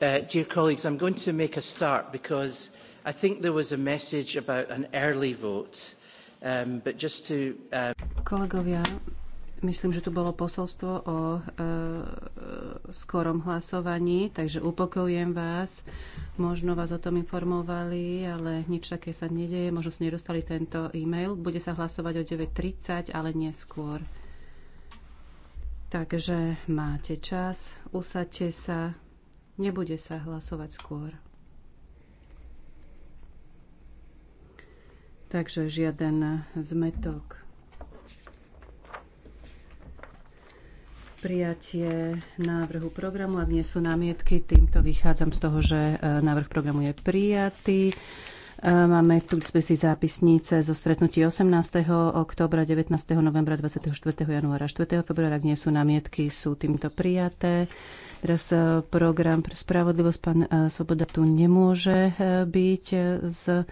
Uh, dear colleagues, I'm going to make a start because I think there was a message about an early vote. Um, but just to, um... Kolegovia, myslím, že tu bolo posolstvo o e, skorom hlasovaní, takže upokojujem vás. Možno vás o tom informovali, ale nič také sa nedeje. Možno ste nedostali tento e-mail. Bude sa hlasovať o 9.30, ale neskôr. Takže máte čas, usadte sa, Nebude sa hlasovať skôr. Takže žiaden zmetok. prijatie návrhu programu. Ak nie sú námietky, týmto vychádzam z toho, že e, návrh programu je prijatý. Eh, máme tu k dispozícii zápisnice zo stretnutí 18. oktobra, 19. novembra, 24. januára, 4. februára. Ak nie sú námietky, sú týmto prijaté. Teraz eh, program pre spravodlivosť. Pán eh, Svoboda tu nemôže byť z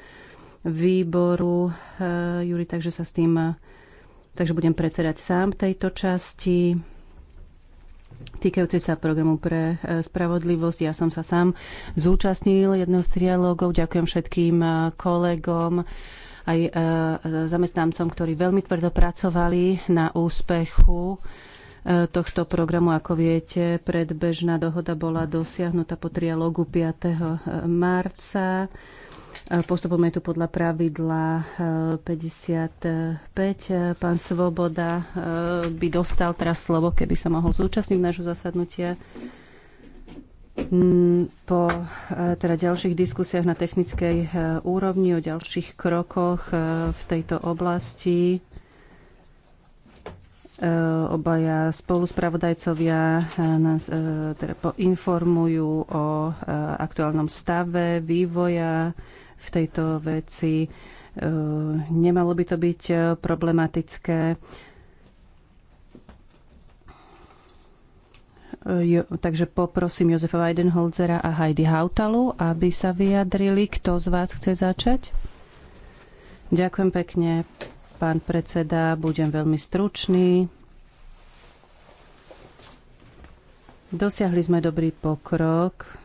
výboru Júri, takže sa s tým... Takže budem predsedať sám tejto časti týkajúce sa programu pre e, spravodlivosť. Ja som sa sám zúčastnil jedného z trialógov. Ďakujem všetkým e, kolegom aj e, zamestnancom, ktorí veľmi tvrdo pracovali na úspechu tohto programu. Ako viete, predbežná dohoda bola dosiahnutá po trialógu 5. marca. Postupujeme tu podľa pravidla 55. Eh, Pán Svoboda eh, by dostal teraz slovo, keby sa mohol zúčastniť nášho zasadnutia. Mm, po eh, teda ďalších diskusiách na technickej úrovni o ďalších krokoch v tejto oblasti obaja spoluspravodajcovia nás teda poinformujú o aktuálnom stave vývoja v tejto veci. E, nemalo by to byť e, problematické. E, jo, takže poprosím Jozefa Weidenholzera a Heidi Hautalu, aby sa vyjadrili. Kto z vás chce začať? Ďakujem pekne, pán predseda. Budem veľmi stručný. Dosiahli sme dobrý pokrok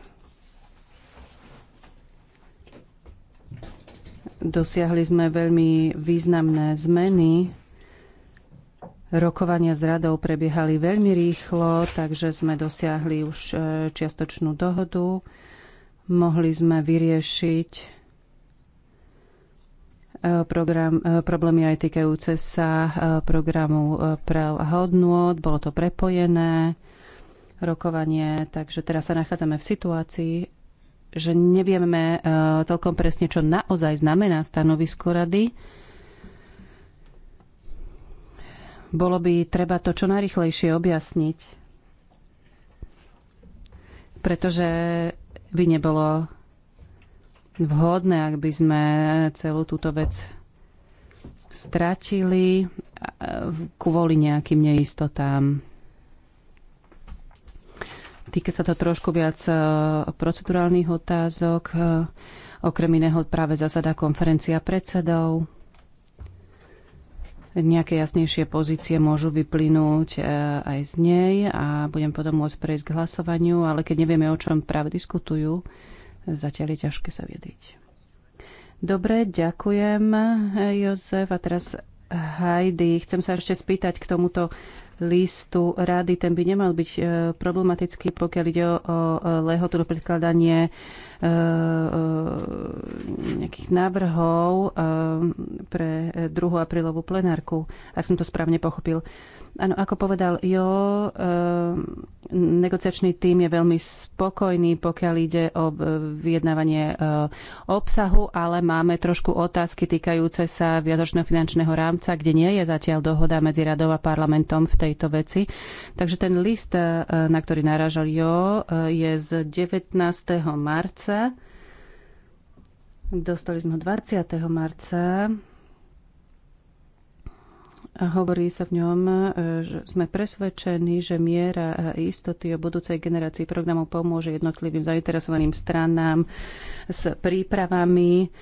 Dosiahli sme veľmi významné zmeny. Rokovania s radou prebiehali veľmi rýchlo, takže sme dosiahli už e, čiastočnú dohodu. Mohli sme vyriešiť e, program, e, problémy aj týkajúce sa programu práv a hodnôt. Bolo to prepojené rokovanie, takže teraz sa nachádzame v situácii, že nevieme e, celkom presne, čo naozaj znamená stanovisko rady. Bolo by treba to čo najrychlejšie objasniť, pretože by nebolo vhodné, ak by sme celú túto vec stratili e, kvôli nejakým neistotám. Týka sa to trošku viac e, procedurálnych otázok. E, okrem iného práve zasadá konferencia predsedov. Nejaké jasnejšie pozície môžu vyplynúť e, aj z nej a budem potom môcť prejsť k hlasovaniu, ale keď nevieme, o čom práve diskutujú, zatiaľ je ťažké sa viediť. Dobre, ďakujem, Jozef. A teraz Heidi, chcem sa ešte spýtať k tomuto listu rady, ten by nemal byť e, problematický, pokiaľ ide o lehotu do predkladanie e, e, nejakých návrhov pre 2. aprílovú plenárku, ak som to správne pochopil. Áno, ako povedal Jo, ehm, negociačný tým je veľmi spokojný, pokiaľ ide o e, vyjednávanie e, obsahu, ale máme trošku otázky týkajúce sa viadočného finančného rámca, kde nie je zatiaľ dohoda medzi radou a parlamentom v tejto veci. Takže ten list, e, na ktorý narážal Jo, je z 19. marca. Dostali sme ho 20. marca. A hovorí sa v ňom, e, že sme presvedčení, že miera istoty o budúcej generácii programov pomôže jednotlivým zainteresovaným stranám s prípravami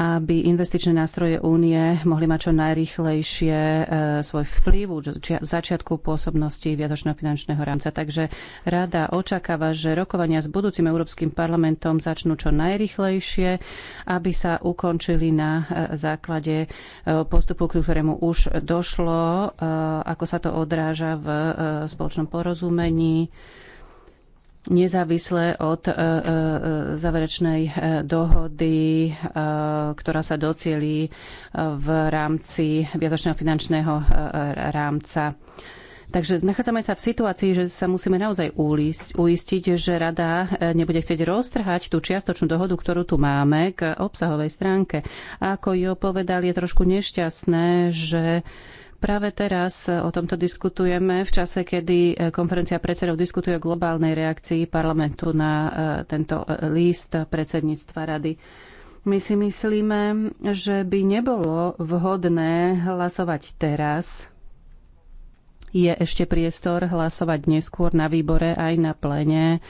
aby investičné nástroje únie mohli mať čo najrychlejšie e, svoj vplyv od začiatku pôsobnosti viatočného finančného rámca. Takže rada očakáva, že rokovania s budúcim Európskym parlamentom začnú čo najrychlejšie, aby sa ukončili na e, základe e, postupu, k ktorému už došlo, ako sa to odráža v spoločnom porozumení nezávisle od e, e, záverečnej e, dohody, ktorá sa docielí v rámci viazočného finančného rámca. Takže nachádzame sa v situácii, že sa musíme naozaj uistiť, že rada nebude chcieť roztrhať tú čiastočnú dohodu, ktorú tu máme k obsahovej stránke. A ako Jo povedal, je trošku nešťastné, že Práve teraz e, o tomto diskutujeme v čase, kedy e, konferencia predsedov diskutuje o globálnej reakcii parlamentu na e, tento list predsedníctva rady. My si myslíme, že by nebolo vhodné hlasovať teraz. Je ešte priestor hlasovať neskôr na výbore aj na plene.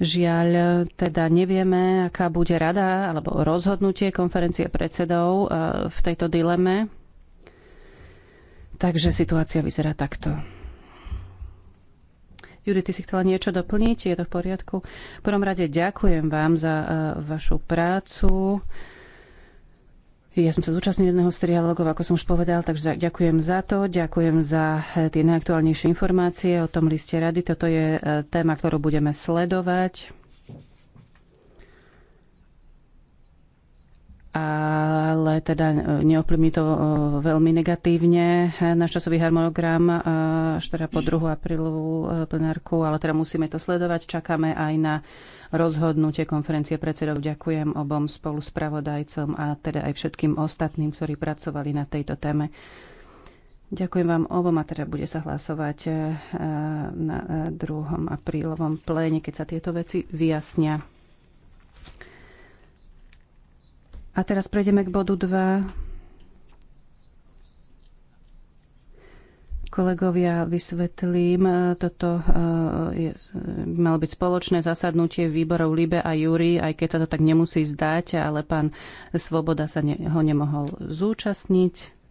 Žiaľ, teda nevieme, aká bude rada alebo rozhodnutie konferencie predsedov v tejto dileme. Takže situácia vyzerá takto. Judy, ty si chcela niečo doplniť? Je to v poriadku? V prvom rade ďakujem vám za uh, vašu prácu. Ja som sa zúčastnil jedného z trialogov, ako som už povedal, takže ďakujem za to. Ďakujem za e, tie najaktuálnejšie informácie o tom liste rady. Toto je e, téma, ktorú budeme sledovať. ale teda e, neovplyvní to e, veľmi negatívne náš časový harmonogram, e, až teda po 2. aprílovú plenárku, ale teda musíme to sledovať. Čakáme aj na rozhodnutie konferencie predsedov. Ďakujem obom spoluspravodajcom a teda aj všetkým ostatným, ktorí pracovali na tejto téme. Ďakujem vám obom a teda bude sa hlasovať na 2. aprílovom pléne, keď sa tieto veci vyjasnia. A teraz prejdeme k bodu 2. Kolegovia, vysvetlím, e, toto e, je, e, malo byť spoločné zasadnutie výborov Libe a Júri, aj keď sa to tak nemusí zdať, ale pán Svoboda sa ne, ho nemohol zúčastniť.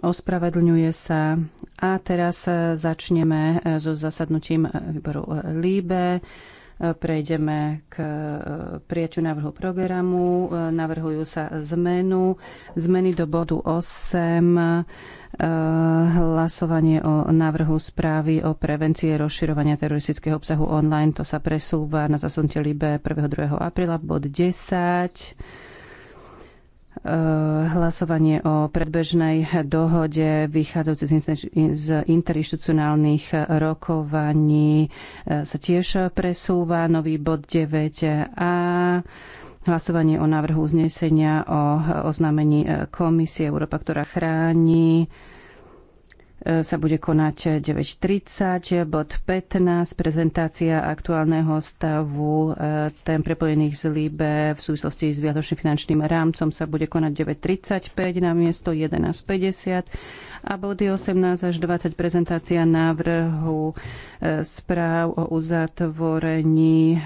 ospravedlňuje sa. A teraz začneme so zasadnutím výboru Líbe. Prejdeme k e, prijaťu návrhu programu. E, navrhujú sa zmenu. Zmeny do bodu 8. E, hlasovanie o návrhu správy o prevencie rozširovania teroristického obsahu online. To sa presúva na zasunutie Libe 1. 2. apríla. Bod 10 Eh, hlasovanie o predbežnej dohode vychádzajúce z interinstitucionálnych rokovaní eh, sa tiež presúva. Nový bod 9a hlasovanie o návrhu uznesenia o eh, oznámení Komisie Európa, ktorá chráni E, sa bude konať 9.30, bod 15, prezentácia aktuálneho stavu e, tém prepojených z Líbe v súvislosti s viatočným finančným rámcom sa bude konať 9.35 na miesto 11.50 a body 18 až 20 prezentácia návrhu e, správ o uzatvorení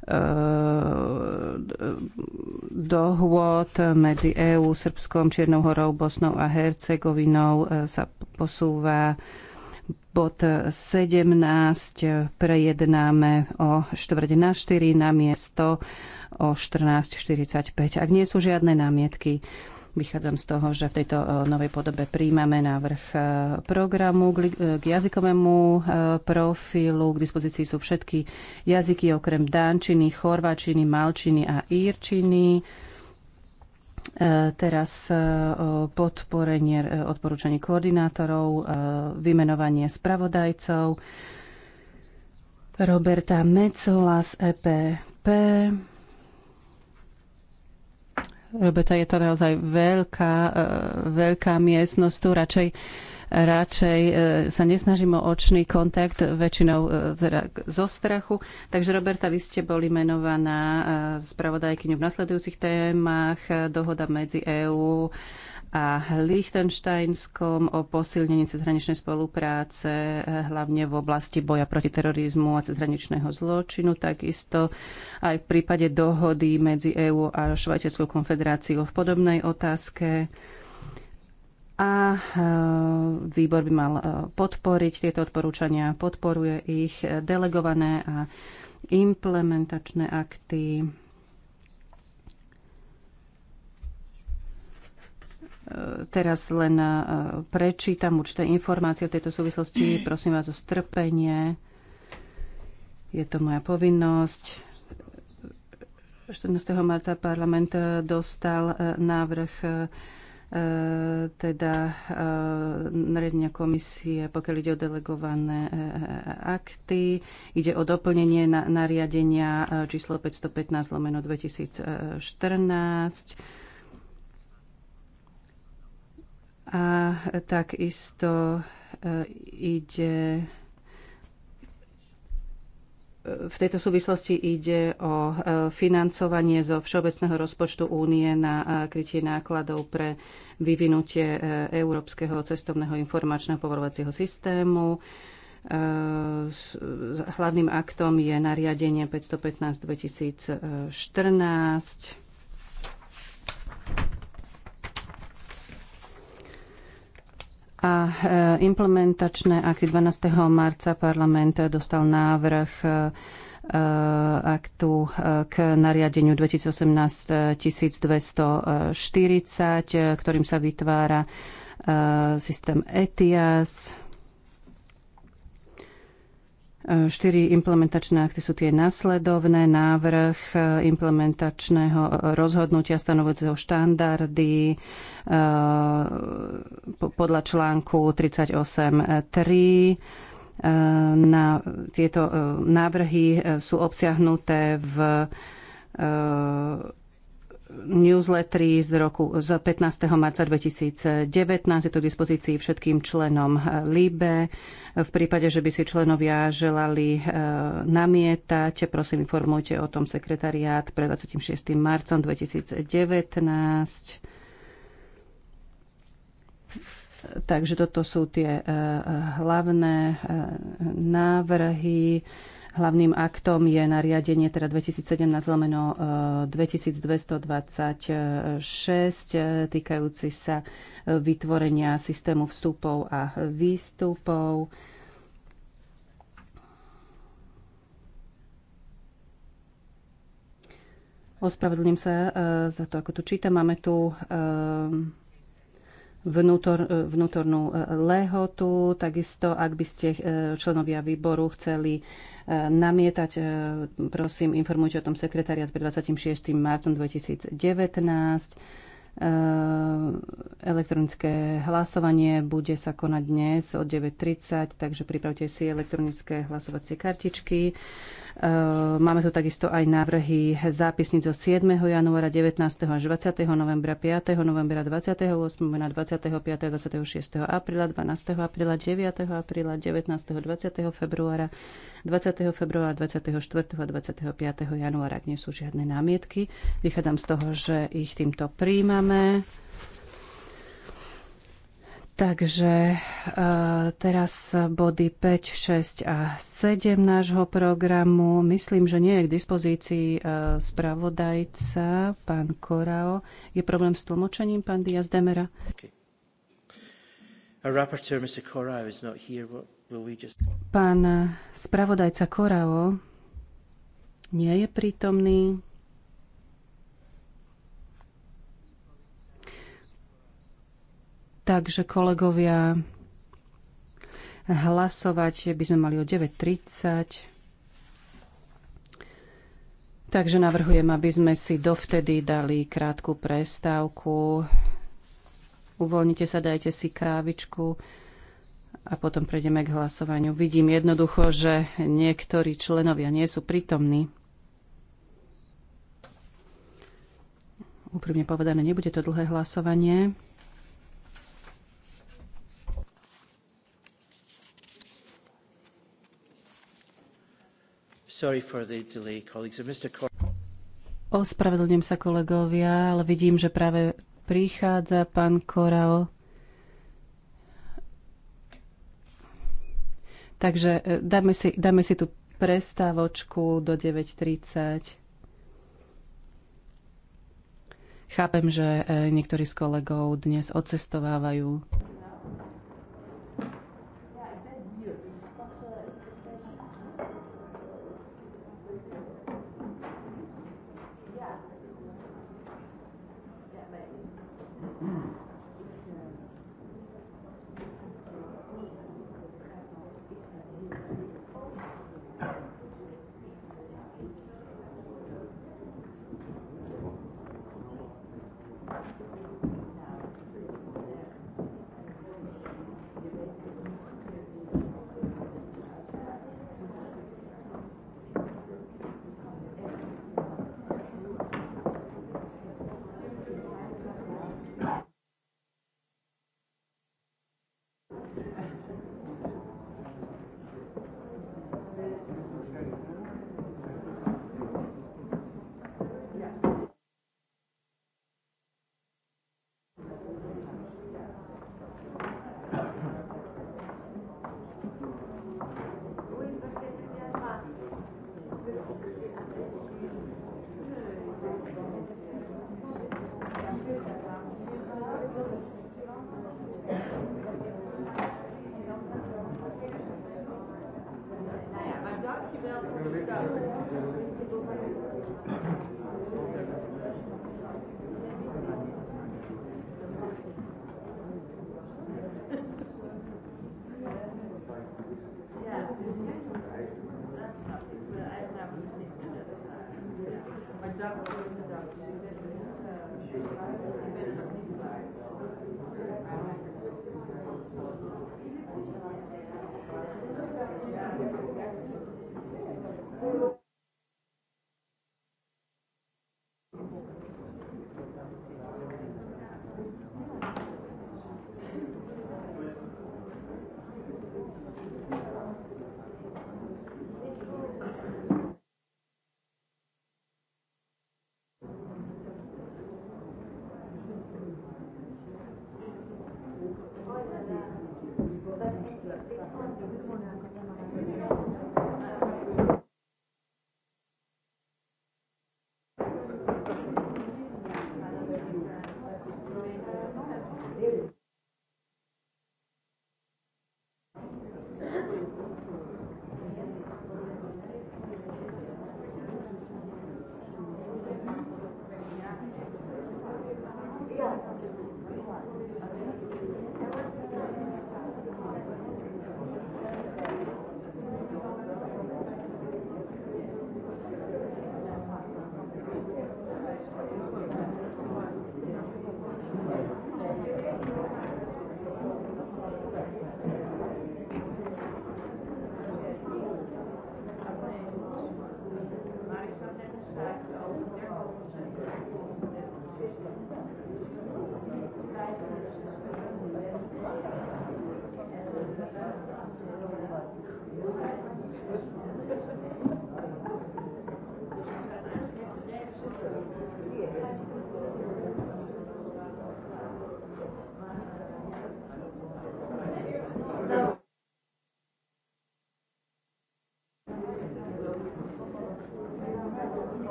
Eh, dohôd medzi EÚ, Srbskom, Čiernou horou, Bosnou a Hercegovinou eh, sa posúva Bod 17 prejednáme o štvrť na 4 na miesto o 14.45. Ak nie sú žiadne námietky, Vychádzam z toho, že v tejto e, novej podobe príjmame návrh e, programu k e, jazykovému profilu. K dispozícii sú všetky jazyky okrem dánčiny, chorváčiny, malčiny a írčiny teraz podporenie odporúčaní koordinátorov, vymenovanie spravodajcov, Roberta Mecola z EPP, Roberta, je to naozaj veľká, eh, veľká miestnosť. Tu radšej, radšej eh, sa nesnažím o očný kontakt, eh, väčšinou teda zo strachu. Takže Roberta, vy ste boli menovaná spravodajkyňou v nasledujúcich témach, dohoda medzi EÚ a Liechtensteinskom o posilnení cezhraničnej spolupráce, eh, hlavne v oblasti boja proti terorizmu a cezhraničného zločinu, takisto aj v prípade dohody medzi EÚ a Švajčiarskou konfederáciou v podobnej otázke. A eh, výbor by mal eh, podporiť tieto odporúčania, podporuje ich delegované a implementačné akty Teraz len e, prečítam určité informácie o tejto súvislosti. Prosím vás o strpenie. Je to moja povinnosť. 14. marca parlament e, dostal e, návrh teda nariadenia komisie, pokiaľ ide o delegované akty. Ide o doplnenie nariadenia číslo 515 lomeno 2014 A takisto e, ide e, v tejto súvislosti ide o e, financovanie zo Všeobecného rozpočtu únie na krytie nákladov pre vyvinutie Európskeho cestovného informačného povolovacieho systému. Hlavným aktom je nariadenie 515 2014 a e, implementačné akty 12. marca parlament dostal návrh e, e, aktu k nariadeniu 2018 1240, ktorým sa vytvára systém ETIAS, Štyri implementačné akty sú tie následovné. Návrh e, implementačného rozhodnutia stanovujúceho štandardy e, podľa článku 38.3 e, na tieto návrhy sú obsiahnuté v newsletter z roku z 15. marca 2019. Je to k dispozícii všetkým členom eh, LIBE. V prípade, že by si členovia želali eh, namietať, prosím informujte o tom sekretariát pre 26. marcom 2019. Takže toto sú tie eh, hlavné návrhy. Hlavným aktom je nariadenie teda 2017 zlomeno 2226 týkajúci sa e, vytvorenia systému vstupov a výstupov. Ospravedlím sa e, za to, ako tu čítam. Máme tu e, vnútor, vnútornú lehotu. Takisto, ak by ste členovia výboru chceli namietať. E, prosím, informujte o tom sekretariat pred 26. marcom 2019. E, elektronické hlasovanie bude sa konať dnes od 9.30, takže pripravte si elektronické hlasovacie kartičky. Ehm, máme tu takisto aj návrhy zápisníc zo 7. januára, 19. až 20. novembra, 5. novembra, 28. na 25. a 26. apríla, 12. apríla, 9. apríla, 19. 20. februára, 20. februára, 24. a 25. januára. Ak nie sú žiadne námietky, vychádzam z toho, že ich týmto príjmame. Takže e, teraz body 5, 6 a 7 nášho programu. Myslím, že nie je k dispozícii e, spravodajca, pán Korao. Je problém s tlmočením, pán Diaz Demera? Pán spravodajca Korao nie je prítomný. Takže kolegovia, hlasovať by sme mali o 9.30. Takže navrhujem, aby sme si dovtedy dali krátku prestávku. Uvoľnite sa, dajte si kávičku a potom prejdeme k hlasovaniu. Vidím jednoducho, že niektorí členovia nie sú prítomní. Úprimne povedané, nebude to dlhé hlasovanie. Sorry for the delay, colleagues. Uh, Mr. Cor- Ospravedlňujem sa kolegovia, ale vidím, že práve prichádza pán Korao. Takže e, dáme si, dáme si tú prestávočku do 9.30. Chápem, že e, niektorí z kolegov dnes odcestovávajú.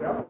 Ja.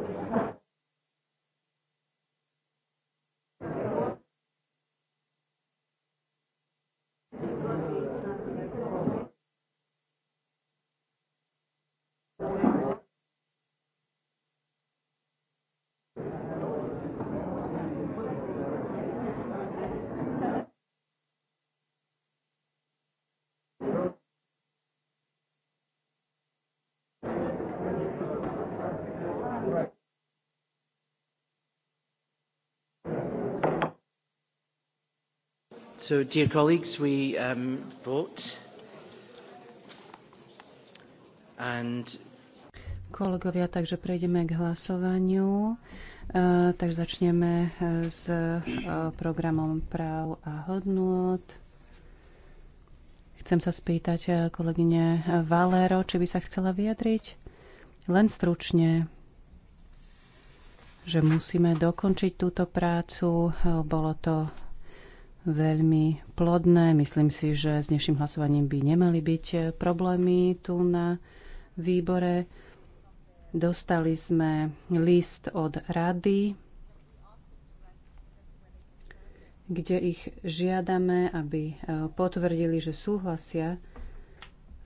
So, dear colleagues, we um, vote. And... Kolegovia, takže prejdeme k hlasovaniu. Uh, takže začneme e, s uh, programom práv a hodnôt. Chcem sa spýtať kolegyne Valero, či by sa chcela vyjadriť. Len stručne, že musíme dokončiť túto prácu. Bolo to veľmi plodné. Myslím si, že s dnešným hlasovaním by nemali byť problémy tu na výbore. Dostali sme list od rady, kde ich žiadame, aby e, potvrdili, že súhlasia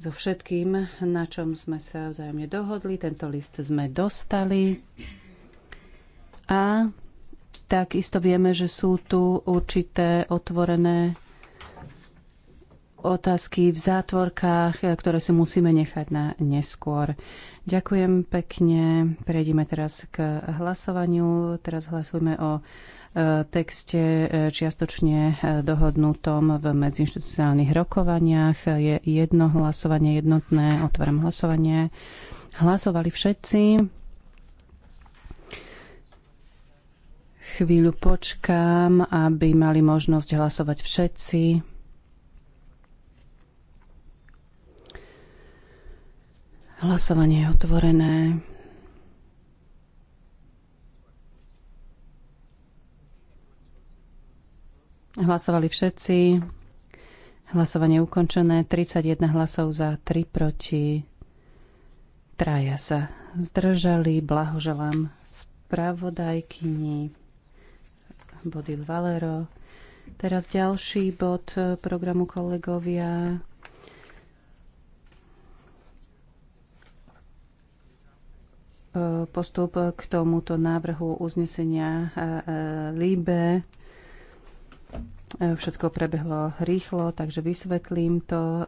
so všetkým, na čom sme sa vzájomne dohodli. Tento list sme dostali a Takisto vieme, že sú tu určité otvorené otázky v zátvorkách, ktoré si musíme nechať na neskôr. Ďakujem pekne. Prejdime teraz k hlasovaniu. Teraz hlasujeme o e, texte e, čiastočne e, dohodnutom v medziinstitucionálnych rokovaniach. Je jedno hlasovanie jednotné. Otváram hlasovanie. Hlasovali všetci. Chvíľu počkám, aby mali možnosť hlasovať všetci. Hlasovanie je otvorené. Hlasovali všetci. Hlasovanie ukončené. 31 hlasov za, 3 proti. Traja sa zdržali. Blahoželám spravodajkyni. Bodil Valero. Teraz ďalší bod eh, programu kolegovia. Eh, postup k tomuto návrhu uznesenia eh, LIBE. Všetko prebehlo rýchlo, takže vysvetlím to.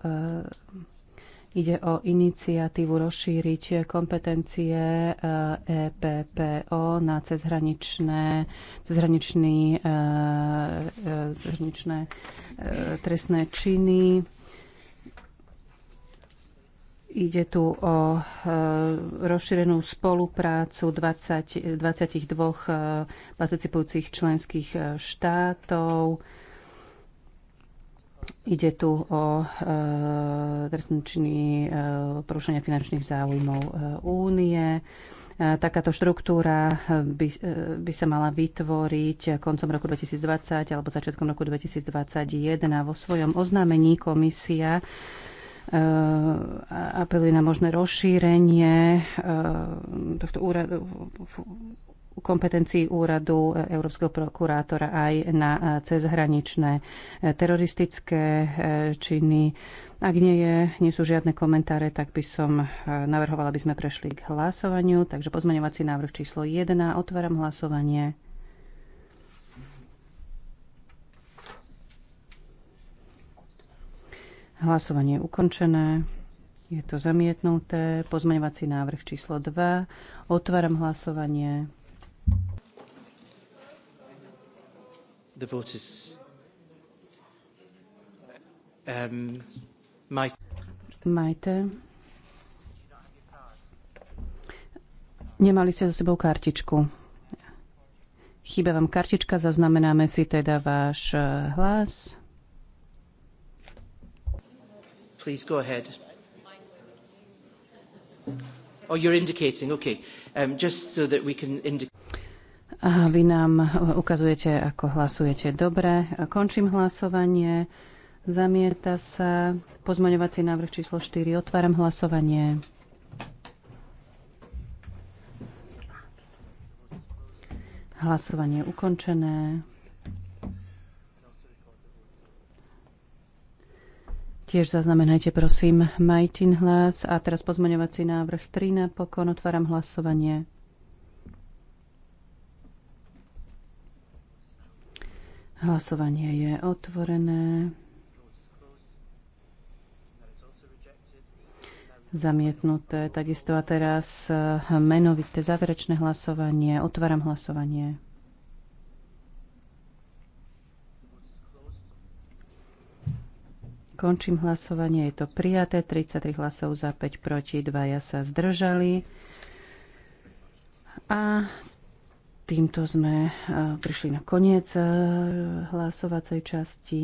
Ide o iniciatívu rozšíriť kompetencie EPPO eh, e na cezhraničné, cezhraničný, eh, eh, cezhraničné trestné činy. Ide tu o rozšírenú spoluprácu 20, 22 participujúcich členských štátov Ide tu o e, trestný činy e, porušenia finančných záujmov e, únie. E, takáto štruktúra e, by, e, by sa mala vytvoriť koncom roku 2020 alebo začiatkom roku 2021. A vo svojom oznámení komisia e, apeluje na možné rozšírenie e, tohto úradu kompetencií úradu e, Európskeho prokurátora aj na e, cezhraničné e, teroristické činy. Ak nie, je, nie sú žiadne komentáre, tak by som navrhovala, aby sme prešli k hlasovaniu. Takže pozmeňovací návrh číslo 1. Otváram hlasovanie. Hlasovanie je ukončené. Je to zamietnuté. Pozmeňovací návrh číslo 2. Otváram hlasovanie. The voters. Um, Mike. Majte. Nemali ste so sebou kartičku. Chýba vám kartička, zaznamenáme si teda váš eh, hlas. Please go ahead. Oh, you're indicating, okay. Um, just so that we can indicate... A vy nám ukazujete, ako hlasujete. Dobre, končím hlasovanie. Zamieta sa pozmaňovací návrh číslo 4. Otváram hlasovanie. Hlasovanie ukončené. Tiež zaznamenajte, prosím, Majtin hlas a teraz pozmaňovací návrh 3 napokon. Otváram hlasovanie. Hlasovanie je otvorené. Zamietnuté. Takisto a teraz eh, menovité záverečné hlasovanie. Otváram hlasovanie. Končím hlasovanie, je to prijaté. 33 hlasov za 5 proti, 2 ja sa zdržali. A Týmto sme e, prišli na koniec e, hlasovacej časti.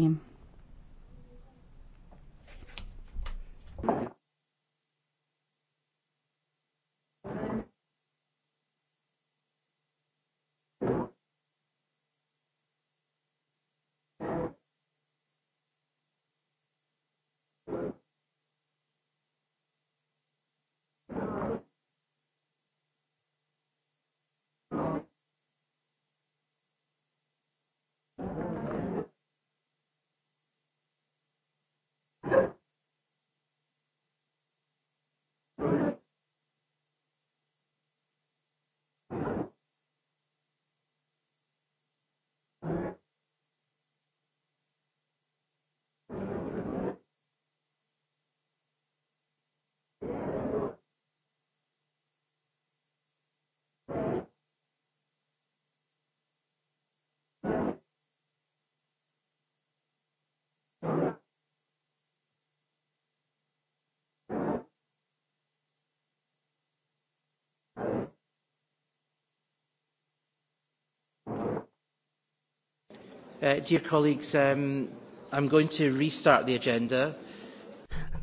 Uh, dear colleagues, um, I'm going to restart the agenda.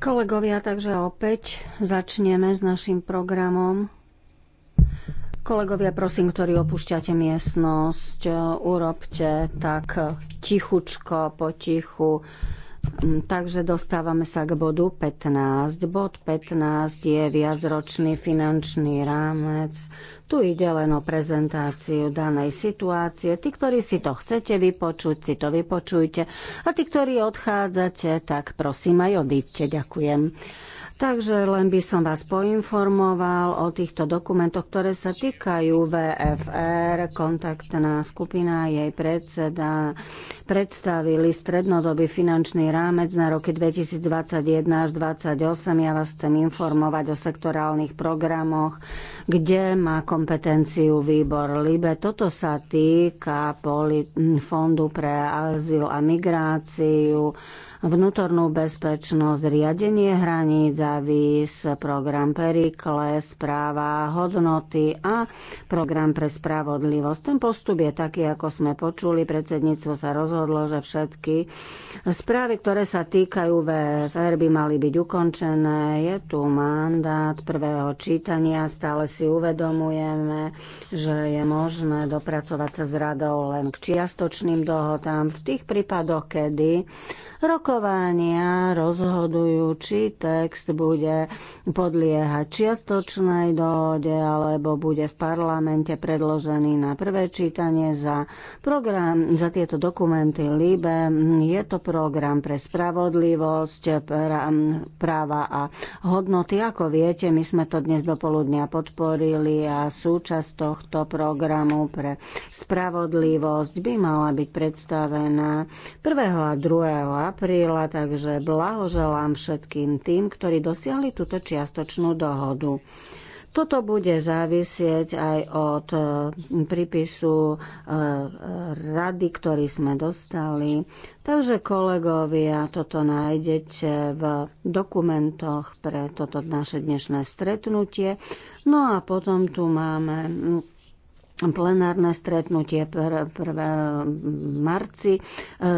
Kolegovia, takže opäť začneme s našim programom. Kolegovia, prosím, ktorí opúšťate miestnosť, uh, urobte tak tichučko, potichu. Mm, takže dostávame sa k bodu 15. Bod 15 je viacročný finančný rámec. Tu ide len o prezentáciu danej situácie. Tí, ktorí si to chcete vypočuť, si to vypočujte. A tí, ktorí odchádzate, tak prosím aj odíďte. Ďakujem. Takže len by som vás poinformoval o týchto dokumentoch, ktoré sa týkajú VFR. Kontaktná skupina, jej predseda predstavili strednodobý finančný rámec na roky 2021 až 2028. Ja vás chcem informovať o sektorálnych programoch, kde má kompetenciu výbor LIBE. Toto sa týka poli- fondu pre azyl a migráciu, vnútornú bezpečnosť, riadenie hraníc a víz, program Perikles, práva, hodnoty a program pre spravodlivosť. Ten postup je taký, ako sme počuli. Predsedníctvo sa rozhodlo, že všetky správy, ktoré sa týkajú VFR, by mali byť ukončené. Je tu mandát prvého čítania. Stále si uvedomujeme, že je možné dopracovať sa s radou len k čiastočným dohodám v tých prípadoch, kedy rokovania rozhodujú, či text bude podliehať čiastočnej dohode alebo bude v parlamente predložený na prvé čítanie za program, za tieto dokumenty LIBE. Je to program pre spravodlivosť, práva a hodnoty. Ako viete, my sme to dnes do poludnia podporili a súčasť tohto programu pre spravodlivosť by mala byť predstavená 1. a 2 apríla, takže blahoželám všetkým tým, ktorí dosiahli túto čiastočnú dohodu. Toto bude závisieť aj od e, prípisu e, rady, ktorý sme dostali. Takže kolegovia, toto nájdete v dokumentoch pre toto naše dnešné stretnutie. No a potom tu máme plenárne stretnutie 1. marci. E,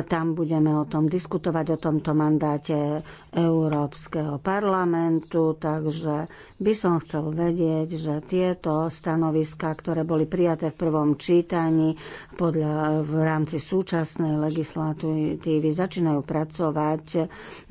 tam budeme o tom diskutovať, o tomto mandáte Európskeho parlamentu, takže by som chcel vedieť, že tieto stanoviská, ktoré boli prijaté v prvom čítaní podľa, v rámci súčasnej legislatívy, začínajú pracovať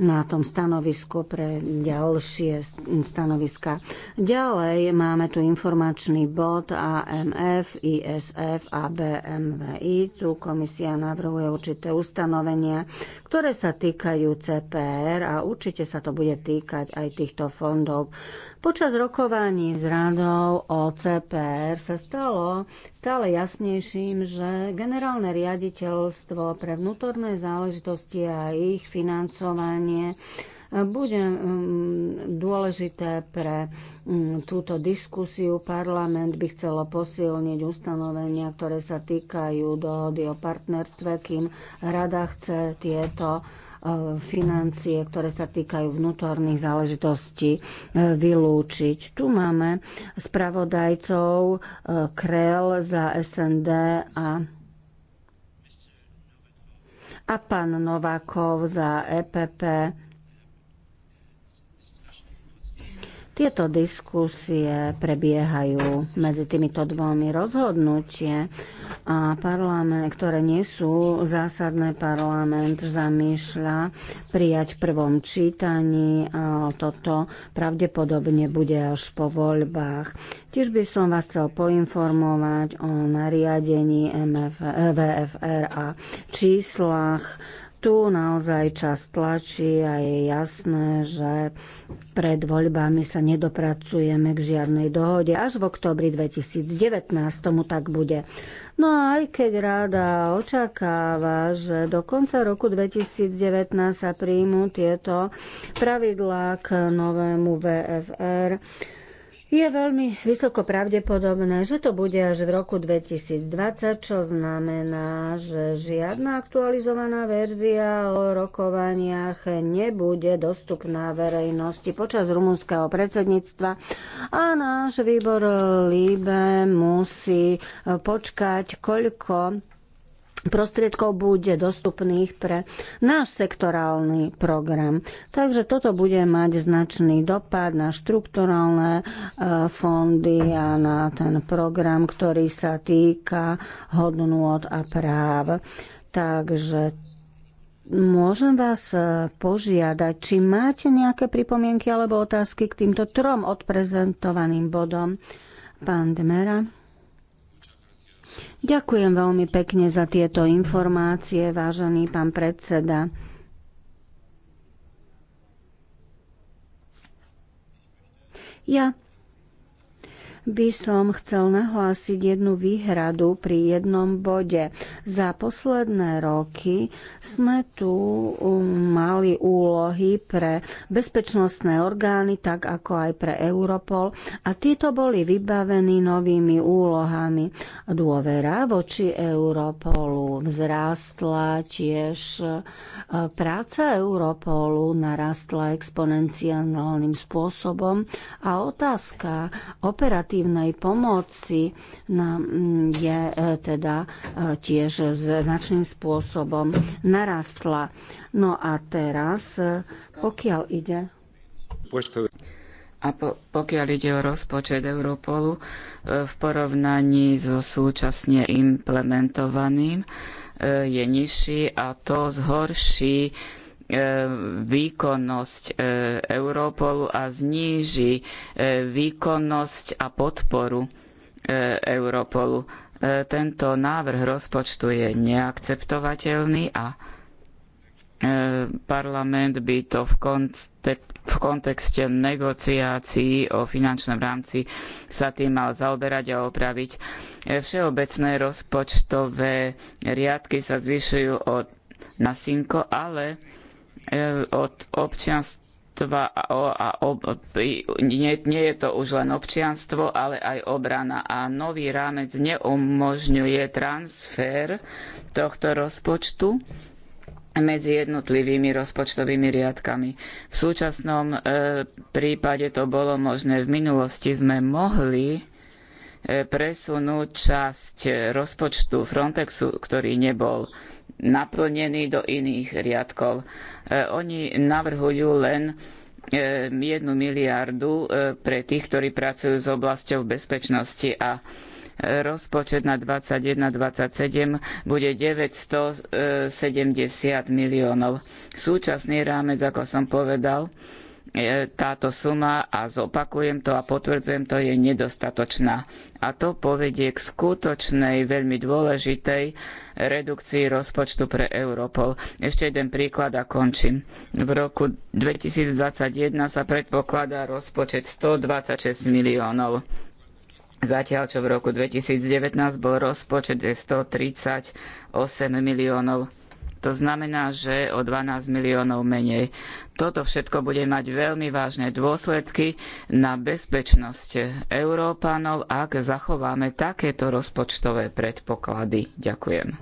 na tom stanovisku pre ďalšie stanoviska. Ďalej máme tu informačný bod AMF, ISF a BMVI. Tu komisia navrhuje určité ustanovenia, ktoré sa týkajú CPR a určite sa to bude týkať aj týchto fondov. Počas rokovaní s radou OCPR sa stalo stále jasnejším, že generálne riaditeľstvo pre vnútorné záležitosti a ich financovanie bude mm, dôležité pre mm, túto diskusiu. Parlament by chcelo posilniť ustanovenia, ktoré sa týkajú dohody o partnerstve, kým rada chce tieto financie, ktoré sa týkajú vnútorných záležitostí, e, vylúčiť. Tu máme spravodajcov e, Krel za SND a a pán Novákov za EPP. Tieto diskusie prebiehajú medzi týmito dvomi rozhodnutie, a parlament, ktoré nie sú zásadné, parlament zamýšľa prijať v prvom čítaní a toto pravdepodobne bude až po voľbách. Tiež by som vás chcel poinformovať o nariadení MF, e VFR a číslach tu naozaj čas tlačí a je jasné, že pred voľbami sa nedopracujeme k žiadnej dohode. Až v oktobri 2019 tomu tak bude. No a aj keď rada očakáva, že do konca roku 2019 sa príjmú tieto pravidlá k novému VFR, je veľmi vysoko pravdepodobné, že to bude až v roku 2020, čo znamená, že žiadna aktualizovaná verzia o rokovaniach nebude dostupná verejnosti počas rumunského predsedníctva a náš výbor LIBE musí počkať, koľko prostriedkov bude dostupných pre náš sektorálny program. Takže toto bude mať značný dopad na štrukturálne e, fondy a na ten program, ktorý sa týka hodnôt a práv. Takže Môžem vás e, požiadať, či máte nejaké pripomienky alebo otázky k týmto trom odprezentovaným bodom. Pán Demera. Ďakujem veľmi pekne za tieto informácie, vážený pán predseda. Ja by som chcel nahlásiť jednu výhradu pri jednom bode. Za posledné roky sme tu um, mali úlohy pre bezpečnostné orgány, tak ako aj pre Europol a tieto boli vybavení novými úlohami. Dôvera voči Europolu vzrástla tiež e, práca Europolu narastla exponenciálnym spôsobom a otázka operatívnych paliatívnej pomoci mm, je e, teda e, tiež značným spôsobom narastla. No a teraz, e, pokiaľ ide... A po, pokiaľ ide o rozpočet Europolu v porovnaní so súčasne implementovaným, je nižší a to zhorší E, výkonnosť e, Europolu a zníži e, výkonnosť a podporu Europolu. Tento návrh rozpočtu je neakceptovateľný a parlament by to v, v kontexte negociácií o finančnom rámci sa tým mal zaoberať a opraviť. Všeobecné rozpočtové riadky sa zvyšujú o na ale E, od občianstva a, a, nie, nie je to už len občianstvo, ale aj obrana. A nový rámec neumožňuje transfer tohto rozpočtu medzi jednotlivými rozpočtovými riadkami. V súčasnom e, prípade to bolo možné. V minulosti sme mohli e, presunúť časť rozpočtu Frontexu, ktorý nebol naplnený do iných riadkov. E, oni navrhujú len e, jednu miliardu e, pre tých, ktorí pracujú s oblasťou bezpečnosti a rozpočet na 21-27 bude 970 miliónov. Súčasný rámec, ako som povedal, E, táto suma a zopakujem to a potvrdzujem to je nedostatočná. A to povedie k skutočnej, veľmi dôležitej redukcii rozpočtu pre Europol. Ešte jeden príklad a končím. V roku 2021 sa predpokladá rozpočet 126 miliónov. Zatiaľ, čo v roku 2019 bol rozpočet 138 miliónov to znamená, že o 12 miliónov menej. Toto všetko bude mať veľmi vážne dôsledky na bezpečnosť Európanov, ak zachováme takéto rozpočtové predpoklady. Ďakujem.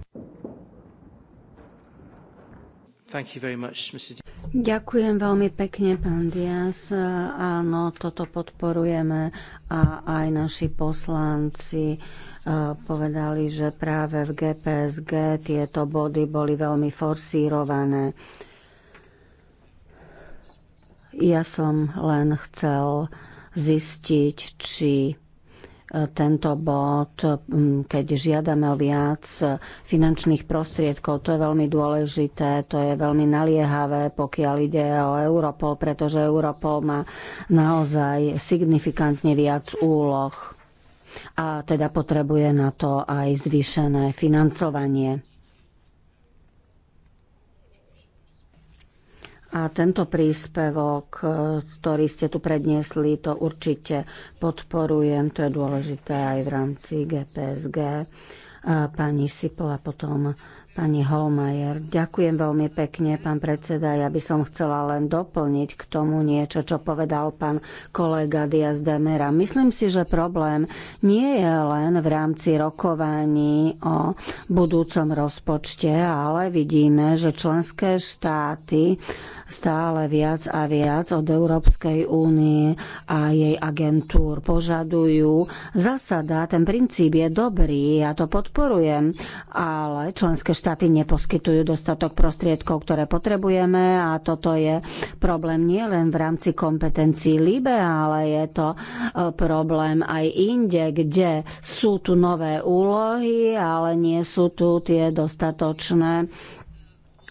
Ďakujem veľmi pekne, pán Dias. Áno, toto podporujeme a aj naši poslanci eh, povedali, že práve v GPSG tieto body boli veľmi forsírované. Ja som len chcel zistiť, či tento bod, mm, keď žiadame o viac finančných prostriedkov. To je veľmi dôležité, to je veľmi naliehavé, pokiaľ ide o Europol, pretože Europol má naozaj signifikantne viac úloh a teda potrebuje na to aj zvýšené financovanie. A tento príspevok, e, ktorý ste tu predniesli, to určite podporujem. To je dôležité aj v rámci GPSG. E, pani Sipola, a potom Pani Holmajer, ďakujem veľmi pekne, pán predseda. Ja by som chcela len doplniť k tomu niečo, čo povedal pán kolega Diaz Demera. Myslím si, že problém nie je len v rámci rokovaní o budúcom rozpočte, ale vidíme, že členské štáty stále viac a viac od Európskej únie a jej agentúr požadujú. Zasada, ten princíp je dobrý, ja to podporujem, ale členské štáty neposkytujú dostatok prostriedkov, ktoré potrebujeme a toto je problém nie len v rámci kompetencií LIBE, ale je to e, problém aj inde, kde sú tu nové úlohy, ale nie sú tu tie dostatočné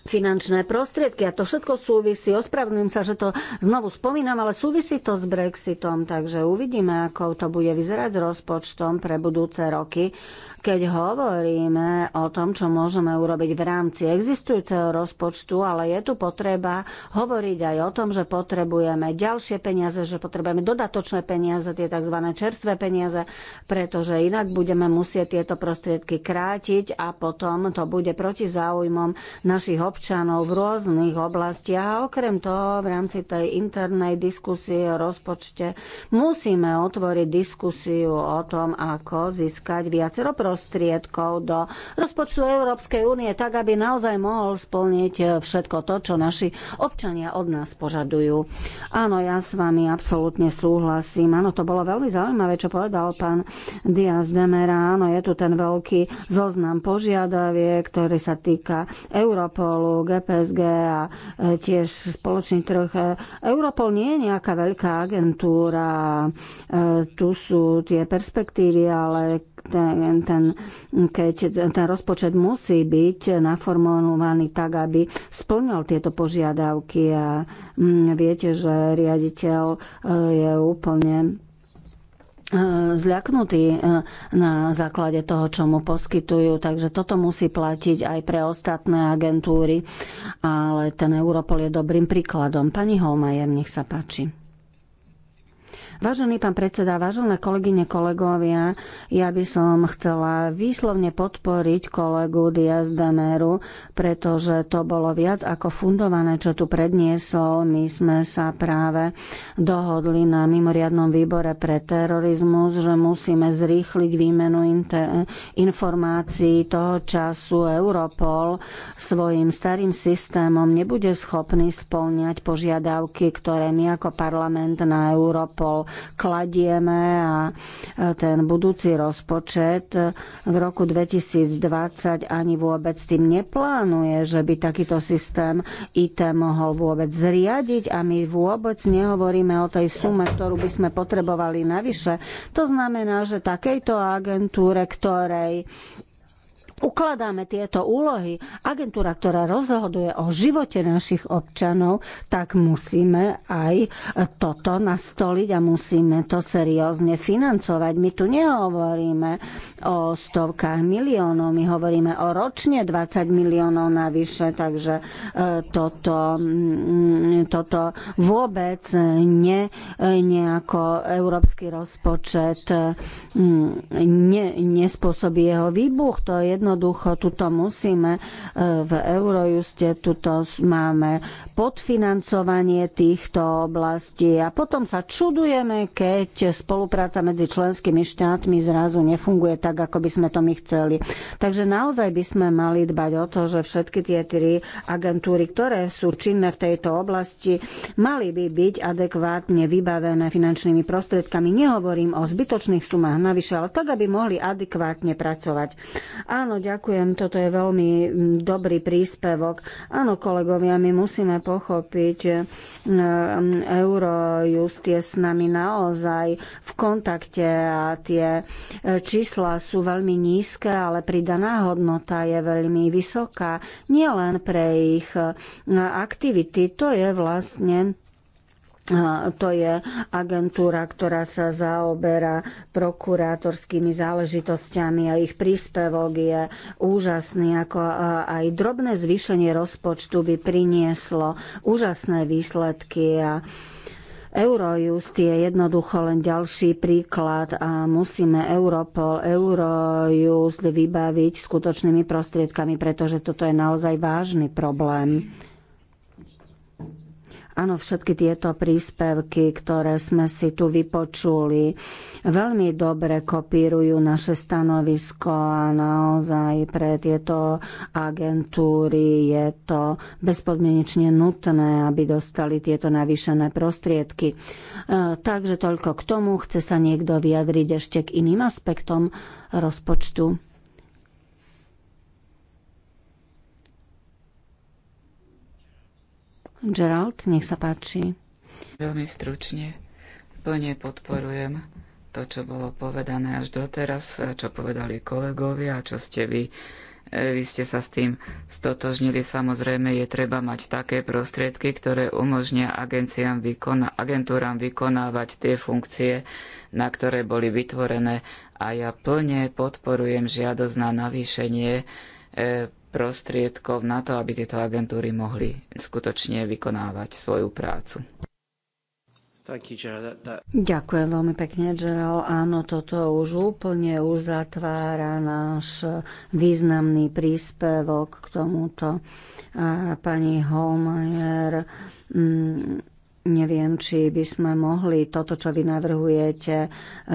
finančné prostriedky. A to všetko súvisí, ospravedlňujem sa, že to znovu spomínam, ale súvisí to s Brexitom, takže uvidíme, ako to bude vyzerať s rozpočtom pre budúce roky. Keď hovoríme o tom, čo môžeme urobiť v rámci existujúceho rozpočtu, ale je tu potreba hovoriť aj o tom, že potrebujeme ďalšie peniaze, že potrebujeme dodatočné peniaze, tie tzv. čerstvé peniaze, pretože inak budeme musieť tieto prostriedky krátiť a potom to bude proti záujmom našich občanov v rôznych oblastiach. A okrem toho, v rámci tej internej diskusie o rozpočte musíme otvoriť diskusiu o tom, ako získať viacero prostriedkov prostriedkov do rozpočtu Európskej únie, tak aby naozaj mohol splniť eh, všetko to, čo naši občania od nás požadujú. Áno, ja s vami absolútne súhlasím. Áno, to bolo veľmi zaujímavé, čo povedal pán Diaz Demera. Áno, je tu ten veľký zoznam požiadavie, ktorý sa týka Europolu, GPSG a eh, tiež spoločný trh. Eh, Europol nie je nejaká veľká agentúra, tu sú tie perspektívy, ale ten, ten, keď ten rozpočet musí byť naformulovaný tak, aby splňal tieto požiadavky a mm, viete, že riaditeľ e, je úplne e, zľaknutý e, na základe toho, čo mu poskytujú. Takže toto musí platiť aj pre ostatné agentúry, ale ten Europol je dobrým príkladom. Pani Holmajer, nech sa páči. Vážený pán predseda, vážené kolegyne, kolegovia, ja by som chcela výslovne podporiť kolegu Diaz Demeru, pretože to bolo viac ako fundované, čo tu predniesol. My sme sa práve dohodli na mimoriadnom výbore pre terorizmus, že musíme zrýchliť výmenu informácií toho času. Europol svojim starým systémom nebude schopný splňať požiadavky, ktoré my ako parlament na Europol kladieme a ten budúci rozpočet v roku 2020 ani vôbec tým neplánuje, že by takýto systém IT mohol vôbec zriadiť a my vôbec nehovoríme o tej sume, ktorú by sme potrebovali navyše. To znamená, že takejto agentúre, ktorej ukladáme tieto úlohy, agentúra, ktorá rozhoduje o živote našich občanov, tak musíme aj toto nastoliť a musíme to seriózne financovať. My tu nehovoríme o stovkách miliónov, my hovoríme o ročne 20 miliónov navyše, takže e, toto, mm, toto vôbec ne, e, nejako európsky rozpočet mm, ne, nespôsobí jeho výbuch. To je jedno Jednoducho, tuto musíme e, v Eurojuste, tuto máme podfinancovanie týchto oblastí a potom sa čudujeme, keď spolupráca medzi členskými štátmi zrazu nefunguje tak, ako by sme to my chceli. Takže naozaj by sme mali dbať o to, že všetky tie tri agentúry, ktoré sú činné v tejto oblasti, mali by byť adekvátne vybavené finančnými prostriedkami. Nehovorím o zbytočných sumách navyše, ale tak, aby mohli adekvátne pracovať. Áno, ďakujem. Toto je veľmi mm, dobrý príspevok. Áno, kolegovia, my musíme pochopiť, e, mm, Eurojust je s nami naozaj v kontakte a tie e, čísla sú veľmi nízke, ale pridaná hodnota je veľmi vysoká. Nielen pre ich e, aktivity, to je vlastne to je agentúra, ktorá sa zaoberá prokurátorskými záležitosťami a ich príspevok je úžasný, ako e, aj drobné zvýšenie rozpočtu by prinieslo úžasné výsledky a Eurojust je jednoducho len ďalší príklad a musíme Europol, Eurojust vybaviť skutočnými prostriedkami, pretože toto je naozaj vážny problém. Áno, všetky tieto príspevky, ktoré sme si tu vypočuli, veľmi dobre kopírujú naše stanovisko a naozaj pre tieto agentúry je to bezpodmienečne nutné, aby dostali tieto navýšené prostriedky. E, takže toľko k tomu. Chce sa niekto vyjadriť ešte k iným aspektom rozpočtu? Gerald, nech sa páči. Veľmi stručne. Plne podporujem to, čo bolo povedané až doteraz, čo povedali kolegovia a čo ste vy e, vy ste sa s tým stotožnili. Samozrejme je treba mať také prostriedky, ktoré umožnia agenciám vykona- agentúram vykonávať tie funkcie, na ktoré boli vytvorené. A ja plne podporujem žiadosť na navýšenie e, prostriedkov na to, aby tieto agentúry mohli skutočne vykonávať svoju prácu. Ďakujem veľmi pekne, Gerald. Áno, toto už úplne uzatvára náš významný príspevok k tomuto. Pani Holmajer, mm, Neviem, či by sme mohli toto, čo vy navrhujete, e,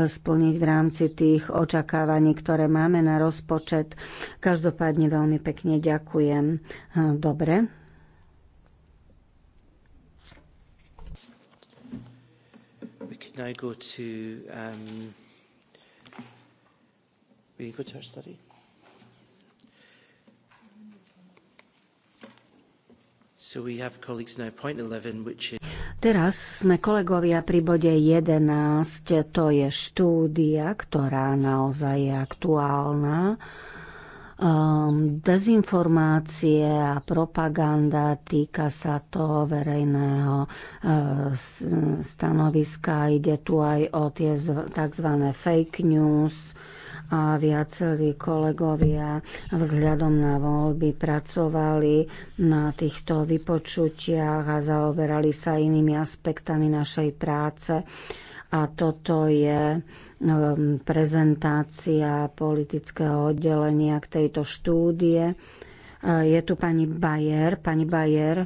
splniť v rámci tých očakávaní, ktoré máme na rozpočet. Každopádne veľmi pekne ďakujem. E, dobre. Now go to um, we go to our study. So we have colleagues now point 11, which is... Teraz sme kolegovia pri bode 11, to je štúdia, ktorá naozaj je aktuálna. Um, dezinformácie a propaganda týka sa to verejného uh, stanoviska. Ide tu aj o tie tzv. fake news, a viacerí kolegovia vzhľadom na voľby pracovali na týchto vypočutiach a zaoberali sa inými aspektami našej práce. A toto je um, prezentácia politického oddelenia k tejto štúdie. E, je tu pani Bajer. Pani Bajer,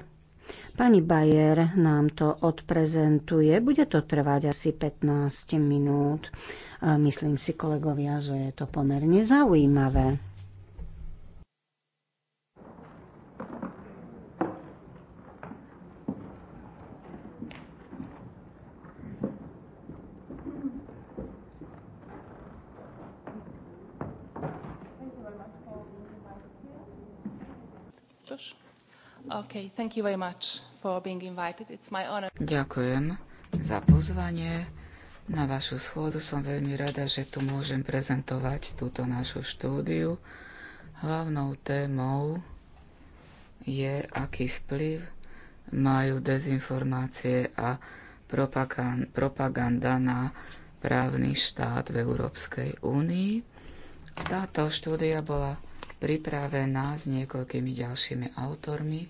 Pani Bajer nám to odprezentuje. Bude to trvať asi 15 minút. Myslím si, kolegovia, že je to pomerne zaujímavé. Okay, Ďakujem za pozvanie na vašu schôdzu. Som veľmi rada, že tu môžem prezentovať túto našu štúdiu. Hlavnou témou je, aký vplyv majú dezinformácie a propaganda na právny štát v Európskej únii. Táto štúdia bola pripravená s niekoľkými ďalšími autormi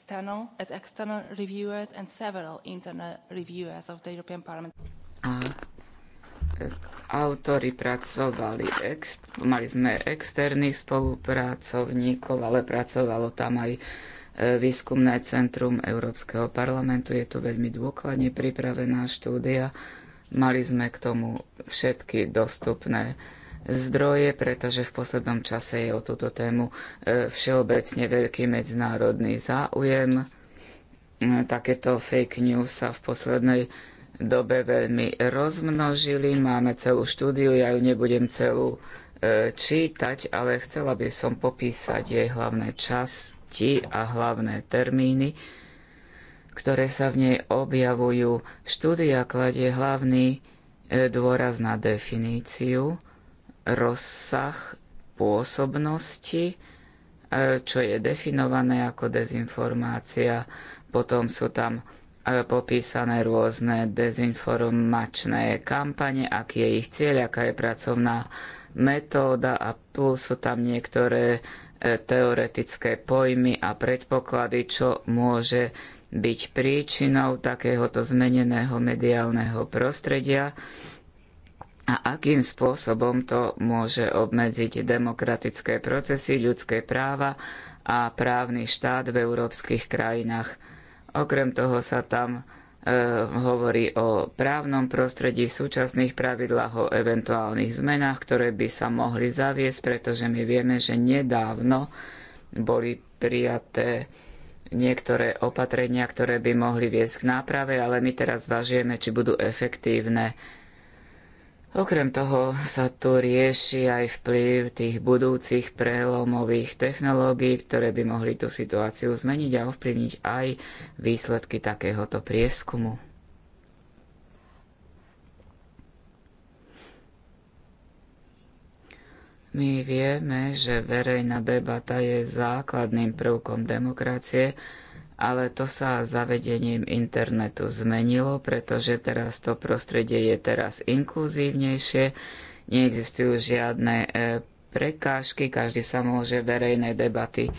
external, as external reviewers and several internal reviewers of the European Parliament. A e, autori pracovali, ex, mali sme externých spolupracovníkov, ale pracovalo tam aj e, výskumné centrum Európskeho parlamentu. Je to veľmi dôkladne pripravená štúdia. Mali sme k tomu všetky dostupné zdroje, pretože v poslednom čase je o túto tému e, všeobecne veľký medzinárodný záujem. E, takéto fake news sa v poslednej dobe veľmi rozmnožili. Máme celú štúdiu, ja ju nebudem celú e, čítať, ale chcela by som popísať jej hlavné časti a hlavné termíny, ktoré sa v nej objavujú. Štúdia kladie hlavný dôraz na definíciu rozsah pôsobnosti, e, čo je definované ako dezinformácia. Potom sú tam e, popísané rôzne dezinformačné kampane, aký je ich cieľ, aká je pracovná metóda a plus sú tam niektoré e, teoretické pojmy a predpoklady, čo môže byť príčinou takéhoto zmeneného mediálneho prostredia a akým spôsobom to môže obmedziť demokratické procesy, ľudské práva a právny štát v európskych krajinách. Okrem toho sa tam e, hovorí o právnom prostredí, súčasných pravidlách, o eventuálnych zmenách, ktoré by sa mohli zaviesť, pretože my vieme, že nedávno boli prijaté niektoré opatrenia, ktoré by mohli viesť k náprave, ale my teraz zvažujeme, či budú efektívne. Okrem toho sa tu rieši aj vplyv tých budúcich prelomových technológií, ktoré by mohli tú situáciu zmeniť a ovplyvniť aj výsledky takéhoto prieskumu. My vieme, že verejná debata je základným prvkom demokracie ale to sa zavedením internetu zmenilo, pretože teraz to prostredie je teraz inkluzívnejšie, neexistujú žiadne e, prekážky, každý sa môže verejnej debaty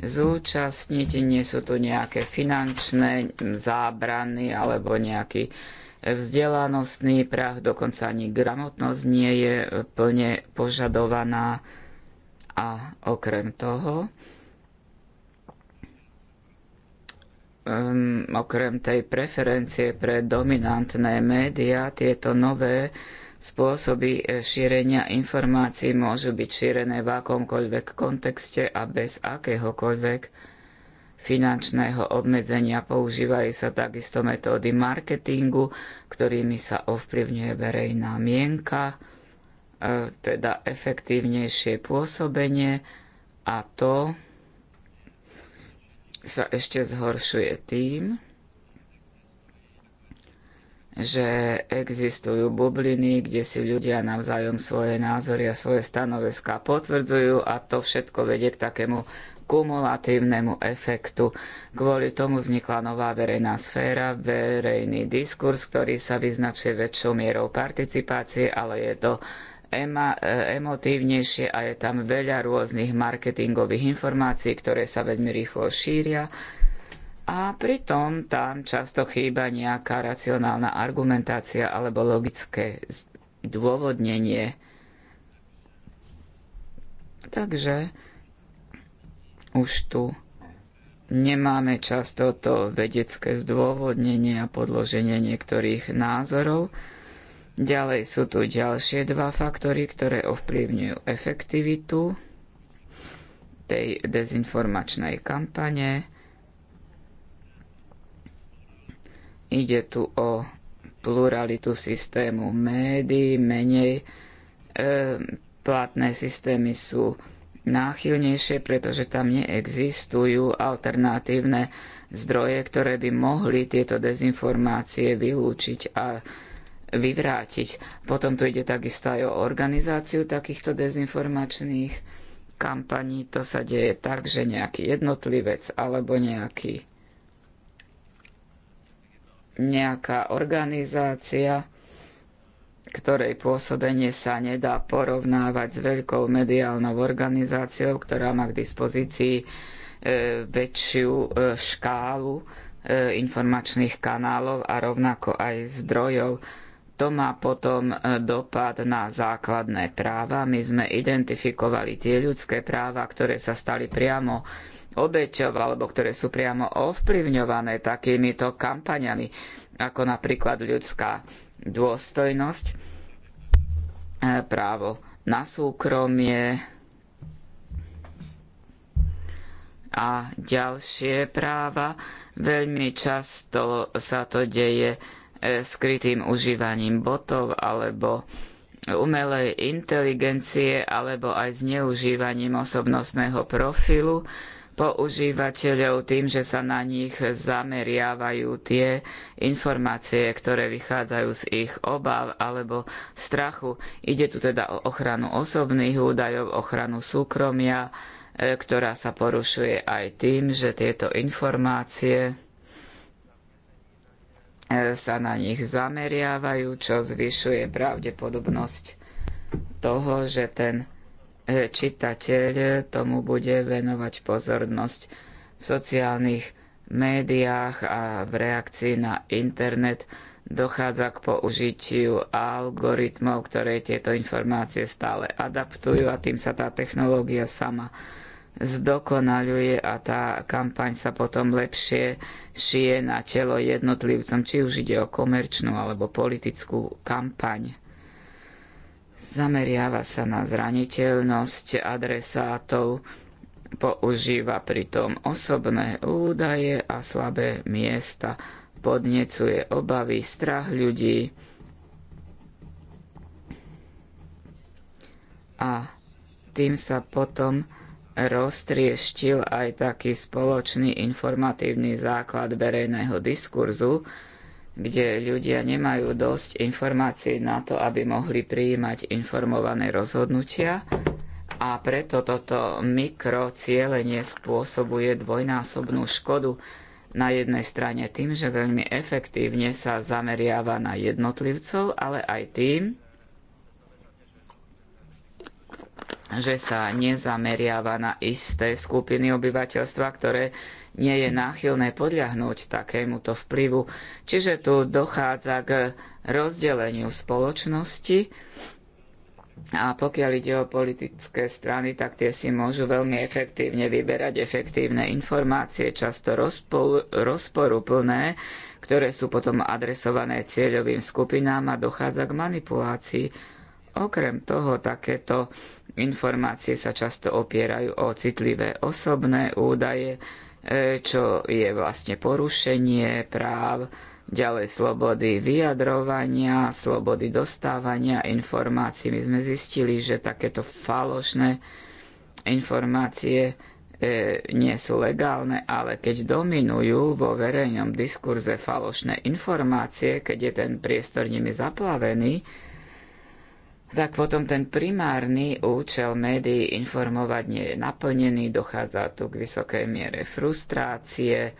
zúčastniť, nie sú tu nejaké finančné zábrany alebo nejaký vzdelanostný prach, dokonca ani gramotnosť nie je plne požadovaná a okrem toho um, okrem tej preferencie pre dominantné médiá, tieto nové spôsoby e, šírenia informácií môžu byť šírené v akomkoľvek kontexte a bez akéhokoľvek finančného obmedzenia. Používajú sa takisto metódy marketingu, ktorými sa ovplyvňuje verejná mienka, e, teda efektívnejšie pôsobenie a to, sa ešte zhoršuje tým, že existujú bubliny, kde si ľudia navzájom svoje názory a svoje stanoviská potvrdzujú a to všetko vedie k takému kumulatívnemu efektu. Kvôli tomu vznikla nová verejná sféra, verejný diskurs, ktorý sa vyznačuje väčšou mierou participácie, ale je to ema, e, emotívnejšie a je tam veľa rôznych marketingových informácií, ktoré sa veľmi rýchlo šíria. A pritom tam často chýba nejaká racionálna argumentácia alebo logické dôvodnenie. Takže už tu nemáme často to vedecké zdôvodnenie a podloženie niektorých názorov, Ďalej sú tu ďalšie dva faktory, ktoré ovplyvňujú efektivitu tej dezinformačnej kampane. Ide tu o pluralitu systému médií, menej e, platné systémy sú náchylnejšie, pretože tam neexistujú alternatívne zdroje, ktoré by mohli tieto dezinformácie vylúčiť a vyvrátiť. Potom tu ide takisto aj o organizáciu takýchto dezinformačných kampaní. To sa deje tak, že nejaký jednotlivec alebo nejaký nejaká organizácia, ktorej pôsobenie sa nedá porovnávať s veľkou mediálnou organizáciou, ktorá má k dispozícii e, väčšiu e, škálu e, informačných kanálov a rovnako aj zdrojov to má potom e, dopad na základné práva. My sme identifikovali tie ľudské práva, ktoré sa stali priamo obeťov alebo ktoré sú priamo ovplyvňované takýmito kampaniami, ako napríklad ľudská dôstojnosť, e, právo na súkromie a ďalšie práva. Veľmi často sa to deje E, skrytým užívaním botov alebo umelej inteligencie alebo aj zneužívaním osobnostného profilu používateľov tým, že sa na nich zameriavajú tie informácie, ktoré vychádzajú z ich obáv alebo strachu. Ide tu teda o ochranu osobných údajov, ochranu súkromia, e, ktorá sa porušuje aj tým, že tieto informácie E, sa na nich zameriavajú, čo zvyšuje pravdepodobnosť toho, že ten e, čitateľ tomu bude venovať pozornosť v sociálnych médiách a v reakcii na internet dochádza k použitiu algoritmov, ktoré tieto informácie stále adaptujú a tým sa tá technológia sama zdokonaľuje a tá kampaň sa potom lepšie šije na telo jednotlivcom, či už ide o komerčnú alebo politickú kampaň. Zameriava sa na zraniteľnosť adresátov, používa pritom osobné údaje a slabé miesta, podnecuje obavy, strach ľudí a tým sa potom roztrieštil aj taký spoločný informatívny základ verejného diskurzu, kde ľudia nemajú dosť informácií na to, aby mohli prijímať informované rozhodnutia a preto toto mikrocielenie spôsobuje dvojnásobnú škodu na jednej strane tým, že veľmi efektívne sa zameriava na jednotlivcov, ale aj tým, že sa nezameriava na isté skupiny obyvateľstva, ktoré nie je náchylné podľahnúť takémuto vplyvu. Čiže tu dochádza k rozdeleniu spoločnosti a pokiaľ ide o politické strany, tak tie si môžu veľmi efektívne vyberať efektívne informácie, často rozpol, rozporuplné, ktoré sú potom adresované cieľovým skupinám a dochádza k manipulácii. Okrem toho, takéto Informácie sa často opierajú o citlivé osobné údaje, e, čo je vlastne porušenie práv, ďalej slobody vyjadrovania, slobody dostávania informácií. My sme zistili, že takéto falošné informácie e, nie sú legálne, ale keď dominujú vo verejnom diskurze falošné informácie, keď je ten priestor nimi zaplavený, tak potom ten primárny účel médií informovať nie je naplnený, dochádza tu k vysokej miere frustrácie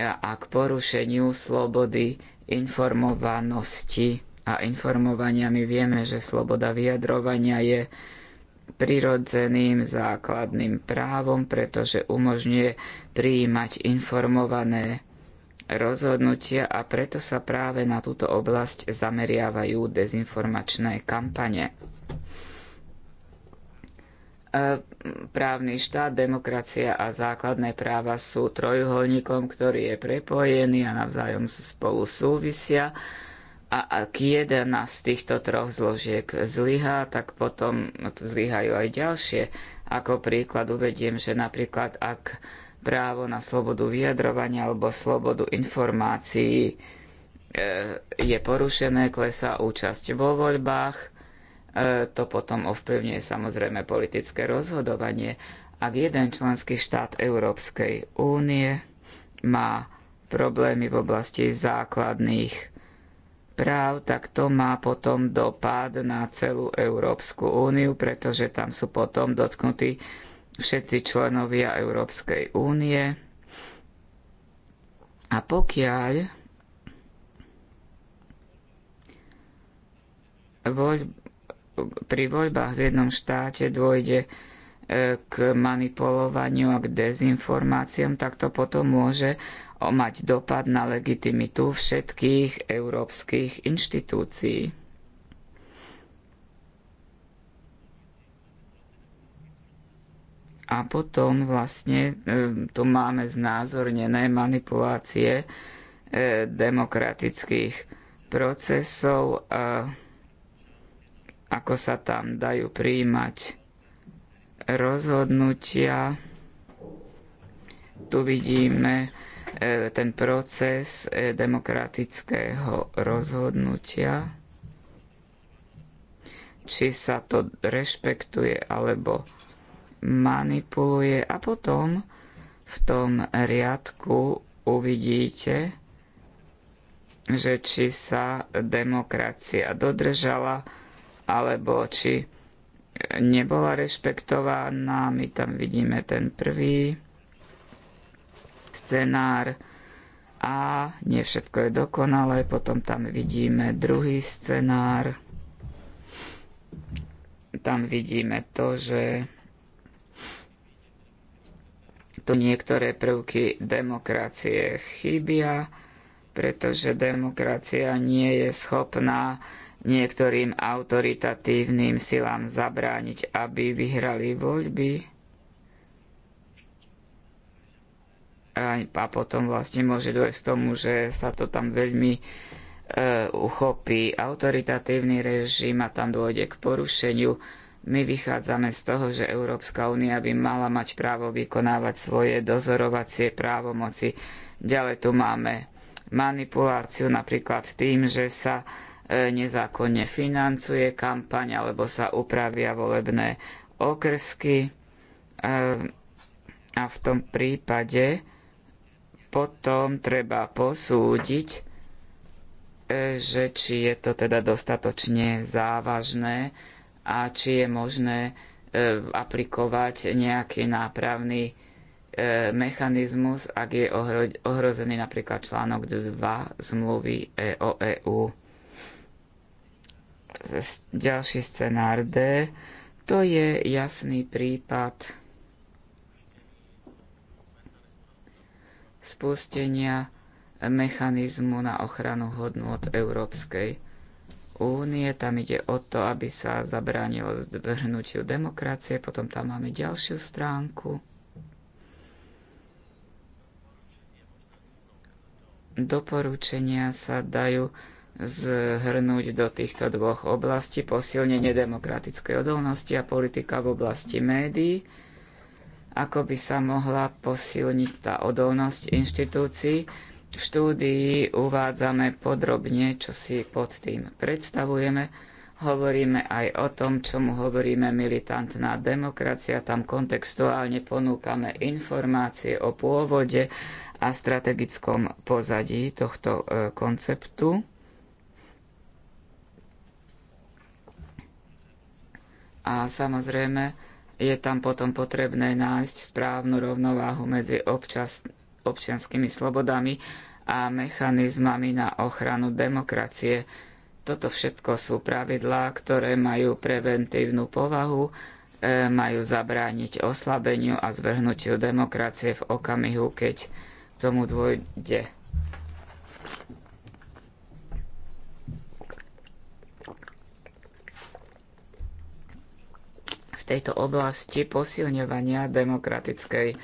a k porušeniu slobody informovanosti a informovania. My vieme, že sloboda vyjadrovania je prirodzeným základným právom, pretože umožňuje prijímať informované rozhodnutia a preto sa práve na túto oblasť zameriavajú dezinformačné kampane. E, právny štát, demokracia a základné práva sú trojuholníkom, ktorý je prepojený a navzájom spolu súvisia. A ak jeden z týchto troch zložiek zlyhá, tak potom zlyhajú aj ďalšie. Ako príklad uvediem, že napríklad ak právo na slobodu vyjadrovania alebo slobodu informácií e, je porušené, klesá účasť vo voľbách, e, to potom ovplyvňuje samozrejme politické rozhodovanie. Ak jeden členský štát Európskej únie má problémy v oblasti základných práv, tak to má potom dopad na celú Európsku úniu, pretože tam sú potom dotknutí všetci členovia Európskej únie. A pokiaľ voľ, pri voľbách v jednom štáte dôjde e, k manipulovaniu a k dezinformáciám, tak to potom môže mať dopad na legitimitu všetkých európskych inštitúcií. a potom vlastne e, tu máme znázornené manipulácie e, demokratických procesov, ako sa tam dajú príjmať rozhodnutia. Tu vidíme e, ten proces demokratického rozhodnutia, či sa to rešpektuje alebo manipuluje a potom v tom riadku uvidíte, že či sa demokracia dodržala alebo či nebola rešpektovaná. My tam vidíme ten prvý scenár a nie všetko je dokonalé. Potom tam vidíme druhý scenár. Tam vidíme to, že tu niektoré prvky demokracie chybia, pretože demokracia nie je schopná niektorým autoritatívnym silám zabrániť, aby vyhrali voľby. A potom vlastne môže dôjsť k tomu, že sa to tam veľmi e, uchopí autoritatívny režim a tam dôjde k porušeniu my vychádzame z toho, že Európska únia by mala mať právo vykonávať svoje dozorovacie právomoci. Ďalej tu máme manipuláciu napríklad tým, že sa e, nezákonne financuje kampaň alebo sa upravia volebné okrsky e, a v tom prípade potom treba posúdiť, e, že či je to teda dostatočne závažné, a či je možné e, aplikovať nejaký nápravný e, mechanizmus, ak je ohrozený napríklad článok 2 zmluvy e, o EU. Ďalší scenár D, to je jasný prípad spustenia mechanizmu na ochranu hodnot Európskej únie, tam ide o to, aby sa zabránilo zvrhnutiu demokracie, potom tam máme ďalšiu stránku. Doporúčenia sa dajú zhrnúť do týchto dvoch oblastí posilnenie demokratickej odolnosti a politika v oblasti médií, ako by sa mohla posilniť tá odolnosť inštitúcií, v štúdii uvádzame podrobne, čo si pod tým predstavujeme. Hovoríme aj o tom, čomu hovoríme militantná demokracia. Tam kontextuálne ponúkame informácie o pôvode a strategickom pozadí tohto e, konceptu. A samozrejme je tam potom potrebné nájsť správnu rovnováhu medzi občas, občianskými slobodami a mechanizmami na ochranu demokracie. Toto všetko sú pravidlá, ktoré majú preventívnu povahu, e, majú zabrániť oslabeniu a zvrhnutiu demokracie v okamihu, keď tomu dôjde. V tejto oblasti posilňovania demokratickej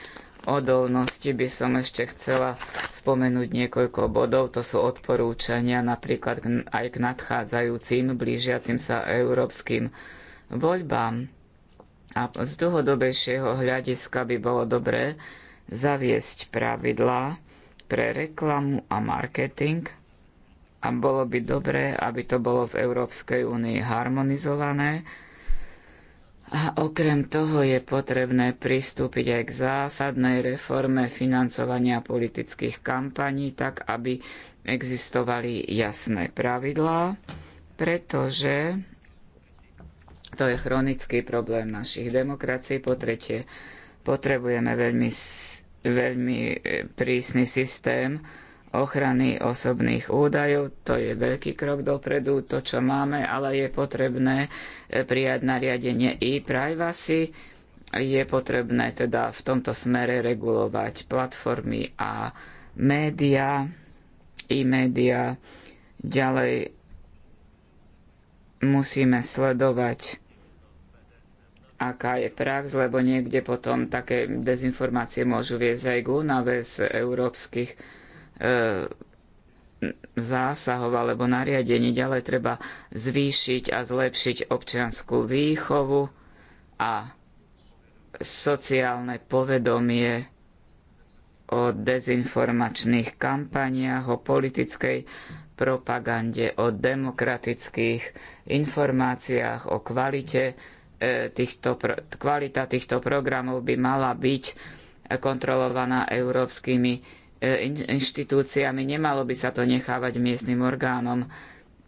odolnosti by som ešte chcela spomenúť niekoľko bodov. To sú odporúčania napríklad aj k nadchádzajúcim, blížiacim sa európskym voľbám. A z dlhodobejšieho hľadiska by bolo dobré zaviesť pravidlá pre reklamu a marketing a bolo by dobré, aby to bolo v Európskej únii harmonizované, a okrem toho je potrebné pristúpiť aj k zásadnej reforme financovania politických kampaní, tak aby existovali jasné pravidlá, pretože to je chronický problém našich demokracií. Po tretie, potrebujeme veľmi, veľmi e, prísny systém, ochrany osobných údajov. To je veľký krok dopredu, to čo máme, ale je potrebné eh, prijať nariadenie i privacy. Je potrebné teda v tomto smere regulovať platformy a média, i média. Ďalej musíme sledovať aká je prax, lebo niekde potom také dezinformácie môžu viesť aj k únave z európskych E, zásahov alebo nariadení. Ďalej treba zvýšiť a zlepšiť občianskú výchovu a sociálne povedomie o dezinformačných kampaniách, o politickej propagande, o demokratických informáciách, o kvalite e, týchto, kvalita týchto programov by mala byť kontrolovaná európskymi inštitúciami. Nemalo by sa to nechávať miestnym orgánom.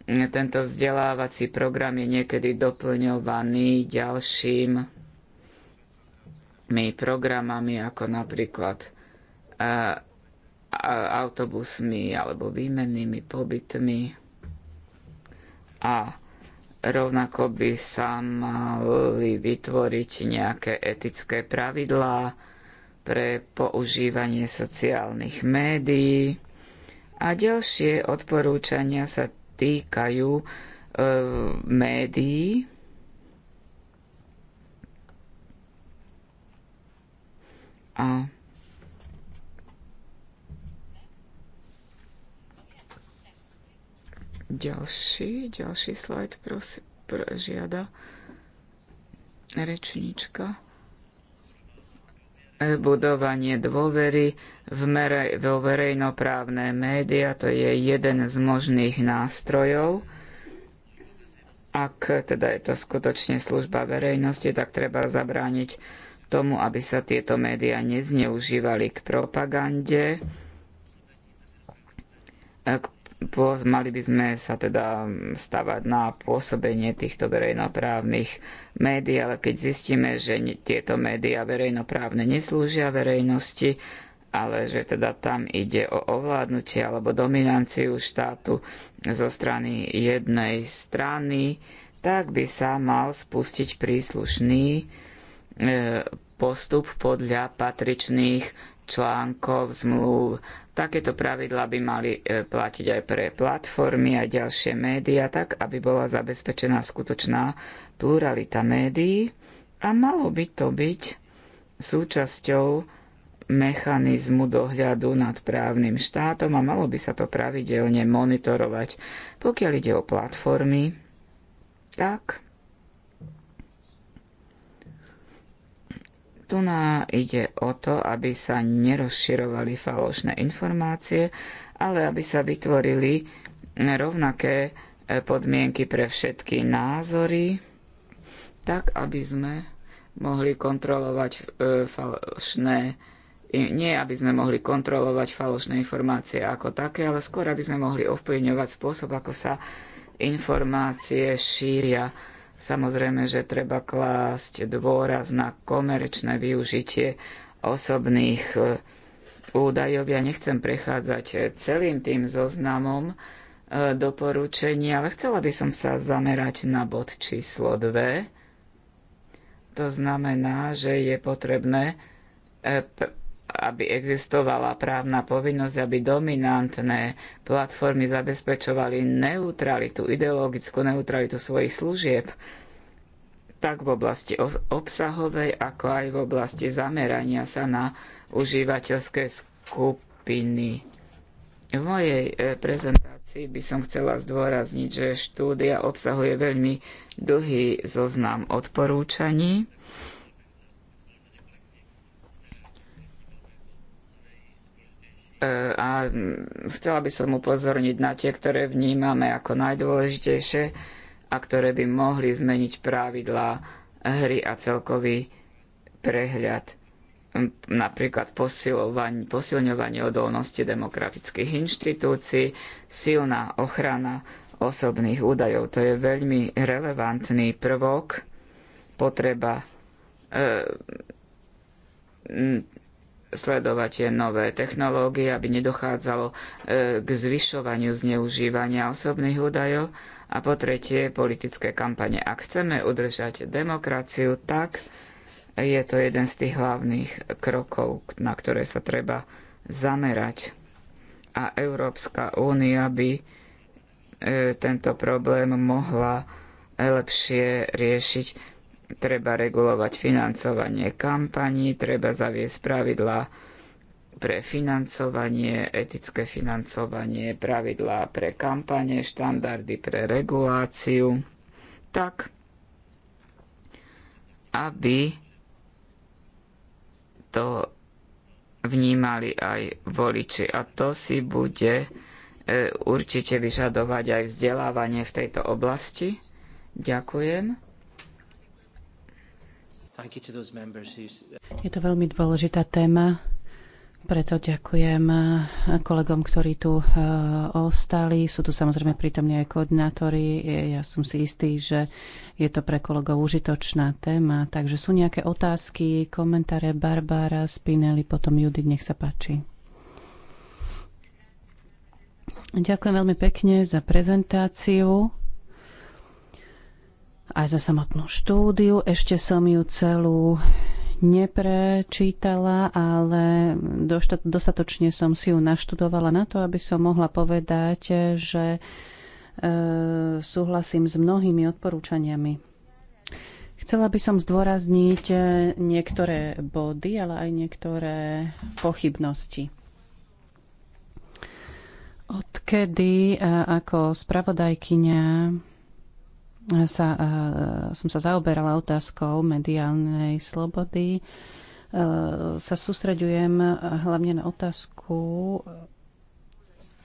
Tento vzdelávací program je niekedy doplňovaný ďalšími programami, ako napríklad autobusmi alebo výmennými pobytmi. A rovnako by sa mali vytvoriť nejaké etické pravidlá, pre používanie sociálnych médií a ďalšie odporúčania sa týkajú e, médií. A ďalší, ďalší slajd prosím, žiada rečnička budovanie dôvery v mere, vo verejnoprávne médiá. To je jeden z možných nástrojov. Ak teda je to skutočne služba verejnosti, tak treba zabrániť tomu, aby sa tieto médiá nezneužívali k propagande, k mali by sme sa teda stavať na pôsobenie týchto verejnoprávnych médií, ale keď zistíme, že tieto médiá verejnoprávne neslúžia verejnosti, ale že teda tam ide o ovládnutie alebo dominanciu štátu zo strany jednej strany, tak by sa mal spustiť príslušný e, postup podľa patričných článkov zmluv Takéto pravidla by mali e, platiť aj pre platformy a ďalšie médiá, tak aby bola zabezpečená skutočná pluralita médií a malo by to byť súčasťou mechanizmu dohľadu nad právnym štátom a malo by sa to pravidelne monitorovať. Pokiaľ ide o platformy, tak Tu na ide o to, aby sa nerozširovali falošné informácie, ale aby sa vytvorili rovnaké e, podmienky pre všetky názory, tak aby sme mohli kontrolovať e, falošné nie aby sme mohli kontrolovať falošné informácie ako také, ale skôr aby sme mohli ovplyvňovať spôsob, ako sa informácie šíria. Samozrejme, že treba klásť dôraz na komerčné využitie osobných e, údajov. Ja nechcem prechádzať e, celým tým zoznamom e, doporučení, ale chcela by som sa zamerať na bod číslo 2. To znamená, že je potrebné aby existovala právna povinnosť, aby dominantné platformy zabezpečovali neutralitu, ideologickú neutralitu svojich služieb, tak v oblasti obsahovej, ako aj v oblasti zamerania sa na užívateľské skupiny. V mojej e, prezentácii by som chcela zdôrazniť, že štúdia obsahuje veľmi dlhý zoznam odporúčaní E, a chcela by som upozorniť na tie, ktoré vnímame ako najdôležitejšie a ktoré by mohli zmeniť pravidlá hry a celkový prehľad. Napríklad posilňovanie odolnosti demokratických inštitúcií, silná ochrana osobných údajov. To je veľmi relevantný prvok, potreba e, sledovať tie nové technológie, aby nedochádzalo e, k zvyšovaniu zneužívania osobných údajov a po tretie politické kampane. Ak chceme udržať demokraciu, tak je to jeden z tých hlavných krokov, na ktoré sa treba zamerať. A Európska únia by e, tento problém mohla lepšie riešiť treba regulovať financovanie kampaní, treba zaviesť pravidlá pre financovanie, etické financovanie, pravidlá pre kampane, štandardy pre reguláciu, tak aby to vnímali aj voliči. A to si bude e, určite vyžadovať aj vzdelávanie v tejto oblasti. Ďakujem. Je to veľmi dôležitá téma, preto ďakujem e, kolegom, ktorí tu e, ostali. Sú tu samozrejme prítomne aj koordinátori. Ja som si istý, že je to pre kolegov užitočná téma. Takže sú nejaké otázky, komentáre Barbára, Spinelli, potom Judith, nech sa páči. Ďakujem veľmi pekne za prezentáciu aj za samotnú štúdiu. Ešte som ju celú neprečítala, ale dostatočne som si ju naštudovala na to, aby som mohla povedať, že e, súhlasím s mnohými odporúčaniami. Chcela by som zdôrazniť e, niektoré body, ale aj niektoré pochybnosti. Odkedy e, ako spravodajkyňa sa, eh, som sa zaoberala otázkou mediálnej slobody, eh, sa sústreďujem hlavne na otázku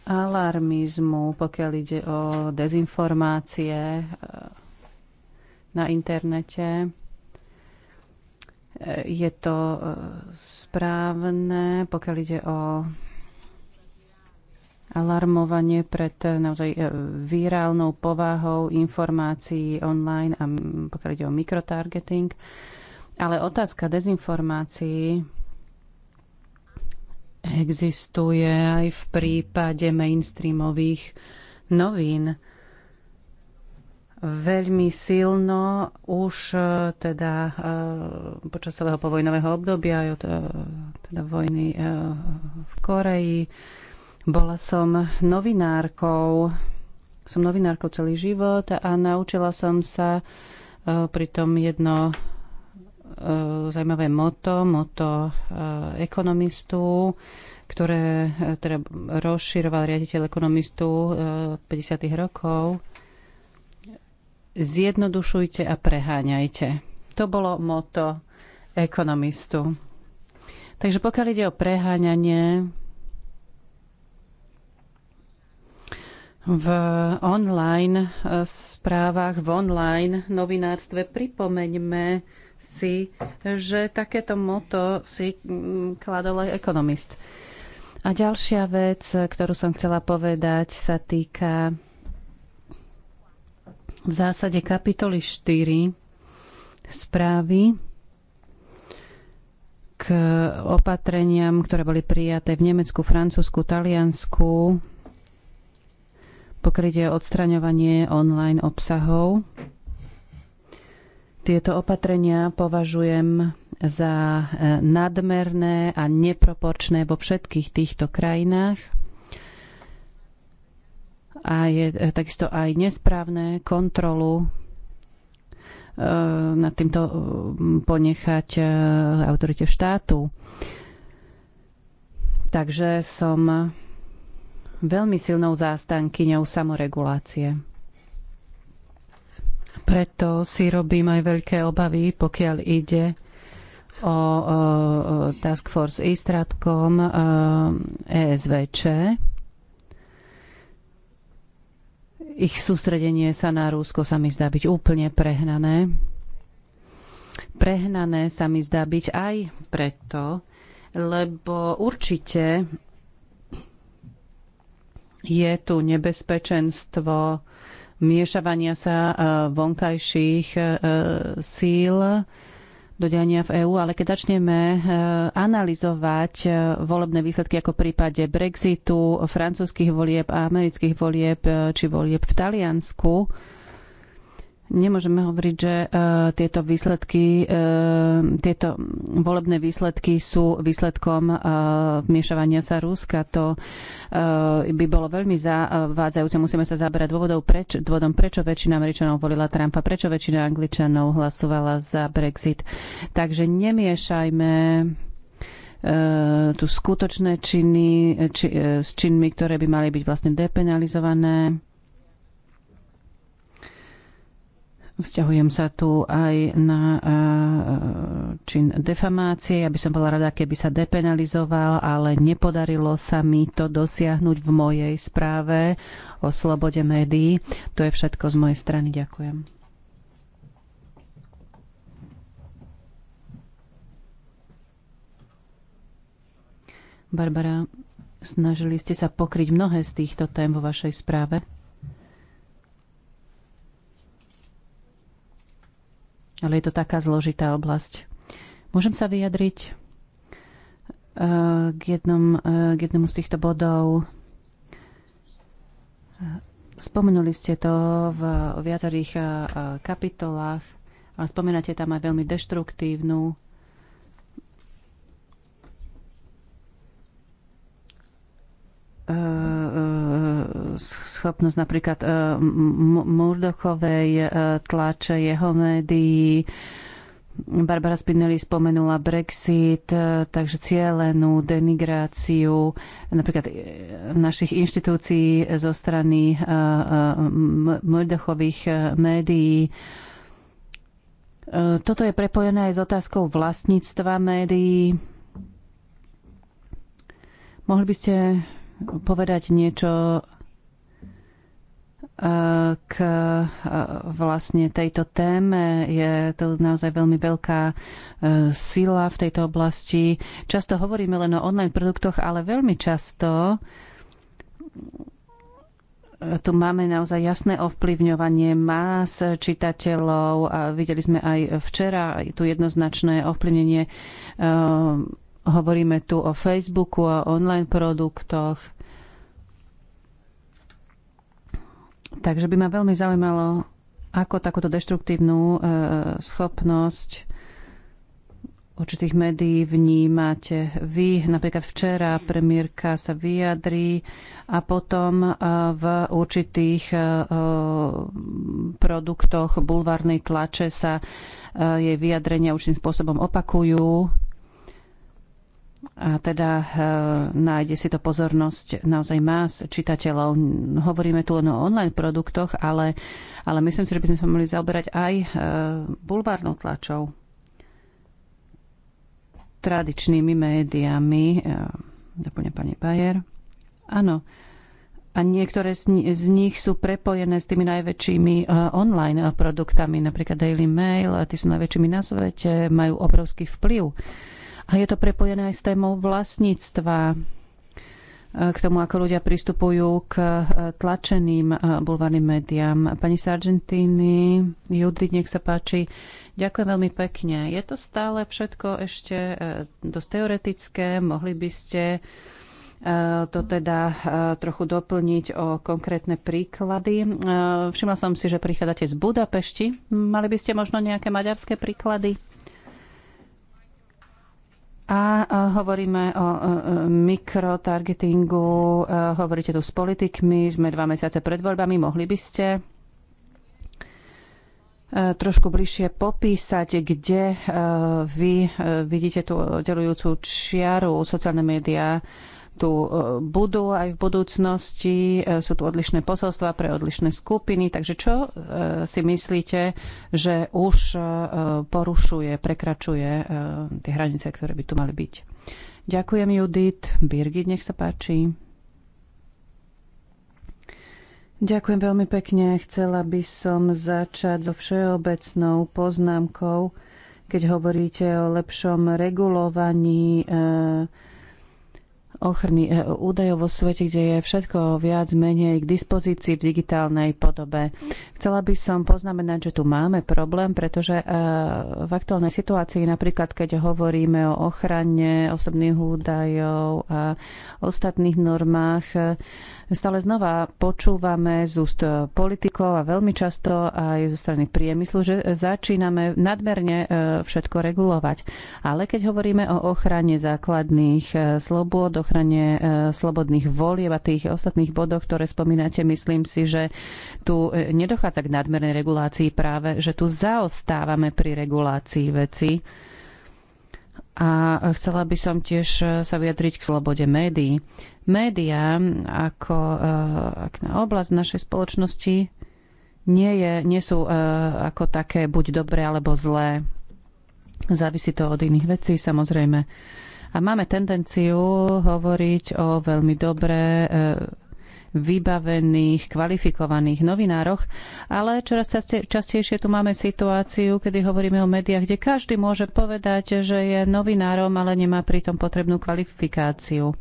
alarmizmu, pokiaľ ide o dezinformácie eh, na internete. Je to správne, pokiaľ ide o alarmovanie pred eh, naozaj eh, virálnou povahou informácií online a pokiaľ ide o mikrotargeting. Ale otázka dezinformácií existuje aj v prípade mainstreamových novín. Veľmi silno už eh, teda počas celého povojnového obdobia, teda vojny v Koreji, bola som novinárkou, som novinárkou celý život a naučila som sa e, pri tom jedno e, zaujímavé moto, moto e, ekonomistu, ktoré teda rozširoval riaditeľ ekonomistu 50. rokov. Zjednodušujte a preháňajte. To bolo moto ekonomistu. Takže pokiaľ ide o preháňanie, v online eh, správach, v online novinárstve. Pripomeňme si, že takéto moto si mm, kladol aj ekonomist. A ďalšia vec, ktorú som chcela povedať, sa týka v zásade kapitoly 4 správy k opatreniam, ktoré boli prijaté v Nemecku, Francúzsku, Taliansku pokrytie odstraňovanie online obsahov. Tieto opatrenia považujem za e, nadmerné a neproporčné vo všetkých týchto krajinách a je e, takisto aj nesprávne kontrolu e, nad týmto ponechať autorite štátu. Takže som veľmi silnou zástankyňou samoregulácie. Preto si robím aj veľké obavy, pokiaľ ide o, Task Force Istratkom ESVČ. E ich sústredenie sa na Rusko sa mi zdá byť úplne prehnané. Prehnané sa mi zdá byť aj preto, lebo určite je tu nebezpečenstvo miešavania sa e, vonkajších e, síl do diania v EÚ, ale keď začneme e, analyzovať volebné výsledky ako v prípade Brexitu, francúzskych volieb a amerických volieb či volieb v Taliansku, Nemôžeme hovoriť, že e, tieto výsledky, e, tieto volebné výsledky sú výsledkom e, vmiešavania sa Ruska. To by bolo veľmi zavádzajúce. Musíme sa zaberať dôvodov, preč, dôvodom, prečo väčšina Američanov volila Trumpa, prečo väčšina Angličanov hlasovala za Brexit. Takže nemiešajme tu skutočné činy či, s činmi, ktoré by mali byť vlastne depenalizované Vzťahujem sa tu aj na e, čin defamácie. Ja by som bola rada, keby sa depenalizoval, ale nepodarilo sa mi to dosiahnuť v mojej správe o slobode médií. To je všetko z mojej strany. Ďakujem. Barbara, snažili ste sa pokryť mnohé z týchto tém vo vašej správe. ale je to taká zložitá oblasť. Môžem sa vyjadriť eh, k, jednom, eh, k jednomu z týchto bodov. Eh, spomenuli ste to v viacerých kapitolách, ale spomínate tam aj veľmi deštruktívnu E, e, schopnosť napríklad e, Murdochovej tlače, jeho médií. Barbara Spinelli spomenula Brexit, takže cieľenú no, denigráciu napríklad našich inštitúcií zo strany Murdochových médií. Toto je prepojené aj s otázkou vlastníctva médií. Mohli by ste povedať niečo e, k e, vlastne tejto téme. Je to naozaj veľmi veľká e, sila v tejto oblasti. Často hovoríme len o online produktoch, ale veľmi často tu máme naozaj jasné ovplyvňovanie más čitateľov a videli sme aj včera aj tu jednoznačné ovplyvnenie. Hovoríme tu o Facebooku, o online produktoch Takže by ma veľmi zaujímalo, ako takúto deštruktívnu e, schopnosť určitých médií vnímate vy. Napríklad včera premiérka sa vyjadrí a potom e, v určitých e, produktoch bulvárnej tlače sa jej vyjadrenia určitým spôsobom opakujú a teda e, nájde si to pozornosť naozaj más čitateľov. Hovoríme tu len o online produktoch, ale, ale myslím si, že by sme sa mohli zaoberať aj e, bulvárnou tlačou, tradičnými médiami, e, doplňa pani Bajer. Áno, a niektoré z nich sú prepojené s tými najväčšími e, online e, produktami, napríklad Daily Mail, e, tí sú najväčšími na svete, majú obrovský vplyv a je to prepojené aj s témou vlastníctva e, k tomu, ako ľudia pristupujú k e, tlačeným e, bulvárnym médiám. Pani Sargentini, Judri, nech sa páči. Ďakujem veľmi pekne. Je to stále všetko ešte dosť teoretické. Mohli by ste to teda trochu doplniť o konkrétne príklady. Všimla som si, že prichádzate z Budapešti. Mali by ste možno nejaké maďarské príklady? A e, hovoríme o e, e, mikrotargetingu, hovoríte tu s politikmi, sme dva mesiace pred voľbami, mohli by ste trošku bližšie popísať, kde vy vidíte tú oddelujúcu čiaru sociálne médiá tu e, budú aj v budúcnosti. E, sú tu odlišné posolstva pre odlišné skupiny. Takže čo e, si myslíte, že už porušuje, prekračuje tie hranice, ktoré by tu mali byť? Ďakujem Judith. Birgit, nech sa páči. Ďakujem veľmi pekne. Chcela by som začať so všeobecnou poznámkou, keď hovoríte o lepšom regulovaní e, ochrany eh, údajov vo svete, kde je všetko viac menej k dispozícii v digitálnej podobe. Chcela by som poznamenať, že tu máme problém, pretože eh, v aktuálnej situácii, napríklad keď hovoríme o ochrane osobných údajov a ostatných normách, eh, stále znova počúvame z úst politikov a veľmi často aj zo strany priemyslu, že začíname nadmerne všetko regulovať. Ale keď hovoríme o ochrane základných slobôd, ochrane e, slobodných volieb a tých ostatných bodoch, ktoré spomínate, myslím si, že tu e, nedochádza k nadmernej regulácii práve, že tu zaostávame pri regulácii veci. A chcela by som tiež e, sa vyjadriť k slobode médií. Média ako, ako oblasť našej spoločnosti nie, je, nie sú ako také buď dobré alebo zlé. Závisí to od iných vecí samozrejme. A máme tendenciu hovoriť o veľmi dobre e, vybavených, kvalifikovaných novinároch, ale čoraz častejšie tu máme situáciu, kedy hovoríme o médiách, kde každý môže povedať, že je novinárom, ale nemá pritom potrebnú kvalifikáciu.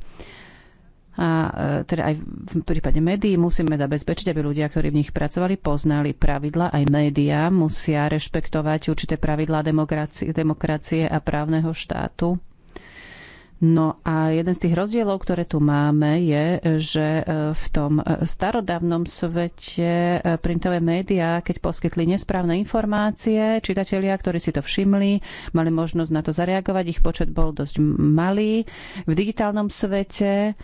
A e, teda aj v prípade médií musíme zabezpečiť, aby ľudia, ktorí v nich pracovali, poznali pravidla. Aj médiá musia rešpektovať určité pravidlá demokracie a právneho štátu. No a jeden z tých rozdielov, ktoré tu máme, je, že e, v tom e, starodávnom svete e, printové médiá, keď poskytli nesprávne informácie, čitatelia, ktorí si to všimli, mali možnosť na to zareagovať, ich počet bol dosť malý. V digitálnom svete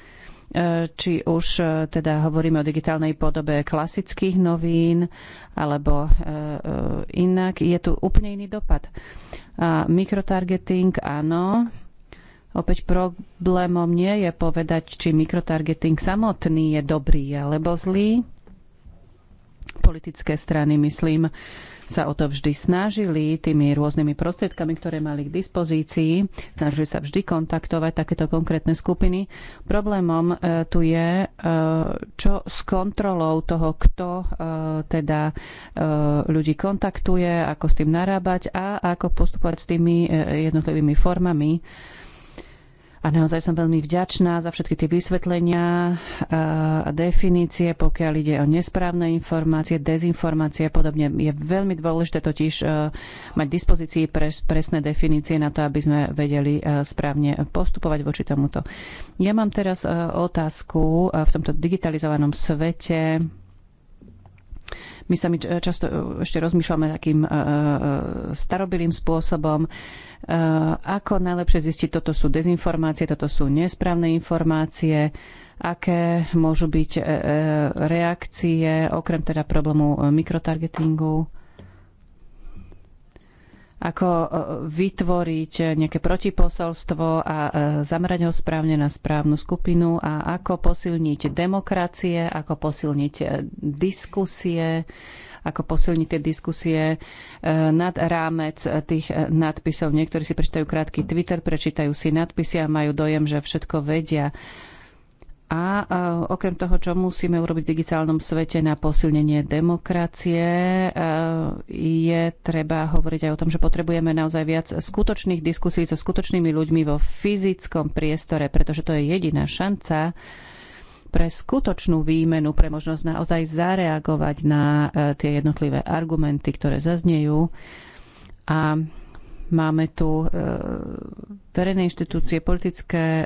či už teda hovoríme o digitálnej podobe klasických novín alebo inak, je tu úplne iný dopad. A mikrotargeting, áno, Opäť problémom nie je povedať, či mikrotargeting samotný je dobrý alebo zlý. Politické strany, myslím, sa o to vždy snažili tými rôznymi prostriedkami, ktoré mali k dispozícii. Snažili sa vždy kontaktovať takéto konkrétne skupiny. Problémom e, tu je, e, čo s kontrolou toho, kto e, teda ľudí kontaktuje, ako s tým narábať a ako postupovať s tými jednotlivými formami a naozaj som veľmi vďačná za všetky tie vysvetlenia a definície, pokiaľ ide o nesprávne informácie, dezinformácie a podobne. Je veľmi dôležité totiž e, mať dispozícii presné definície na to, aby sme vedeli e, správne postupovať voči tomuto. Ja mám teraz e, otázku v tomto digitalizovanom svete my sa mi často ešte rozmýšľame takým starobilým spôsobom. Eh, ako najlepšie zistiť, toto sú dezinformácie, toto sú nesprávne informácie, aké môžu byť eh, eh, reakcie, okrem teda problému mikrotargetingu, ako vytvoriť nejaké protiposolstvo a zamerať ho správne na správnu skupinu a ako posilniť demokracie, ako posilniť diskusie, ako posilniť tie diskusie eh, nad rámec tých nadpisov. Niektorí si prečítajú krátky Twitter, prečítajú si nadpisy a majú dojem, že všetko vedia. A eh, okrem toho, čo musíme urobiť v digitálnom svete na posilnenie demokracie, eh, je treba hovoriť aj o tom, že potrebujeme naozaj viac skutočných diskusí so skutočnými ľuďmi vo fyzickom priestore, pretože to je jediná šanca, pre skutočnú výmenu, pre možnosť naozaj zareagovať na e, tie jednotlivé argumenty, ktoré zaznejú. A máme tu e, verejné inštitúcie, politické e,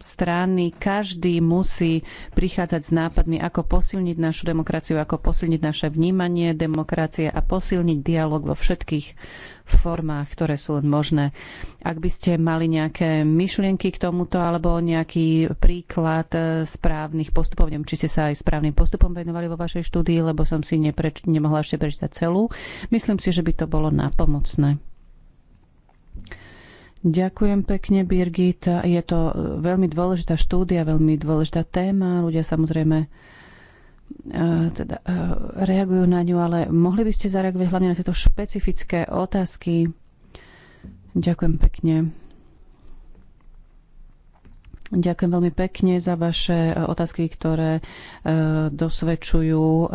strany. Každý musí prichádzať s nápadmi, ako posilniť našu demokraciu, ako posilniť naše vnímanie demokracie a posilniť dialog vo všetkých formách, ktoré sú len možné. Ak by ste mali nejaké myšlienky k tomuto alebo nejaký príklad eh, správnych postupov, neviem, či ste sa aj správnym postupom venovali vo vašej štúdii, lebo som si nepreč- nemohla ešte prečítať celú. Myslím si, že by to bolo napomocné. Ďakujem pekne, Birgit. Je to eh, veľmi dôležitá štúdia, veľmi dôležitá téma. Ľudia samozrejme E, teda e, reagujú na ňu, ale mohli by ste zareagovať hlavne na tieto špecifické otázky. Ďakujem pekne. Ďakujem veľmi pekne za vaše e, otázky, ktoré dosvedčujú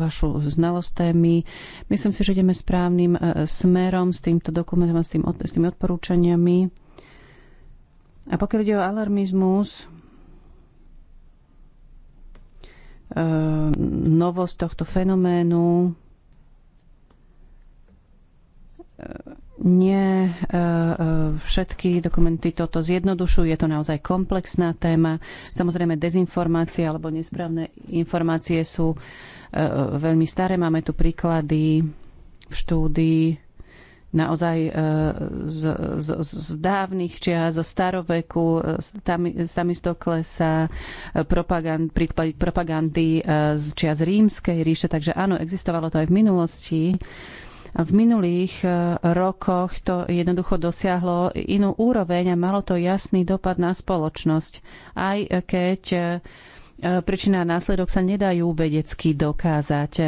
vašu znalosť témy. Myslím si, že ideme správnym smerom s týmto dokumentom a s, tým, s tými odporúčaniami. A pokiaľ ide o alarmizmus, E, novosť tohto fenoménu e, nie e, všetky dokumenty toto zjednodušujú, je to naozaj komplexná téma. Samozrejme, dezinformácie alebo nesprávne informácie sú veľmi staré. Máme tu príklady v štúdii naozaj e, z, z, z dávnych čias, zo staroveku, tam, e, tam klesa e, propagand, propagandy z čias rímskej ríše. Takže áno, existovalo to aj v minulosti. V minulých rokoch to jednoducho dosiahlo inú úroveň a malo to jasný dopad na spoločnosť. Aj keď E, príčina a následok sa nedajú vedecky dokázať. E,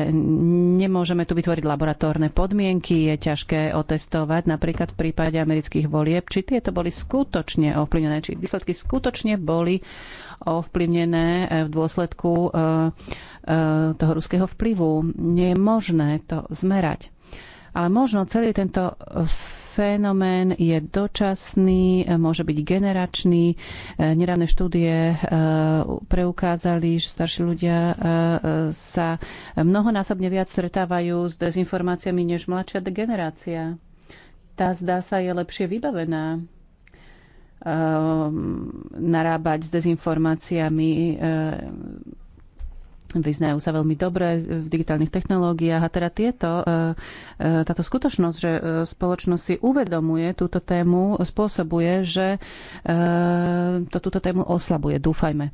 nemôžeme tu vytvoriť laboratórne podmienky, je ťažké otestovať napríklad v prípade amerických volieb, či tieto boli skutočne ovplyvnené, či výsledky skutočne boli ovplyvnené e, v dôsledku toho ruského vplyvu. Nie je možné to zmerať. Ale možno celý tento fenomén je dočasný, môže byť generačný. Eh, nedávne štúdie eh, preukázali, že starší ľudia eh, sa mnohonásobne viac stretávajú s dezinformáciami než mladšia generácia. Tá zdá sa je lepšie vybavená narábať s dezinformáciami vyznajú sa veľmi dobre v digitálnych technológiách. A teda tieto, e, e, táto skutočnosť, že e, spoločnosť si uvedomuje túto tému, spôsobuje, že to túto tému oslabuje. Dúfajme.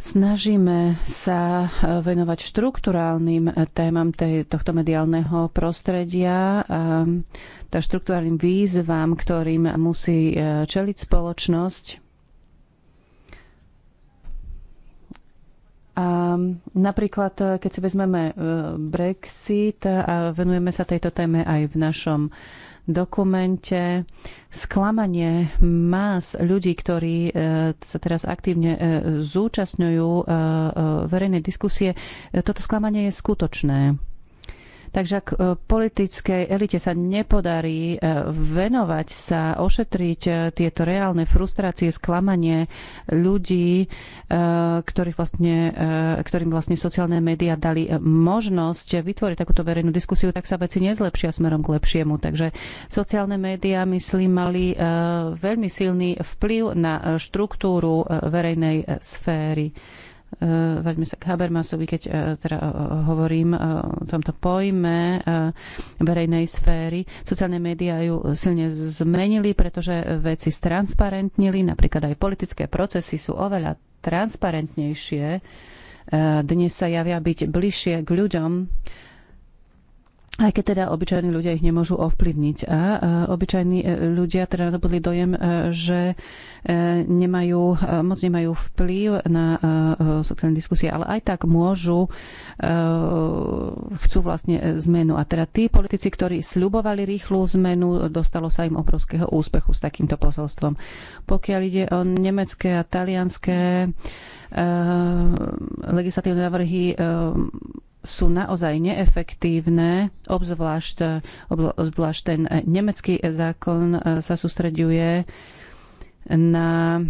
Snažíme sa venovať štruktúrálnym témam tohto mediálneho prostredia, tá štruktúrálnym výzvam, ktorým musí čeliť spoločnosť A napríklad, e, keď si vezmeme e, Brexit a venujeme sa tejto téme aj v našom dokumente, sklamanie más ľudí, ktorí e, sa teraz aktívne zúčastňujú verejnej diskusie, toto sklamanie je skutočné. Takže ak e, politickej elite sa nepodarí e, venovať sa, ošetriť e, tieto reálne frustrácie, sklamanie ľudí, ktorých vlastne, ktorým vlastne sociálne médiá dali možnosť vytvoriť takúto verejnú diskusiu, tak sa veci nezlepšia smerom k lepšiemu. Takže sociálne médiá, myslím, mali veľmi silný vplyv na štruktúru verejnej sféry. Eh, vaďme sa k Habermasovi, keď eh, teda hovorím eh, o tomto pojme verejnej sféry. Sociálne médiá ju silne zmenili, pretože veci stransparentnili, napríklad aj politické procesy sú oveľa transparentnejšie. Dnes sa javia byť bližšie k ľuďom, aj keď teda obyčajní ľudia ich nemôžu ovplyvniť. A obyčajní e, ľudia teda nadobudli dojem, e, že e, nemajú, moc nemajú vplyv na sociálne diskusie, ale aj tak môžu, chcú vlastne zmenu. A teda tí politici, ktorí sľubovali rýchlu zmenu, dostalo sa im obrovského úspechu s takýmto posolstvom. Pokiaľ ide o nemecké a talianské legislatívne návrhy, sú naozaj neefektívne, obzvlášť, obzvlášť ten nemecký zákon e, sa sústreďuje na e,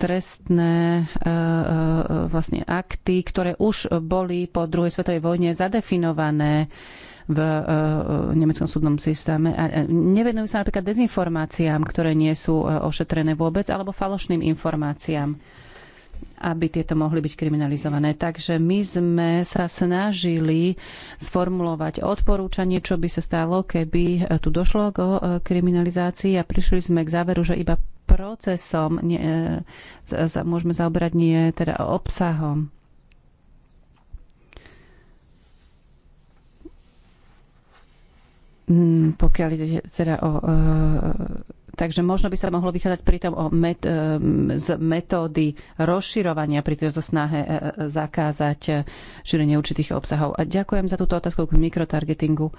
trestné e, vlastne akty, ktoré už boli po druhej svetovej vojne zadefinované v nemeckom súdnom systéme. A nevenujú sa napríklad dezinformáciám, ktoré nie sú ošetrené vôbec, alebo falošným informáciám aby tieto mohli byť kriminalizované. Takže my sme sa snažili sformulovať odporúčanie, čo by sa stalo, keby eh, tu došlo k eh, kriminalizácii a prišli sme k záveru, že iba procesom nie, eh, môžeme zaoberať nie teda obsahom. Hmm, pokiaľ ide teda o Takže možno by sa mohlo vychádzať pritom o met, e, z metódy rozširovania pri tejto snahe e, e, zakázať šírenie určitých obsahov. A ďakujem za túto otázku k mikrotargetingu.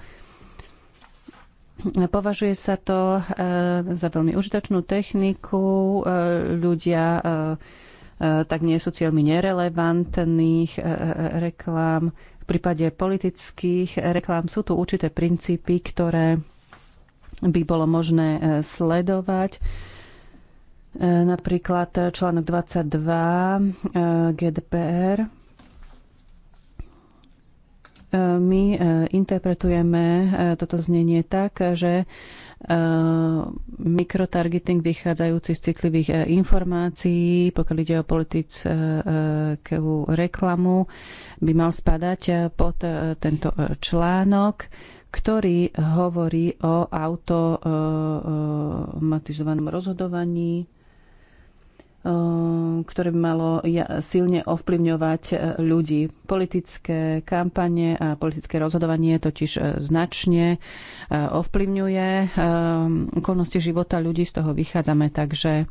Považuje sa to za veľmi užitočnú techniku. Ľudia tak nie sú cieľmi nerelevantných reklám. V prípade politických reklám sú tu určité princípy, ktoré by bolo možné e, sledovať. E, napríklad e, článok 22 GDPR. My interpretujeme toto znenie tak, že mikrotargeting vychádzajúci z citlivých informácií, pokiaľ ide o politickú reklamu, by mal spadať pod tento článok ktorý eh, hovorí o automatizovanom rozhodovaní Eh, ktoré by malo silne ovplyvňovať eh, ľudí. Politické kampane a politické rozhodovanie totiž eh, značne ovplyvňuje okolnosti života ľudí, z toho vychádzame, takže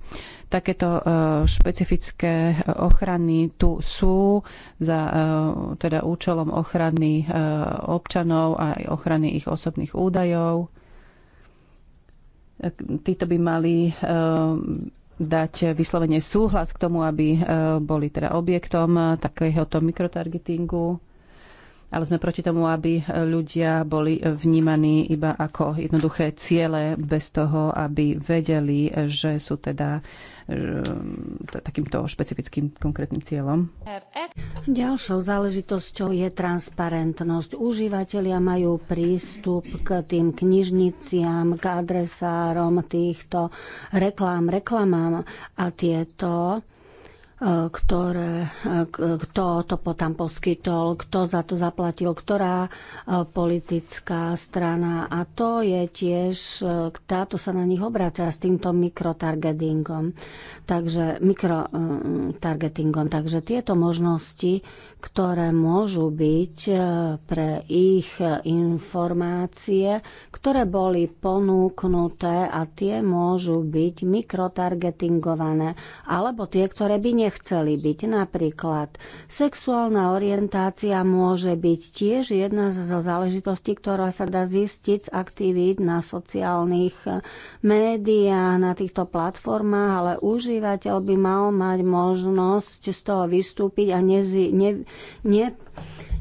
takéto špecifické ochrany tu sú za teda účelom ochrany občanov a ochrany ich osobných údajov títo by mali dať vyslovene súhlas k tomu, aby e, boli teda objektom e, takéhoto mikrotargetingu ale sme proti tomu, aby ľudia boli vnímaní iba ako jednoduché ciele, bez toho, aby vedeli, že sú teda takýmto špecifickým konkrétnym cieľom. Ďalšou záležitosťou je transparentnosť. Užívateľia majú prístup k tým knižniciam, k adresárom týchto reklám, reklamám a tieto ktoré, kto to tam poskytol, kto za to zaplatil, ktorá e, politická strana. A to je tiež, e, táto sa na nich obracia s týmto mikrotargetingom. Takže mikrotargetingom. Mm, Takže tieto možnosti ktoré môžu byť e, pre ich e, informácie, ktoré boli ponúknuté a tie môžu byť mikrotargetingované alebo tie, ktoré by nechceli byť. Napríklad sexuálna orientácia môže byť tiež jedna zo záležitostí, ktorá sa dá zistiť z aktivít na sociálnych e, médiách, na týchto platformách, ale užívateľ by mal mať možnosť z toho vystúpiť a nezi, ne, ne,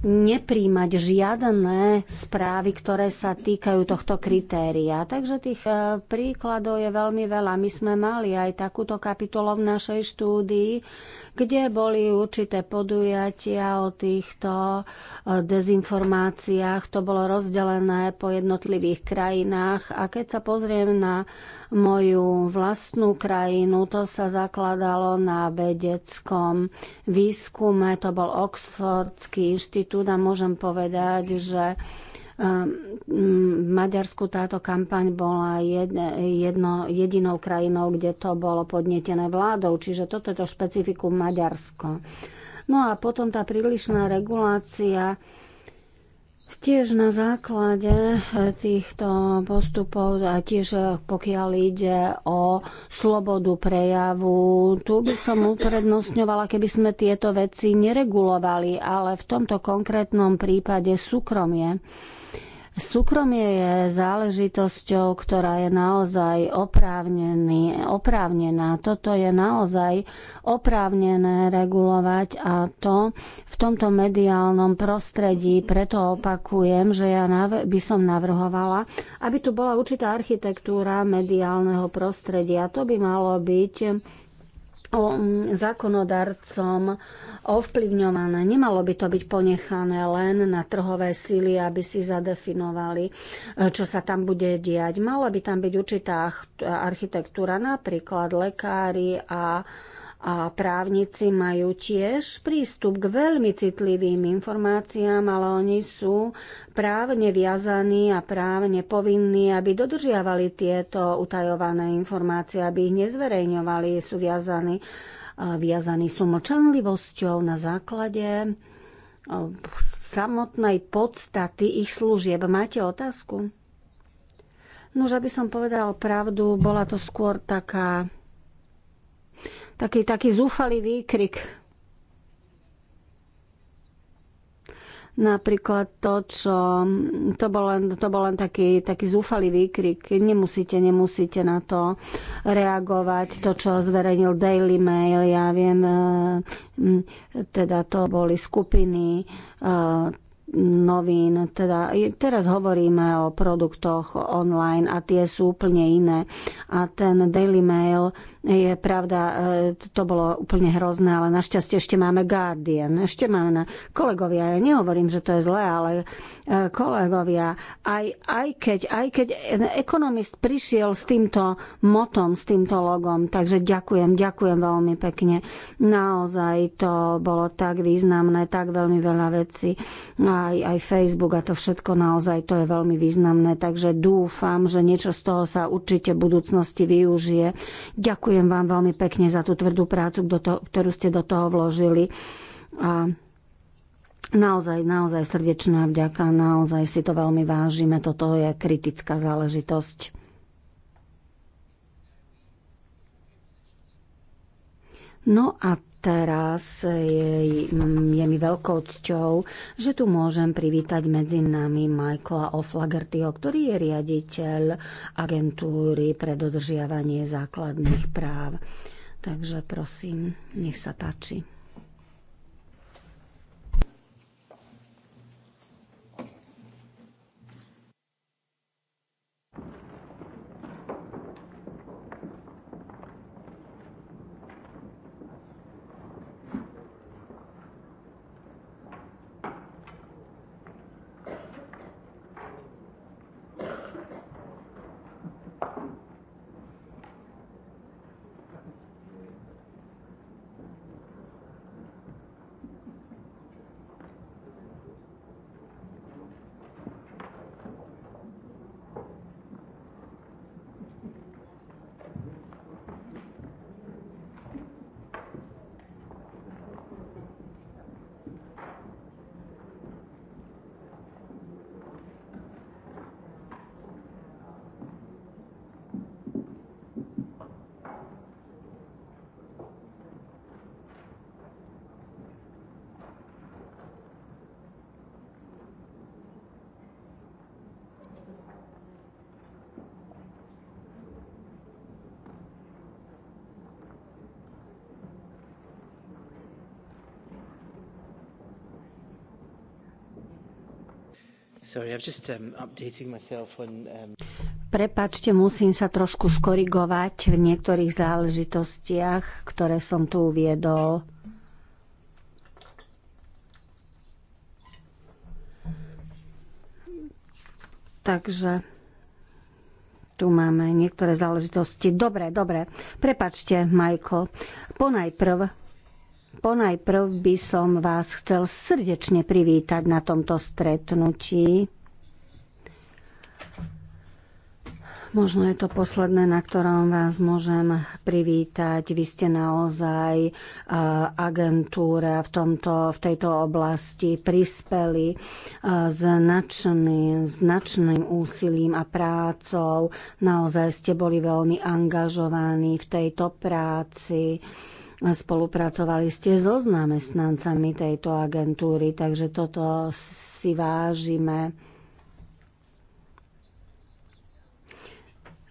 nepríjmať žiadne správy, ktoré sa týkajú tohto kritéria. Takže tých e, príkladov je veľmi veľa. My sme mali aj takúto kapitolu v našej štúdii, kde boli určité podujatia o týchto e, dezinformáciách. To bolo rozdelené po jednotlivých krajinách. A keď sa pozriem na moju vlastnú krajinu. To sa zakladalo na vedeckom výskume. To bol Oxfordský inštitút a môžem povedať, že ehm, v Maďarsku táto kampaň bola jedno, jedinou krajinou, kde to bolo podnetené vládou, čiže toto je to špecifikum Maďarsko. No a potom tá prílišná regulácia Tiež na základe eh, týchto postupov a tiež eh, pokiaľ ide o slobodu prejavu, tu by som uprednostňovala, keby sme tieto veci neregulovali, ale v tomto konkrétnom prípade súkromie. Súkromie je záležitosťou, ktorá je naozaj oprávnený, oprávnená. Toto je naozaj oprávnené regulovať a to v tomto mediálnom prostredí. Preto opakujem, že ja by som navrhovala, aby tu bola určitá architektúra mediálneho prostredia. To by malo byť o mm, zákonodarcom ovplyvňované. Nemalo by to byť ponechané len na trhové síly, aby si zadefinovali, e, čo sa tam bude diať. Mala by tam byť určitá architektúra, napríklad lekári a a právnici majú tiež prístup k veľmi citlivým informáciám, ale oni sú právne viazaní a právne povinní, aby dodržiavali tieto utajované informácie, aby ich nezverejňovali, sú viazaní, viazaní sú mlčanlivosťou na základe samotnej podstaty ich služieb. Máte otázku? že by som povedal pravdu, bola to skôr taká taký, taký zúfalý výkrik. Napríklad to, čo... To bol len, to bol len taký, taký zúfalý výkrik. Nemusíte, nemusíte na to reagovať. To, čo zverejnil Daily Mail, ja viem, e, teda to boli skupiny e, novín. Teda, teraz hovoríme o produktoch online a tie sú úplne iné. A ten Daily Mail je pravda, e, to bolo úplne hrozné, ale našťastie ešte máme Guardian, ešte máme na kolegovia. Ja nehovorím, že to je zlé, ale e, kolegovia, aj, aj, keď, aj keď ekonomist prišiel s týmto motom, s týmto logom, takže ďakujem, ďakujem veľmi pekne. Naozaj to bolo tak významné, tak veľmi veľa vecí. Aj, aj Facebook a to všetko naozaj to je veľmi významné, takže dúfam, že niečo z toho sa určite v budúcnosti využije. Ďakujem Ďakujem vám veľmi pekne za tú tvrdú prácu, ktorú ste do toho vložili. A Naozaj, naozaj srdečná vďaka, naozaj si to veľmi vážime, toto je kritická záležitosť. No a Teraz je, je mi veľkou cťou, že tu môžem privítať medzi nami Michaela Oflagertyho, ktorý je riaditeľ agentúry pre dodržiavanie základných práv. Takže prosím, nech sa páči. Um, um, Prepačte, musím sa trošku skorigovať v niektorých záležitostiach, ktoré som tu uviedol. Takže tu máme niektoré záležitosti. Dobre, dobre. Prepačte, Michael. Ponajprv Ponajprv by som vás chcel srdečne privítať na tomto stretnutí. Možno je to posledné, na ktorom vás môžem privítať. Vy ste naozaj e, agentúra v, tomto, v tejto oblasti prispeli e, značným, značným úsilím a prácou. Naozaj ste boli veľmi angažovaní v tejto práci. Spolupracovali ste so zamestnancami tejto agentúry, takže toto si vážime.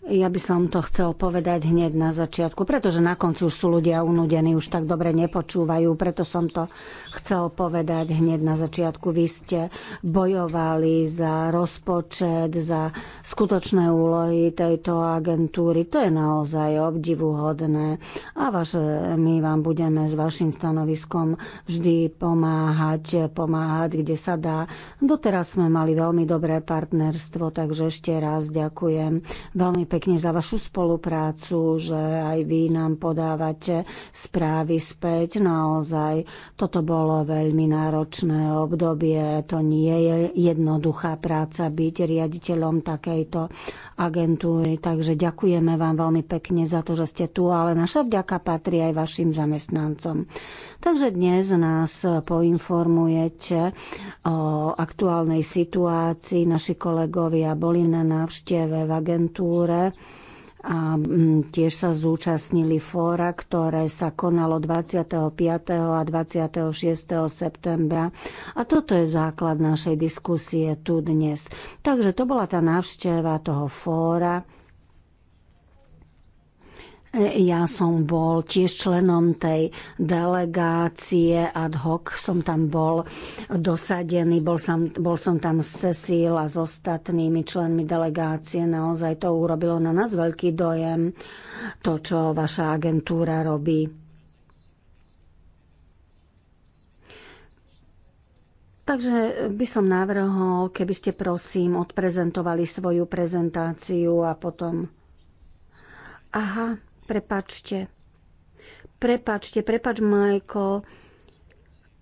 Ja by som to chcel povedať hneď na začiatku, pretože na konci už sú ľudia unudení, už tak dobre nepočúvajú, preto som to chcel povedať hneď na začiatku. Vy ste bojovali za rozpočet, za skutočné úlohy tejto agentúry. To je naozaj obdivuhodné a vaš, my vám budeme s vašim stanoviskom vždy pomáhať, pomáhať, kde sa dá. Doteraz sme mali veľmi dobré partnerstvo, takže ešte raz ďakujem veľmi pekne pekne za vašu spoluprácu, že aj vy nám podávate správy späť. Naozaj toto bolo veľmi náročné obdobie. To nie je jednoduchá práca byť riaditeľom takejto agentúry. Takže ďakujeme vám veľmi pekne za to, že ste tu, ale naša vďaka patrí aj vašim zamestnancom. Takže dnes nás poinformujete o aktuálnej situácii. Naši kolegovia boli na návšteve v agentúre a mm, tiež sa zúčastnili fóra, ktoré sa konalo 25. a 26. septembra. A toto je základ našej diskusie tu dnes. Takže to bola tá návšteva toho fóra ja som bol tiež členom tej delegácie ad hoc, som tam bol dosadený, bol som, bol som tam s Cecil a s ostatnými členmi delegácie. Naozaj to urobilo na nás veľký dojem, to, čo vaša agentúra robí. Takže by som navrhol, keby ste prosím odprezentovali svoju prezentáciu a potom... Aha, Prepačte. Prepačte, prepač, Majko.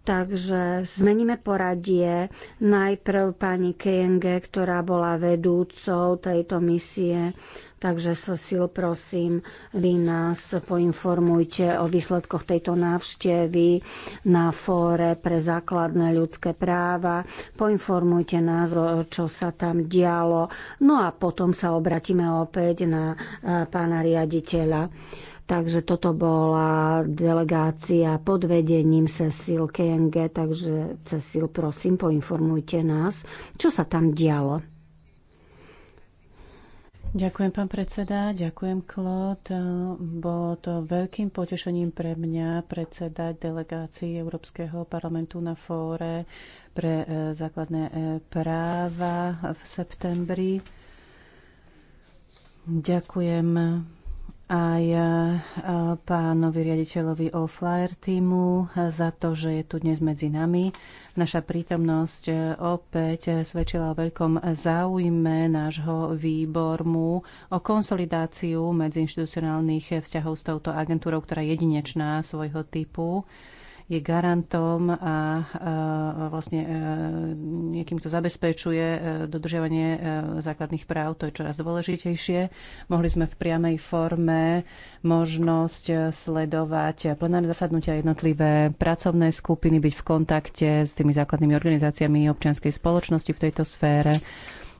Takže zmeníme poradie. Najprv pani Kenge, ktorá bola vedúcou tejto misie Takže sil prosím, vy nás poinformujte o výsledkoch tejto návštevy na fóre pre základné ľudské práva. Poinformujte nás, čo sa tam dialo. No a potom sa obratíme opäť na e, pána riaditeľa. Takže toto bola delegácia pod vedením Cecil KNG, takže Cecil, prosím, poinformujte nás, čo sa tam dialo. Ďakujem, pán predseda, ďakujem, Klod. Bolo to veľkým potešením pre mňa predsedať delegácii Európskeho parlamentu na fóre pre e, základné e, práva v septembri. Ďakujem aj e, pánovi riaditeľovi Flyer týmu za to, že je tu dnes medzi nami. Naša prítomnosť e, opäť svedčila o veľkom záujme nášho výbormu o konsolidáciu medziinstitucionálnych vzťahov s touto agentúrou, ktorá je jedinečná svojho typu je garantom a e, vlastne e, niekým to zabezpečuje e, dodržiavanie základných práv, to je čoraz dôležitejšie. Mohli sme v priamej forme možnosť sledovať plenárne zasadnutia jednotlivé pracovné skupiny, byť v kontakte s tými základnými organizáciami občianskej spoločnosti v tejto sfére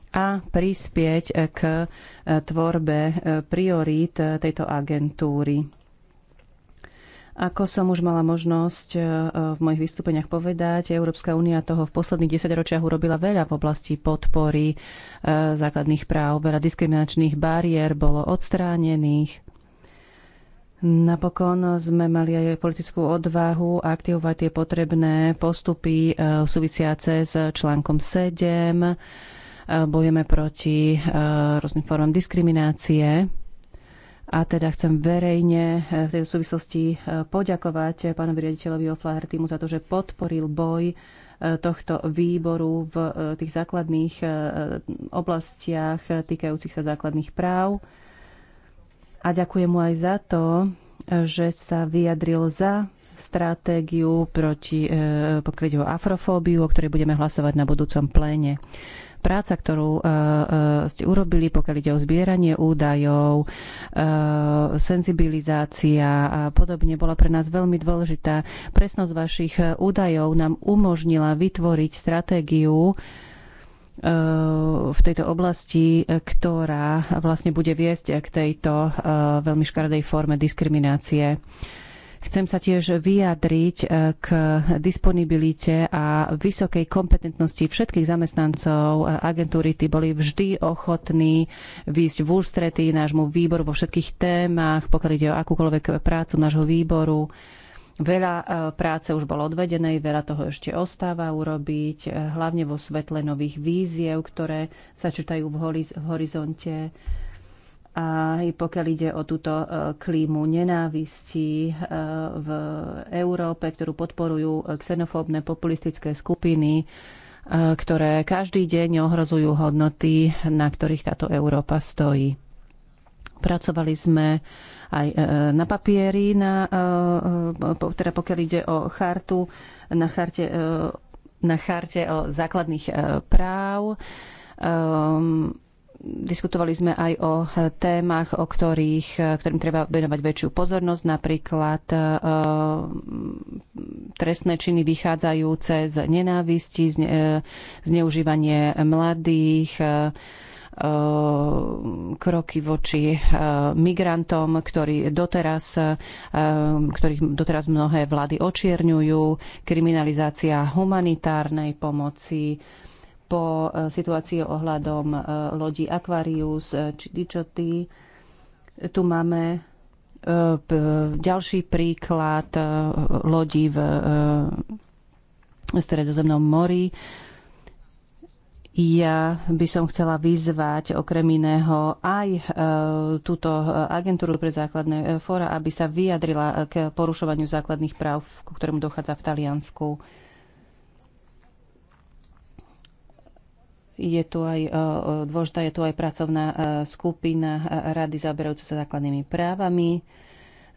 a prispieť k tvorbe priorít tejto agentúry. Ako som už mala možnosť e, e, v mojich vystúpeniach povedať, Európska únia toho v posledných desaťročiach urobila veľa v oblasti podpory e, základných práv, veľa diskriminačných bariér bolo odstránených. Napokon sme mali aj politickú odvahu aktivovať tie potrebné postupy súvisiace s článkom 7. Bojujeme proti rôznym formám diskriminácie a teda chcem verejne eh, v tej súvislosti eh, poďakovať eh, pánovi riaditeľovi týmu za to, že podporil boj tohto výboru v tých základných oblastiach týkajúcich sa základných práv. A ďakujem mu aj za to, že sa vyjadril za stratégiu proti, pokryť o afrofóbiu, o ktorej budeme hlasovať na budúcom pléne. Práca, ktorú e, e, ste urobili, pokiaľ ide o zbieranie údajov, e, senzibilizácia a podobne, bola pre nás veľmi dôležitá. Presnosť vašich údajov nám umožnila vytvoriť stratégiu, v tejto oblasti, ktorá vlastne bude viesť k tejto veľmi škaredej forme diskriminácie. Chcem sa tiež vyjadriť e, k disponibilite a vysokej kompetentnosti všetkých zamestnancov agentúry. Tí boli vždy ochotní výjsť v ústretí nášmu výboru vo všetkých témach, pokiaľ ide o akúkoľvek prácu nášho výboru. Veľa e, práce už bolo odvedenej, veľa toho ešte ostáva urobiť, e, hlavne vo svetle nových víziev, ktoré sa čítajú v horizonte. A pokiaľ ide o túto e, klímu nenávisti e, v Európe, ktorú podporujú e, xenofóbne populistické skupiny, ktoré každý deň ohrozujú hodnoty, na ktorých táto Európa stojí. Pracovali sme aj na papieri, na, teda pokiaľ ide o chartu, na charte, na charte o základných práv. Ehm, Diskutovali sme aj o témach, o ktorých, ktorým treba venovať väčšiu pozornosť, napríklad e, trestné činy vychádzajúce z nenávisti, e, zneužívanie mladých, e, kroky voči migrantom, ktorí doteraz, ktorých doteraz mnohé vlády očierňujú, kriminalizácia humanitárnej pomoci, po e, situácii ohľadom e, lodí Aquarius e, či Dichoty. Tu máme ďalší príklad lodí v Stredozemnom mori. Ja by som chcela vyzvať okrem iného aj túto agentúru pre základné fóra, aby sa vyjadrila k porušovaniu základných práv, ku ktorému dochádza v Taliansku. Je tu aj e, e, dôležitá, je tu aj pracovná e, skupina rady zaberajúca sa základnými právami.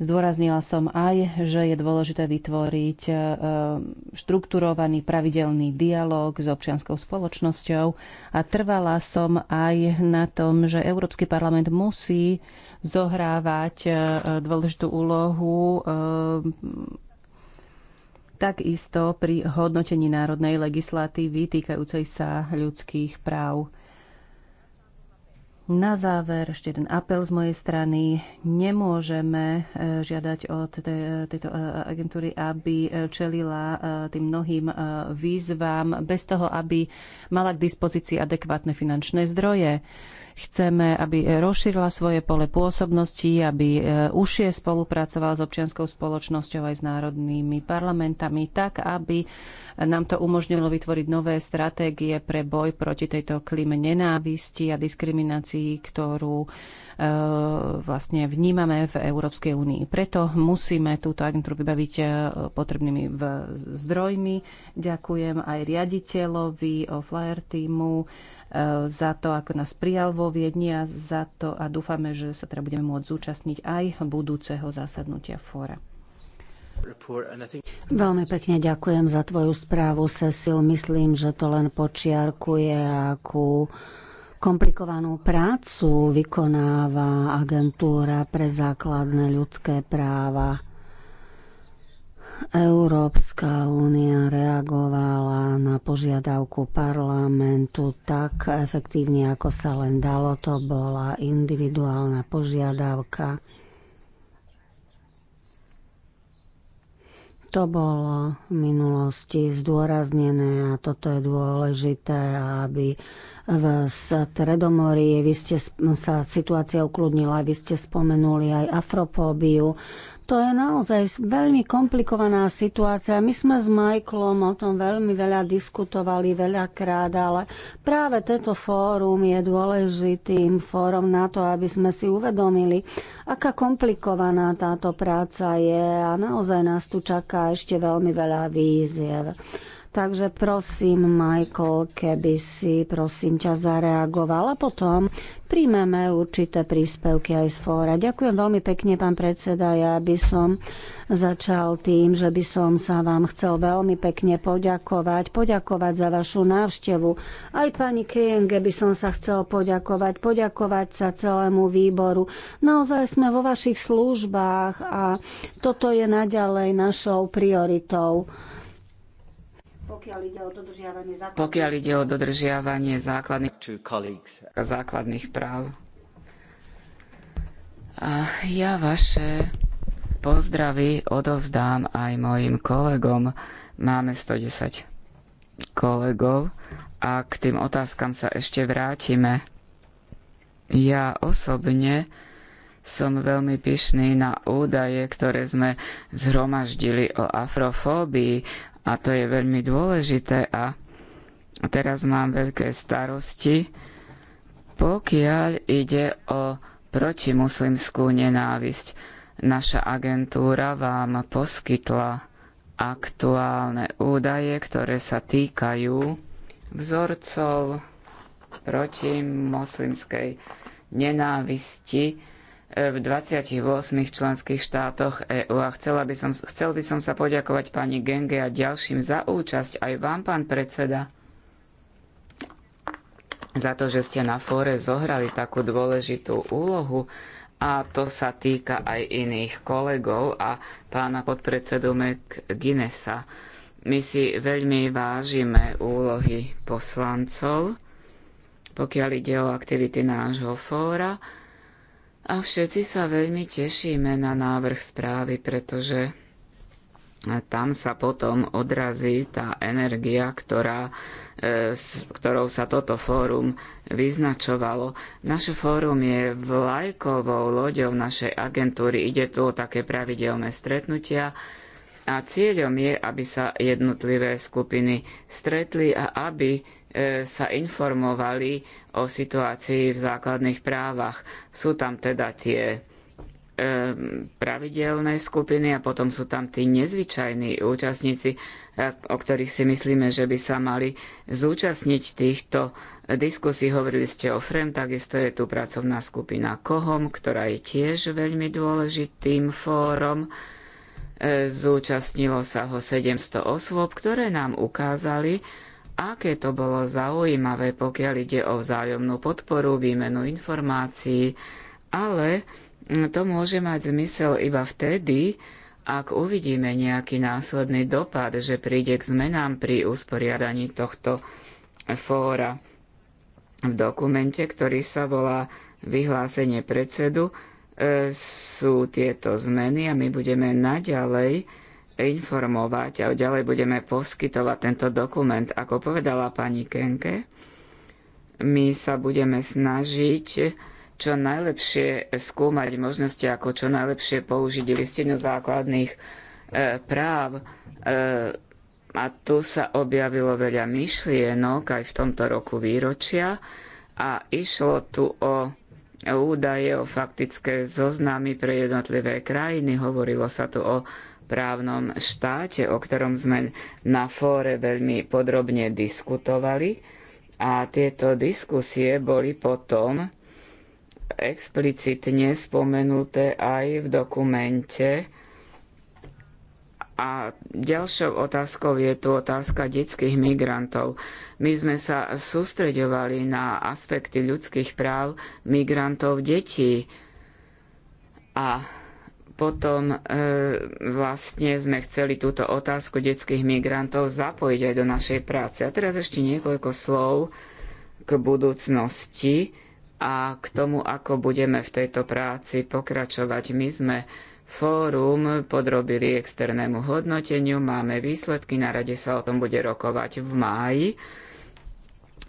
Zdôraznila som aj, že je dôležité vytvoriť štrukturovaný pravidelný dialog s občianskou spoločnosťou a trvala som aj na tom, že Európsky parlament musí zohrávať dôležitú úlohu takisto pri hodnotení národnej legislatívy týkajúcej sa ľudských práv. Na záver ešte jeden apel z mojej strany. Nemôžeme e, žiadať od tejto e, agentúry, aby e, čelila tým mnohým výzvam bez toho, aby mala k dispozícii adekvátne finančné zdroje. Chceme, aby rozšírila svoje pole pôsobnosti, aby e, užšie spolupracovala s občianskou spoločnosťou aj s národnými parlamentami, tak aby nám to umožnilo vytvoriť nové stratégie pre boj proti tejto klíme nenávisti a diskriminácii, ktorú E, vlastne vnímame v Európskej únii. Preto musíme túto agentúru vybaviť e, potrebnými zdrojmi. Ďakujem aj riaditeľovi Flyer týmu e, za to, ako nás prijal vo Viedni a za to a dúfame, že sa teda budeme môcť zúčastniť aj budúceho zasadnutia fóra. Veľmi pekne ďakujem za tvoju správu, Cecil. Myslím, že to len počiarkuje, akú Komplikovanú prácu vykonáva agentúra pre základné ľudské práva. Európska únia reagovala na požiadavku parlamentu tak efektívne, ako sa len dalo. To bola individuálna požiadavka To bolo v minulosti zdôraznené a toto je dôležité, aby v Stredomorí vy ste, sa situácia ukludnila, vy ste spomenuli aj afropóbiu to je naozaj veľmi komplikovaná situácia. My sme s Michaelom o tom veľmi veľa diskutovali, veľakrát, ale práve tento fórum je dôležitým fórum na to, aby sme si uvedomili, aká komplikovaná táto práca je a naozaj nás tu čaká ešte veľmi veľa výziev. Takže prosím, Michael, keby si prosím ťa zareagoval a potom príjmeme určité príspevky aj z fóra. Ďakujem veľmi pekne, pán predseda. Ja by som začal tým, že by som sa vám chcel veľmi pekne poďakovať. Poďakovať za vašu návštevu. Aj pani Kejenge by som sa chcel poďakovať. Poďakovať sa celému výboru. Naozaj sme vo vašich službách a toto je naďalej našou prioritou pokiaľ ide o dodržiavanie základných, pokiaľ ide o dodržiavanie základných, základných práv. A ja vaše pozdravy odovzdám aj mojim kolegom. Máme 110 kolegov a k tým otázkam sa ešte vrátime. Ja osobne som veľmi pyšný na údaje, ktoré sme zhromaždili o afrofóbii a to je veľmi dôležité a teraz mám veľké starosti, pokiaľ ide o protimuslimskú nenávisť. Naša agentúra vám poskytla aktuálne údaje, ktoré sa týkajú vzorcov protimoslimskej nenávisti v 28 členských štátoch EÚ a chcela by som, chcel by som sa poďakovať pani Genge a ďalším za účasť aj vám, pán predseda, za to, že ste na fóre zohrali takú dôležitú úlohu a to sa týka aj iných kolegov a pána podpredsedu McGuinnessa. My si veľmi vážime úlohy poslancov, pokiaľ ide o aktivity nášho fóra a všetci sa veľmi tešíme na návrh správy, pretože tam sa potom odrazí tá energia, ktorá, e, s ktorou sa toto fórum vyznačovalo. Naše fórum je vlajkovou loďou našej agentúry. Ide tu o také pravidelné stretnutia a cieľom je, aby sa jednotlivé skupiny stretli a aby E, sa informovali o situácii v základných právach. Sú tam teda tie e, pravidelné skupiny a potom sú tam tí nezvyčajní účastníci, e, o ktorých si myslíme, že by sa mali zúčastniť týchto diskusí. Hovorili ste o FREM, takisto je tu pracovná skupina KOHOM, ktorá je tiež veľmi dôležitým fórom. Zúčastnilo sa ho 700 osôb, ktoré nám ukázali, Aké to bolo zaujímavé, pokiaľ ide o vzájomnú podporu, výmenu informácií, ale mm, to môže mať zmysel iba vtedy, ak uvidíme nejaký následný dopad, že príde k zmenám pri usporiadaní tohto fóra. V dokumente, ktorý sa volá vyhlásenie predsedu, e, sú tieto zmeny a my budeme naďalej informovať a ďalej budeme poskytovať tento dokument. Ako povedala pani Kenke, my sa budeme snažiť čo najlepšie skúmať možnosti, ako čo najlepšie použiť listinu základných e, práv. E, a tu sa objavilo veľa myšlienok aj v tomto roku výročia a išlo tu o údaje, o faktické zoznamy pre jednotlivé krajiny. Hovorilo sa tu o právnom štáte, o ktorom sme na fóre veľmi podrobne diskutovali. A tieto diskusie boli potom explicitne spomenuté aj v dokumente. A ďalšou otázkou je tu otázka detských migrantov. My sme sa sústreďovali na aspekty ľudských práv migrantov detí. A potom e, vlastne sme chceli túto otázku detských migrantov zapojiť aj do našej práce. A teraz ešte niekoľko slov k budúcnosti a k tomu, ako budeme v tejto práci pokračovať. My sme fórum podrobili externému hodnoteniu, máme výsledky, na rade sa o tom bude rokovať v máji.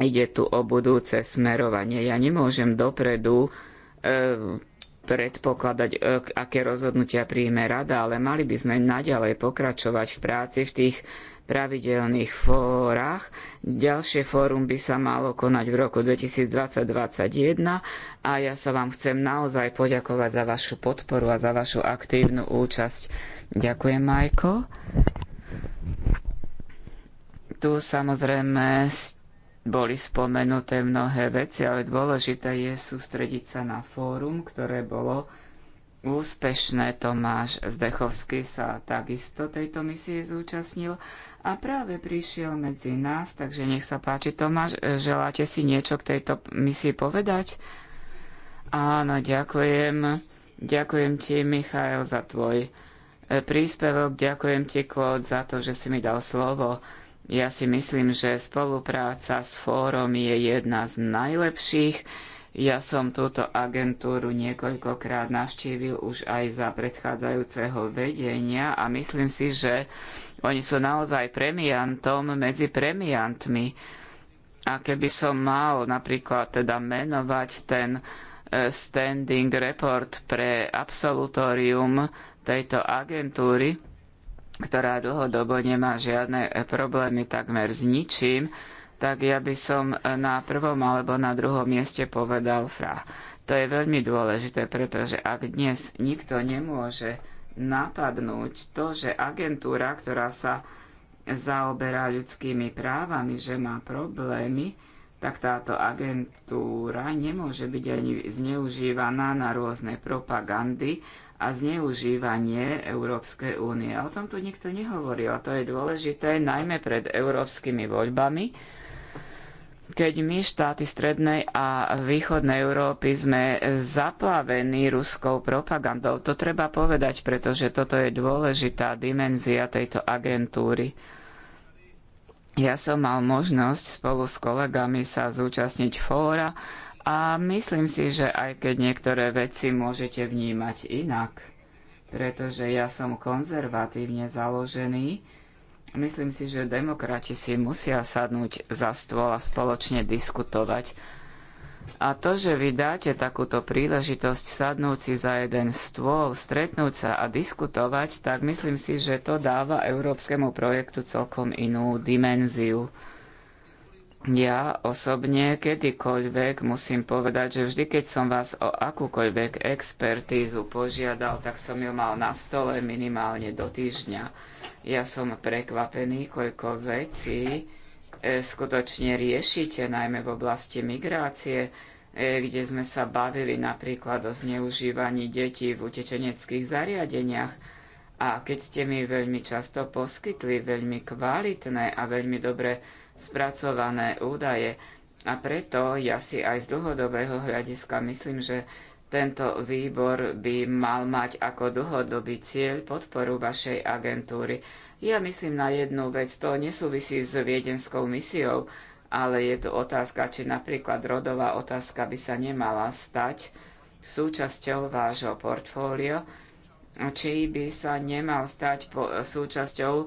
Ide tu o budúce smerovanie. Ja nemôžem dopredu e, predpokladať, e, aké rozhodnutia príjme rada, ale mali by sme naďalej pokračovať v práci v tých pravidelných fórach. Ďalšie fórum by sa malo konať v roku 2020-2021 a ja sa vám chcem naozaj poďakovať za vašu podporu a za vašu aktívnu účasť. Ďakujem, Majko. Tu samozrejme ste boli spomenuté mnohé veci, ale dôležité je sústrediť sa na fórum, ktoré bolo úspešné. Tomáš Zdechovský sa takisto tejto misie zúčastnil a práve prišiel medzi nás, takže nech sa páči. Tomáš, želáte si niečo k tejto misii povedať? Áno, ďakujem. Ďakujem ti, Michael, za tvoj e, príspevok. Ďakujem ti, Klod, za to, že si mi dal slovo. Ja si myslím, že spolupráca s fórom je jedna z najlepších. Ja som túto agentúru niekoľkokrát navštívil už aj za predchádzajúceho vedenia a myslím si, že oni sú naozaj premiantom medzi premiantmi. A keby som mal napríklad teda menovať ten e, standing report pre absolutórium tejto agentúry, ktorá dlhodobo nemá žiadne problémy takmer s ničím, tak ja by som na prvom alebo na druhom mieste povedal fra. To je veľmi dôležité, pretože ak dnes nikto nemôže napadnúť to, že agentúra, ktorá sa zaoberá ľudskými právami, že má problémy, tak táto agentúra nemôže byť ani zneužívaná na rôzne propagandy a zneužívanie Európskej únie. O tom tu nikto nehovoril a to je dôležité najmä pred európskymi voľbami, keď my štáty strednej a východnej Európy sme zaplavení ruskou propagandou. To treba povedať, pretože toto je dôležitá dimenzia tejto agentúry. Ja som mal možnosť spolu s kolegami sa zúčastniť fóra a myslím si, že aj keď niektoré veci môžete vnímať inak, pretože ja som konzervatívne založený, myslím si, že demokrati si musia sadnúť za stôl a spoločne diskutovať. A to, že vy dáte takúto príležitosť sadnúť si za jeden stôl, stretnúť sa a diskutovať, tak myslím si, že to dáva európskemu projektu celkom inú dimenziu. Ja osobne kedykoľvek musím povedať, že vždy, keď som vás o akúkoľvek expertízu požiadal, tak som ju mal na stole minimálne do týždňa. Ja som prekvapený, koľko vecí e, skutočne riešite, najmä v oblasti migrácie, e, kde sme sa bavili napríklad o zneužívaní detí v utečeneckých zariadeniach. A keď ste mi veľmi často poskytli veľmi kvalitné a veľmi dobre spracované údaje. A preto ja si aj z dlhodobého hľadiska myslím, že tento výbor by mal mať ako dlhodobý cieľ podporu vašej agentúry. Ja myslím na jednu vec, to nesúvisí s viedenskou misiou, ale je tu otázka, či napríklad rodová otázka by sa nemala stať súčasťou vášho portfólio, či by sa nemal stať po, súčasťou e,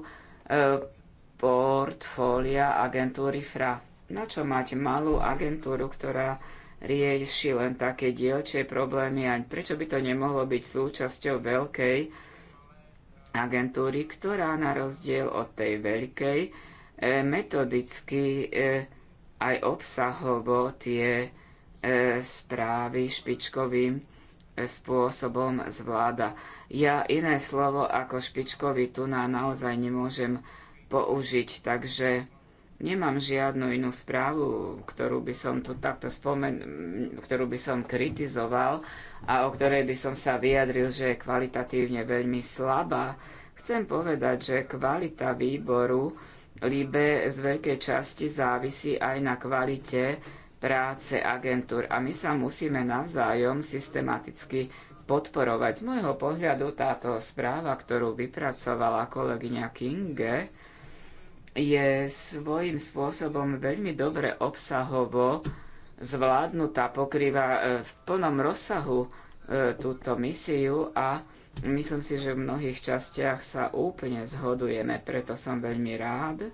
portfólia agentúry FRA. Na čo máte malú agentúru, ktorá rieši len také dielčie problémy a prečo by to nemohlo byť súčasťou veľkej agentúry, ktorá na rozdiel od tej veľkej eh, metodicky eh, aj obsahovo tie eh, správy špičkovým spôsobom zvláda. Ja iné slovo ako špičkový na naozaj nemôžem použiť. Takže nemám žiadnu inú správu, ktorú by som tu takto spomen, ktorú by som kritizoval a o ktorej by som sa vyjadril, že je kvalitatívne veľmi slabá. Chcem povedať, že kvalita výboru Libe z veľkej časti závisí aj na kvalite práce agentúr a my sa musíme navzájom systematicky podporovať. Z môjho pohľadu táto správa, ktorú vypracovala kolegyňa Kinge, je svojím spôsobom veľmi dobre obsahovo zvládnutá, pokrýva e, v plnom rozsahu e, túto misiu a myslím si, že v mnohých častiach sa úplne zhodujeme, preto som veľmi rád,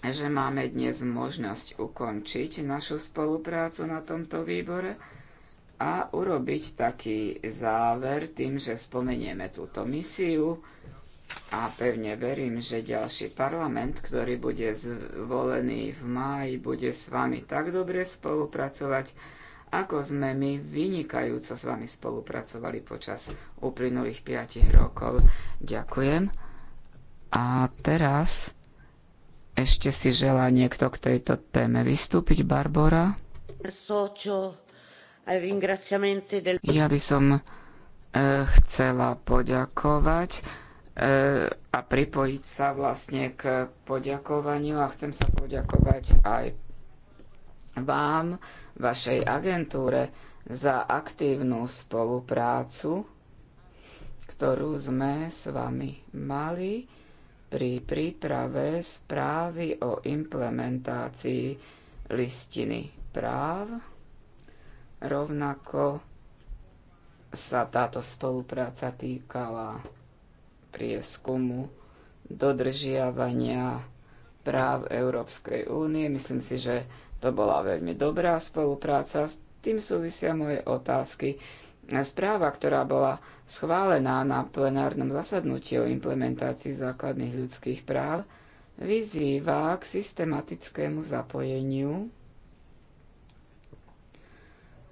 že máme dnes možnosť ukončiť našu spoluprácu na tomto výbore a urobiť taký záver tým, že spomenieme túto misiu, a pevne verím, že ďalší parlament, ktorý bude zvolený v máji, bude s vami tak dobre spolupracovať, ako sme my vynikajúco s vami spolupracovali počas uplynulých 5 rokov. Ďakujem. A teraz ešte si želá niekto k tejto téme vystúpiť, Barbora. Ja by som eh, chcela poďakovať a pripojiť sa vlastne k poďakovaniu a chcem sa poďakovať aj vám, vašej agentúre za aktívnu spoluprácu, ktorú sme s vami mali pri príprave správy o implementácii listiny práv. Rovnako sa táto spolupráca týkala prieskumu dodržiavania práv Európskej únie. Myslím si, že to bola veľmi dobrá spolupráca. S tým súvisia moje otázky. Správa, ktorá bola schválená na plenárnom zasadnutí o implementácii základných ľudských práv, vyzýva k systematickému zapojeniu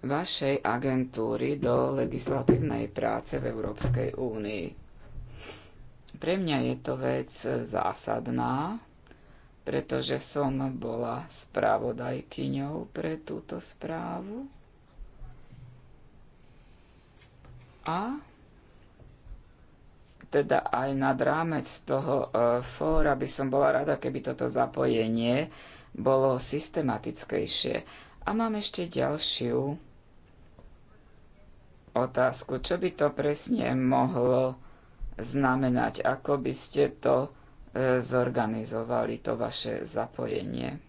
vašej agentúry do legislatívnej práce v Európskej únii. Pre mňa je to vec e, zásadná, pretože som bola spravodajkyňou pre túto správu. A teda aj nad rámec toho e, fóra by som bola rada, keby toto zapojenie bolo systematickejšie. A mám ešte ďalšiu otázku. Čo by to presne mohlo znamenať? Ako by ste to e, zorganizovali, to vaše zapojenie?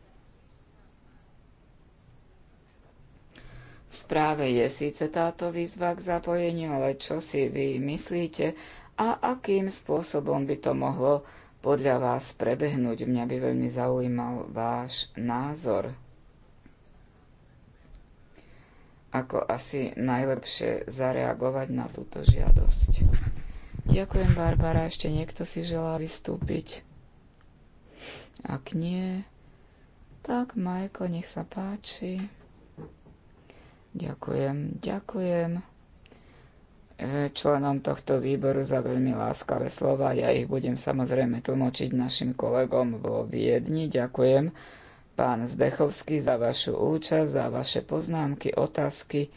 V správe je síce táto výzva k zapojeniu, ale čo si vy myslíte a akým spôsobom by to mohlo podľa vás prebehnúť? Mňa by veľmi zaujímal váš názor. Ako asi najlepšie zareagovať na túto žiadosť? Ďakujem, Barbara. Ešte niekto si želá vystúpiť? Ak nie, tak Michael, nech sa páči. Ďakujem, ďakujem e, členom tohto výboru za veľmi láskavé slova. Ja ich budem samozrejme tlmočiť našim kolegom vo Viedni. Ďakujem, pán Zdechovský, za vašu účasť, za vaše poznámky, otázky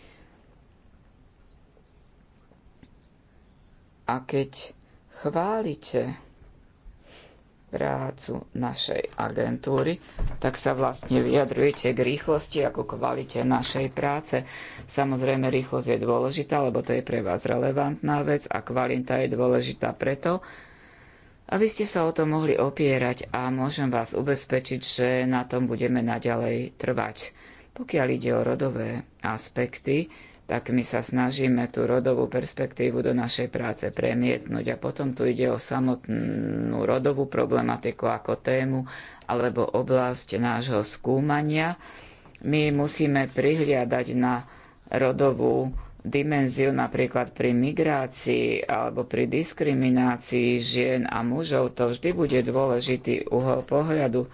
A keď chválite prácu našej agentúry, tak sa vlastne vyjadrujete k rýchlosti ako kvalite našej práce. Samozrejme, rýchlosť je dôležitá, lebo to je pre vás relevantná vec a kvalita je dôležitá preto, aby ste sa o to mohli opierať a môžem vás ubezpečiť, že na tom budeme naďalej trvať. Pokiaľ ide o rodové aspekty, tak my sa snažíme tú rodovú perspektívu do našej práce premietnúť. A potom tu ide o samotnú rodovú problematiku ako tému alebo oblasť nášho skúmania. My musíme prihliadať na rodovú dimenziu napríklad pri migrácii alebo pri diskriminácii žien a mužov. To vždy bude dôležitý uhol pohľadu.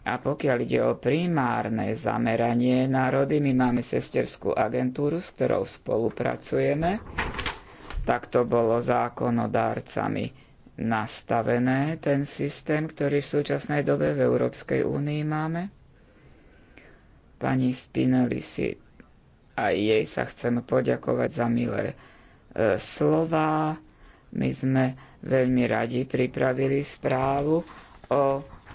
A pokiaľ ide o primárne zameranie národy, my máme sesterskú agentúru, s ktorou spolupracujeme. Tak to bolo zákonodárcami nastavené, ten systém, ktorý v súčasnej dobe v Európskej únii máme. Pani Spinelli si a jej sa chcem poďakovať za milé e, slova. My sme veľmi radi pripravili správu o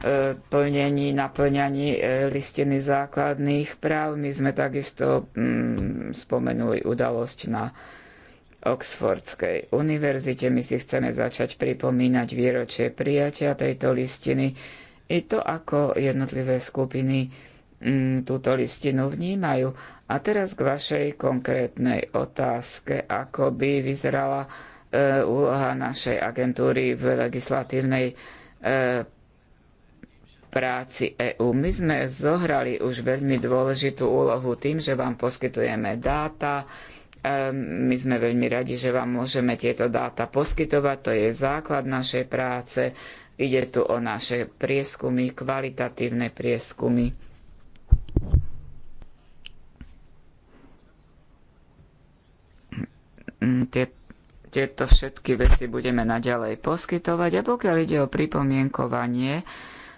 E, plnení, naplňaní e, listiny základných práv. My sme takisto mm, spomenuli udalosť na Oxfordskej univerzite. My si chceme začať pripomínať výročie prijatia tejto listiny i to, ako jednotlivé skupiny mm, túto listinu vnímajú. A teraz k vašej konkrétnej otázke, ako by vyzerala e, úloha našej agentúry v legislatívnej práci EÚ. My sme zohrali už veľmi dôležitú úlohu tým, že vám poskytujeme dáta. E, my sme veľmi radi, že vám môžeme tieto dáta poskytovať. To je základ našej práce. Ide tu o naše prieskumy, kvalitatívne prieskumy. Tieto všetky veci budeme naďalej poskytovať. A pokiaľ ide o pripomienkovanie,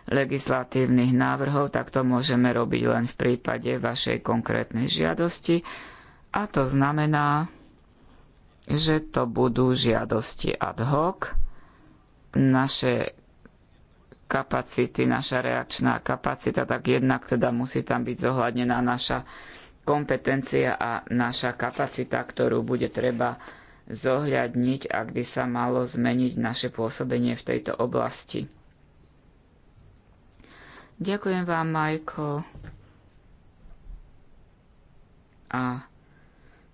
legislatívnych návrhov, tak to môžeme robiť len v prípade vašej konkrétnej žiadosti. A to znamená, že to budú žiadosti ad hoc. Naše kapacity, naša reakčná kapacita, tak jednak teda musí tam byť zohľadnená naša kompetencia a naša kapacita, ktorú bude treba zohľadniť, ak by sa malo zmeniť naše pôsobenie v tejto oblasti. Ďakujem vám, Michael. A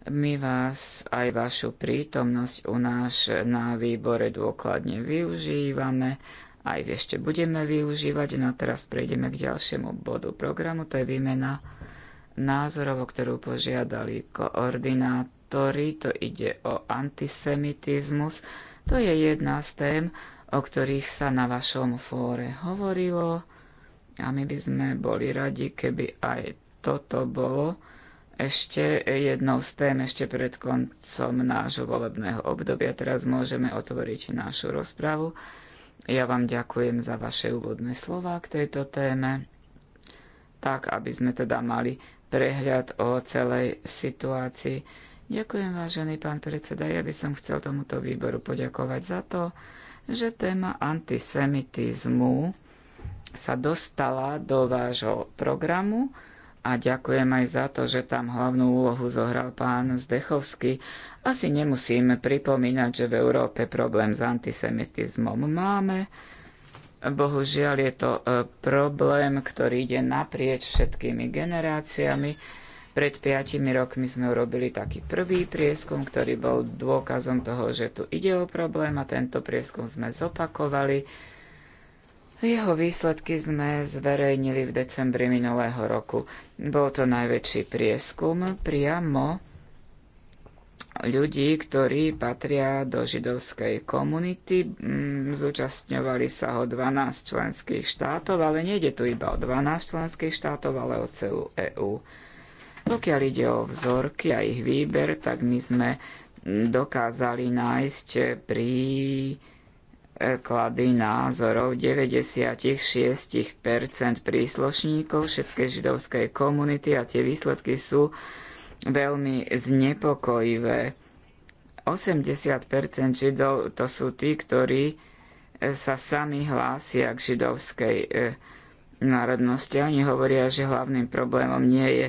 my vás aj vašu prítomnosť u nás na výbore dôkladne využívame, aj ešte budeme využívať. No a teraz prejdeme k ďalšiemu bodu programu, to je výmena názorov, o ktorú požiadali koordinátori. To ide o antisemitizmus. To je jedna z tém, o ktorých sa na vašom fóre hovorilo a my by sme boli radi, keby aj toto bolo ešte jednou z tém ešte pred koncom nášho volebného obdobia. Teraz môžeme otvoriť našu rozpravu. Ja vám ďakujem za vaše úvodné slova k tejto téme, tak aby sme teda mali prehľad o celej situácii. Ďakujem, vážený pán predseda. Ja by som chcel tomuto výboru poďakovať za to, že téma antisemitizmu sa dostala do vášho programu a ďakujem aj za to, že tam hlavnú úlohu zohral pán Zdechovský. Asi nemusím pripomínať, že v Európe problém s antisemitizmom máme. Bohužiaľ je to e, problém, ktorý ide naprieč všetkými generáciami. Pred piatimi rokmi sme urobili taký prvý prieskum, ktorý bol dôkazom toho, že tu ide o problém a tento prieskum sme zopakovali jeho výsledky sme zverejnili v decembri minulého roku. Bol to najväčší prieskum priamo ľudí, ktorí patria do židovskej komunity. Mm, zúčastňovali sa ho 12 členských štátov, ale nejde tu iba o 12 členských štátov, ale o celú EÚ. Pokiaľ ide o vzorky a ich výber, tak my sme dokázali nájsť pri preklady názorov 96 príslušníkov všetkej židovskej komunity a tie výsledky sú veľmi znepokojivé. 80 židov to sú tí, ktorí e, sa sami hlásia k židovskej e, národnosti. Oni hovoria, že hlavným problémom nie je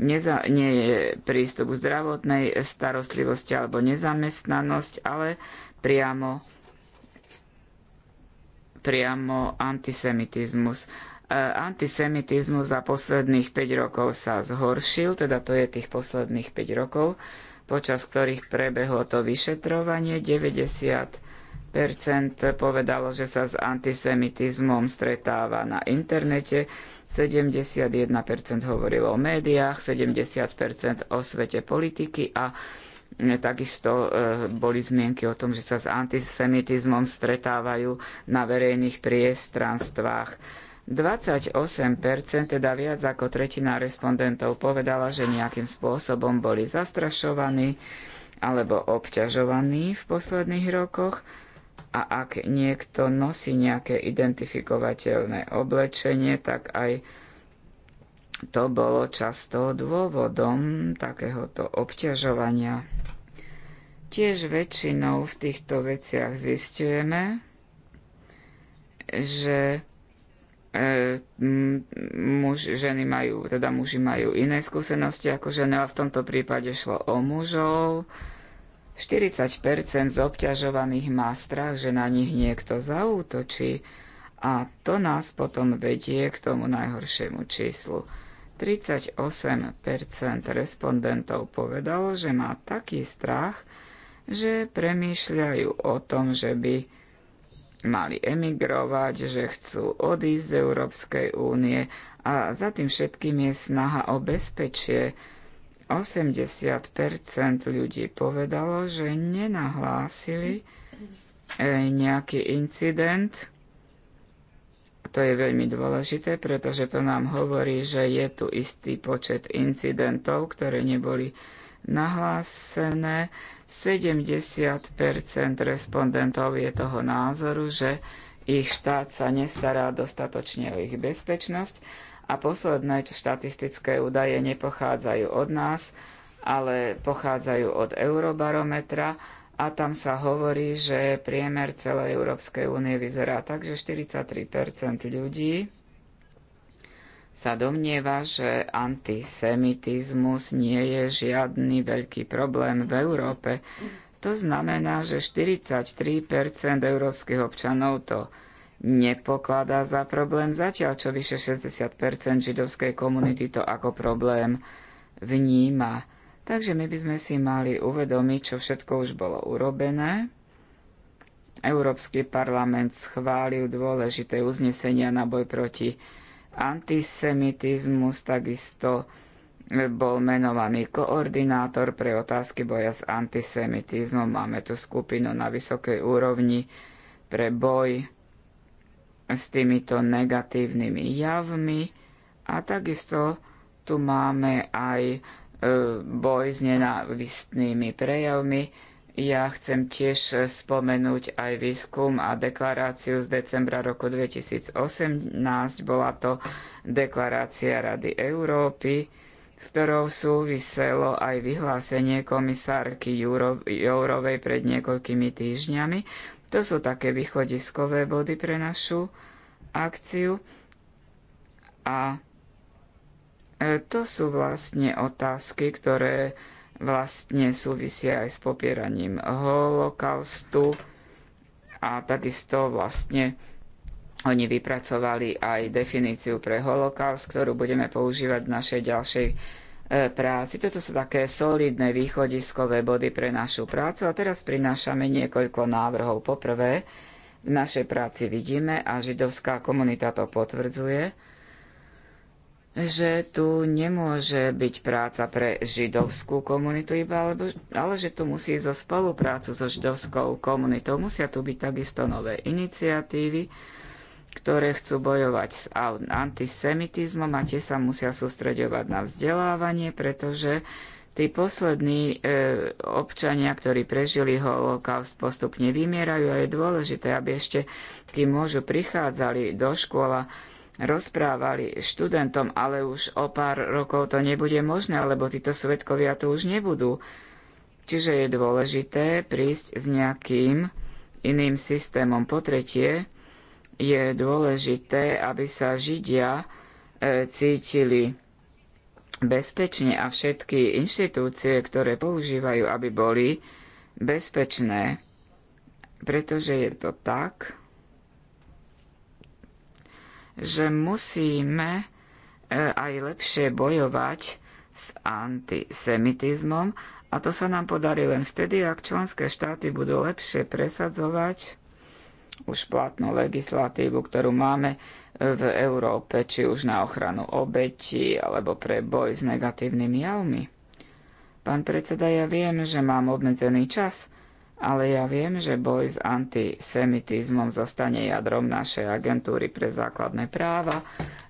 neza, nie je prístup k zdravotnej starostlivosti alebo nezamestnanosť, ale priamo priamo antisemitizmus. E, antisemitizmus za posledných 5 rokov sa zhoršil, teda to je tých posledných 5 rokov, počas ktorých prebehlo to vyšetrovanie. 90 povedalo, že sa s antisemitizmom stretáva na internete, 71% hovorilo o médiách, 70% o svete politiky a Takisto e, boli zmienky o tom, že sa s antisemitizmom stretávajú na verejných priestranstvách. 28%, teda viac ako tretina respondentov povedala, že nejakým spôsobom boli zastrašovaní alebo obťažovaní v posledných rokoch a ak niekto nosí nejaké identifikovateľné oblečenie, tak aj to bolo často dôvodom takéhoto obťažovania. Tiež väčšinou v týchto veciach zistujeme, že e, muž, ženy majú, teda muži majú iné skúsenosti ako ženy, ale v tomto prípade šlo o mužov. 40% z obťažovaných má strach, že na nich niekto zaútočí a to nás potom vedie k tomu najhoršiemu číslu – 38% respondentov povedalo, že má taký strach, že premýšľajú o tom, že by mali emigrovať, že chcú odísť z Európskej únie a za tým všetkým je snaha o bezpečie. 80% ľudí povedalo, že nenahlásili eh, nejaký incident, to je veľmi dôležité, pretože to nám hovorí, že je tu istý počet incidentov, ktoré neboli nahlásené. 70 respondentov je toho názoru, že ich štát sa nestará dostatočne o ich bezpečnosť a posledné štatistické údaje nepochádzajú od nás, ale pochádzajú od Eurobarometra a tam sa hovorí, že priemer celej Európskej únie vyzerá tak, že 43% ľudí sa domnieva, že antisemitizmus nie je žiadny veľký problém v Európe. To znamená, že 43% európskych občanov to nepokladá za problém, zatiaľ čo vyše 60% židovskej komunity to ako problém vníma. Takže my by sme si mali uvedomiť, čo všetko už bolo urobené. Európsky parlament schválil dôležité uznesenia na boj proti antisemitizmu, takisto bol menovaný koordinátor pre otázky boja s antisemitizmom. Máme tu skupinu na vysokej úrovni pre boj s týmito negatívnymi javmi a takisto tu máme aj boj s nenávistnými prejavmi. Ja chcem tiež spomenúť aj výskum a deklaráciu z decembra roku 2018. Bola to deklarácia Rady Európy, s ktorou súviselo aj vyhlásenie komisárky Jourovej pred niekoľkými týždňami. To sú také východiskové body pre našu akciu. A E, to sú vlastne otázky, ktoré vlastne súvisia aj s popieraním holokaustu a takisto vlastne oni vypracovali aj definíciu pre holokaust, ktorú budeme používať v našej ďalšej e, práci. Toto sú také solidné východiskové body pre našu prácu a teraz prinášame niekoľko návrhov. Poprvé, v našej práci vidíme a židovská komunita to potvrdzuje, že tu nemôže byť práca pre židovskú komunitu iba, alebo, ale že tu musí zo spoluprácu so židovskou komunitou. Musia tu byť takisto nové iniciatívy, ktoré chcú bojovať s antisemitizmom a tie sa musia sústreďovať na vzdelávanie, pretože tí poslední e, občania, ktorí prežili holokaust, postupne vymierajú a je dôležité, aby ešte, kým môžu, prichádzali do škola, rozprávali študentom, ale už o pár rokov to nebude možné, lebo títo svetkovia to už nebudú. Čiže je dôležité prísť s nejakým iným systémom. Po tretie, je dôležité, aby sa Židia e, cítili bezpečne a všetky inštitúcie, ktoré používajú, aby boli bezpečné. Pretože je to tak, že musíme e, aj lepšie bojovať s antisemitizmom a to sa nám podarí len vtedy, ak členské štáty budú lepšie presadzovať už platnú legislatívu, ktorú máme e, v Európe, či už na ochranu obetí alebo pre boj s negatívnymi javmi. Pán predseda, ja viem, že mám obmedzený čas, ale ja viem, že boj s antisemitizmom zostane jadrom našej agentúry pre základné práva.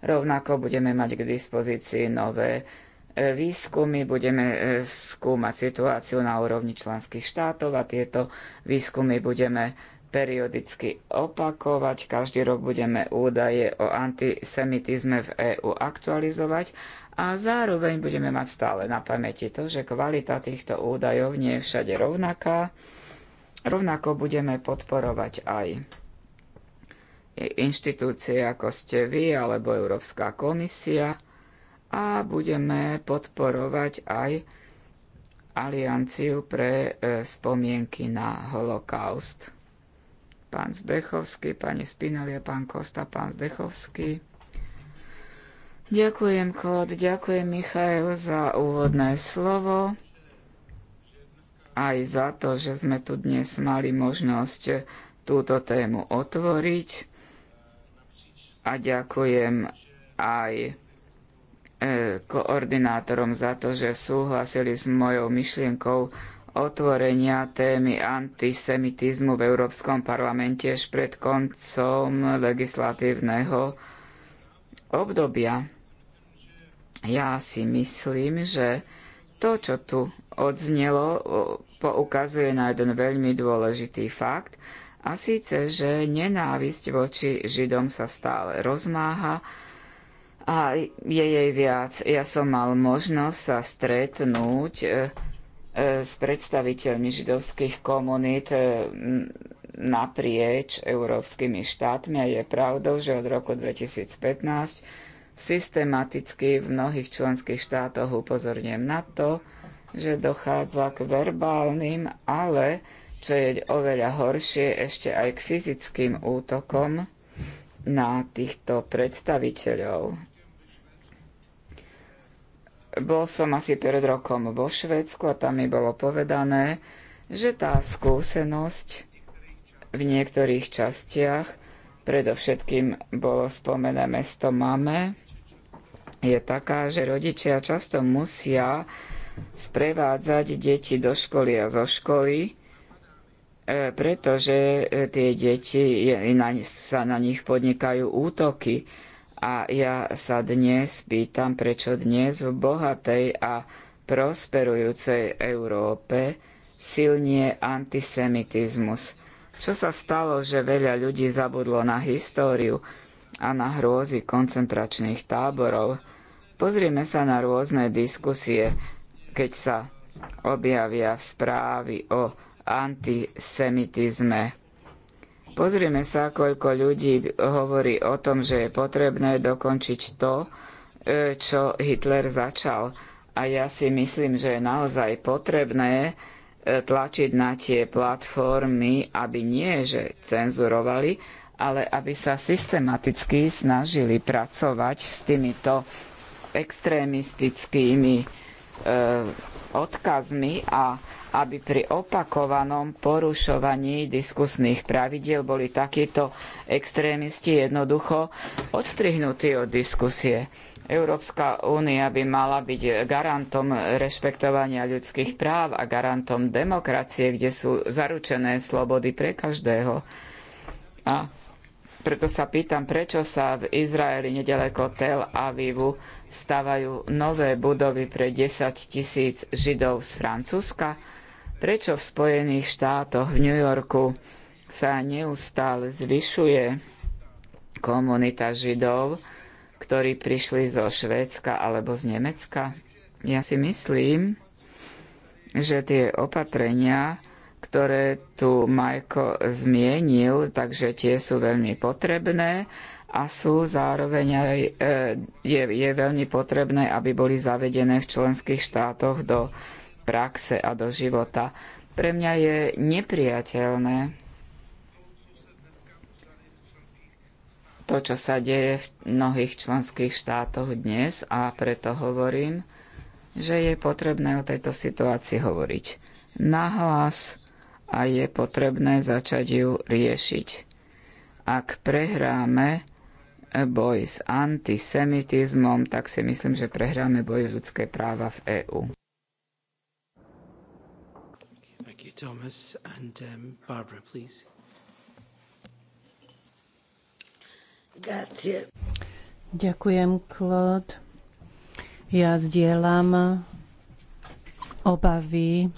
Rovnako budeme mať k dispozícii nové e, výskumy, budeme e, skúmať situáciu na úrovni členských štátov a tieto výskumy budeme periodicky opakovať. Každý rok budeme údaje o antisemitizme v EÚ aktualizovať a zároveň budeme mať stále na pamäti to, že kvalita týchto údajov nie je všade rovnaká Rovnako budeme podporovať aj inštitúcie ako ste vy alebo Európska komisia a budeme podporovať aj alianciu pre e, spomienky na holokaust. Pán Zdechovský, pani Spinali pán Kosta, pán Zdechovský. Ďakujem, Klod, ďakujem, Michael, za úvodné slovo aj za to, že sme tu dnes mali možnosť túto tému otvoriť. A ďakujem aj e, koordinátorom za to, že súhlasili s mojou myšlienkou otvorenia témy antisemitizmu v Európskom parlamente až pred koncom legislatívneho obdobia. Ja si myslím, že to, čo tu odznelo, poukazuje na jeden veľmi dôležitý fakt, a síce, že nenávisť voči Židom sa stále rozmáha a je jej viac. Ja som mal možnosť sa stretnúť e, e, s predstaviteľmi židovských komunít e, naprieč európskymi štátmi a je pravdou, že od roku 2015 systematicky v mnohých členských štátoch upozorňujem na to, že dochádza k verbálnym, ale čo je oveľa horšie, ešte aj k fyzickým útokom na týchto predstaviteľov. Bol som asi pred rokom vo Švedsku a tam mi bolo povedané, že tá skúsenosť v niektorých častiach, predovšetkým bolo spomené mesto Mame, je taká, že rodičia často musia sprevádzať deti do školy a zo školy, e, pretože e, tie deti, sa na nich podnikajú útoky. A ja sa dnes pýtam, prečo dnes v bohatej a prosperujúcej Európe silnie antisemitizmus. Čo sa stalo, že veľa ľudí zabudlo na históriu a na hrôzy koncentračných táborov? Pozrieme sa na rôzne diskusie keď sa objavia správy o antisemitizme. Pozrime sa, koľko ľudí hovorí o tom, že je potrebné dokončiť to, e, čo Hitler začal. A ja si myslím, že je naozaj potrebné e, tlačiť na tie platformy, aby nie, že cenzurovali, ale aby sa systematicky snažili pracovať s týmito extrémistickými E, odkazmi a aby pri opakovanom porušovaní diskusných pravidiel boli takíto extrémisti jednoducho odstrihnutí od diskusie. Európska únia by mala byť garantom rešpektovania ľudských práv a garantom demokracie, kde sú zaručené slobody pre každého. A preto sa pýtam, prečo sa v Izraeli nedaleko Tel Avivu stavajú nové budovy pre 10 tisíc Židov z Francúzska? Prečo v Spojených štátoch v New Yorku sa neustále zvyšuje komunita Židov, ktorí prišli zo Švédska alebo z Nemecka? Ja si myslím, že tie opatrenia, ktoré tu Majko zmienil, takže tie sú veľmi potrebné a sú zároveň aj, e, je, je veľmi potrebné, aby boli zavedené v členských štátoch do praxe a do života. Pre mňa je nepriateľné to, čo sa deje v mnohých členských štátoch dnes a preto hovorím, že je potrebné o tejto situácii hovoriť nahlas, a je potrebné začať ju riešiť. Ak prehráme boj s antisemitizmom, tak si myslím, že prehráme boj ľudské práva v EÚ. Thomas and um, Barbara, please. Grazie. Ďakujem, Claude. Ja zdieľam obavy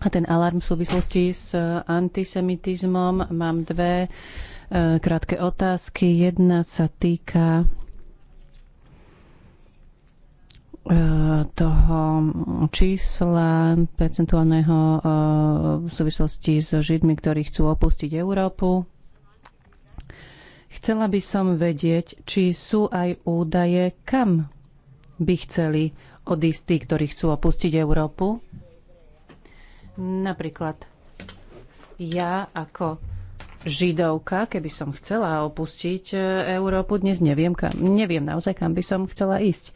a ten alarm v súvislosti s eh, antisemitizmom. Mám dve eh, krátke otázky. Jedna sa týka eh, toho čísla percentuálneho v súvislosti s Židmi, ktorí chcú opustiť Európu. Chcela by som vedieť, či sú aj údaje, kam by chceli odísť tí, ktorí chcú opustiť Európu. Napríklad ja ako židovka, keby som chcela opustiť e, Európu, dnes neviem, kam, neviem naozaj, kam by som chcela ísť.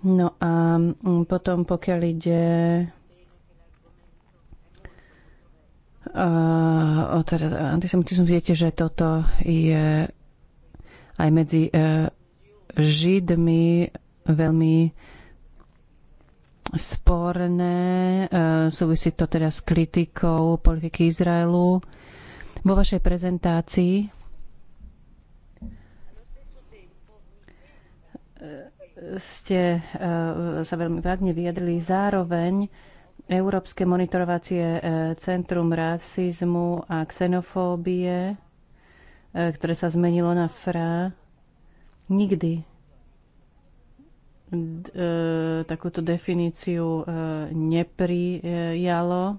No a potom, pokiaľ ide uh, o teda antisemitizmus, viete, že toto je aj medzi uh, židmi veľmi uh, sporné. E, súvisí to teda s kritikou politiky Izraelu. Vo vašej prezentácii e, ste e, sa veľmi vágne vyjadrili. Zároveň Európske monitorovacie centrum rasizmu a xenofóbie, ktoré sa zmenilo na FRA, nikdy E, takúto definíciu e, neprijalo.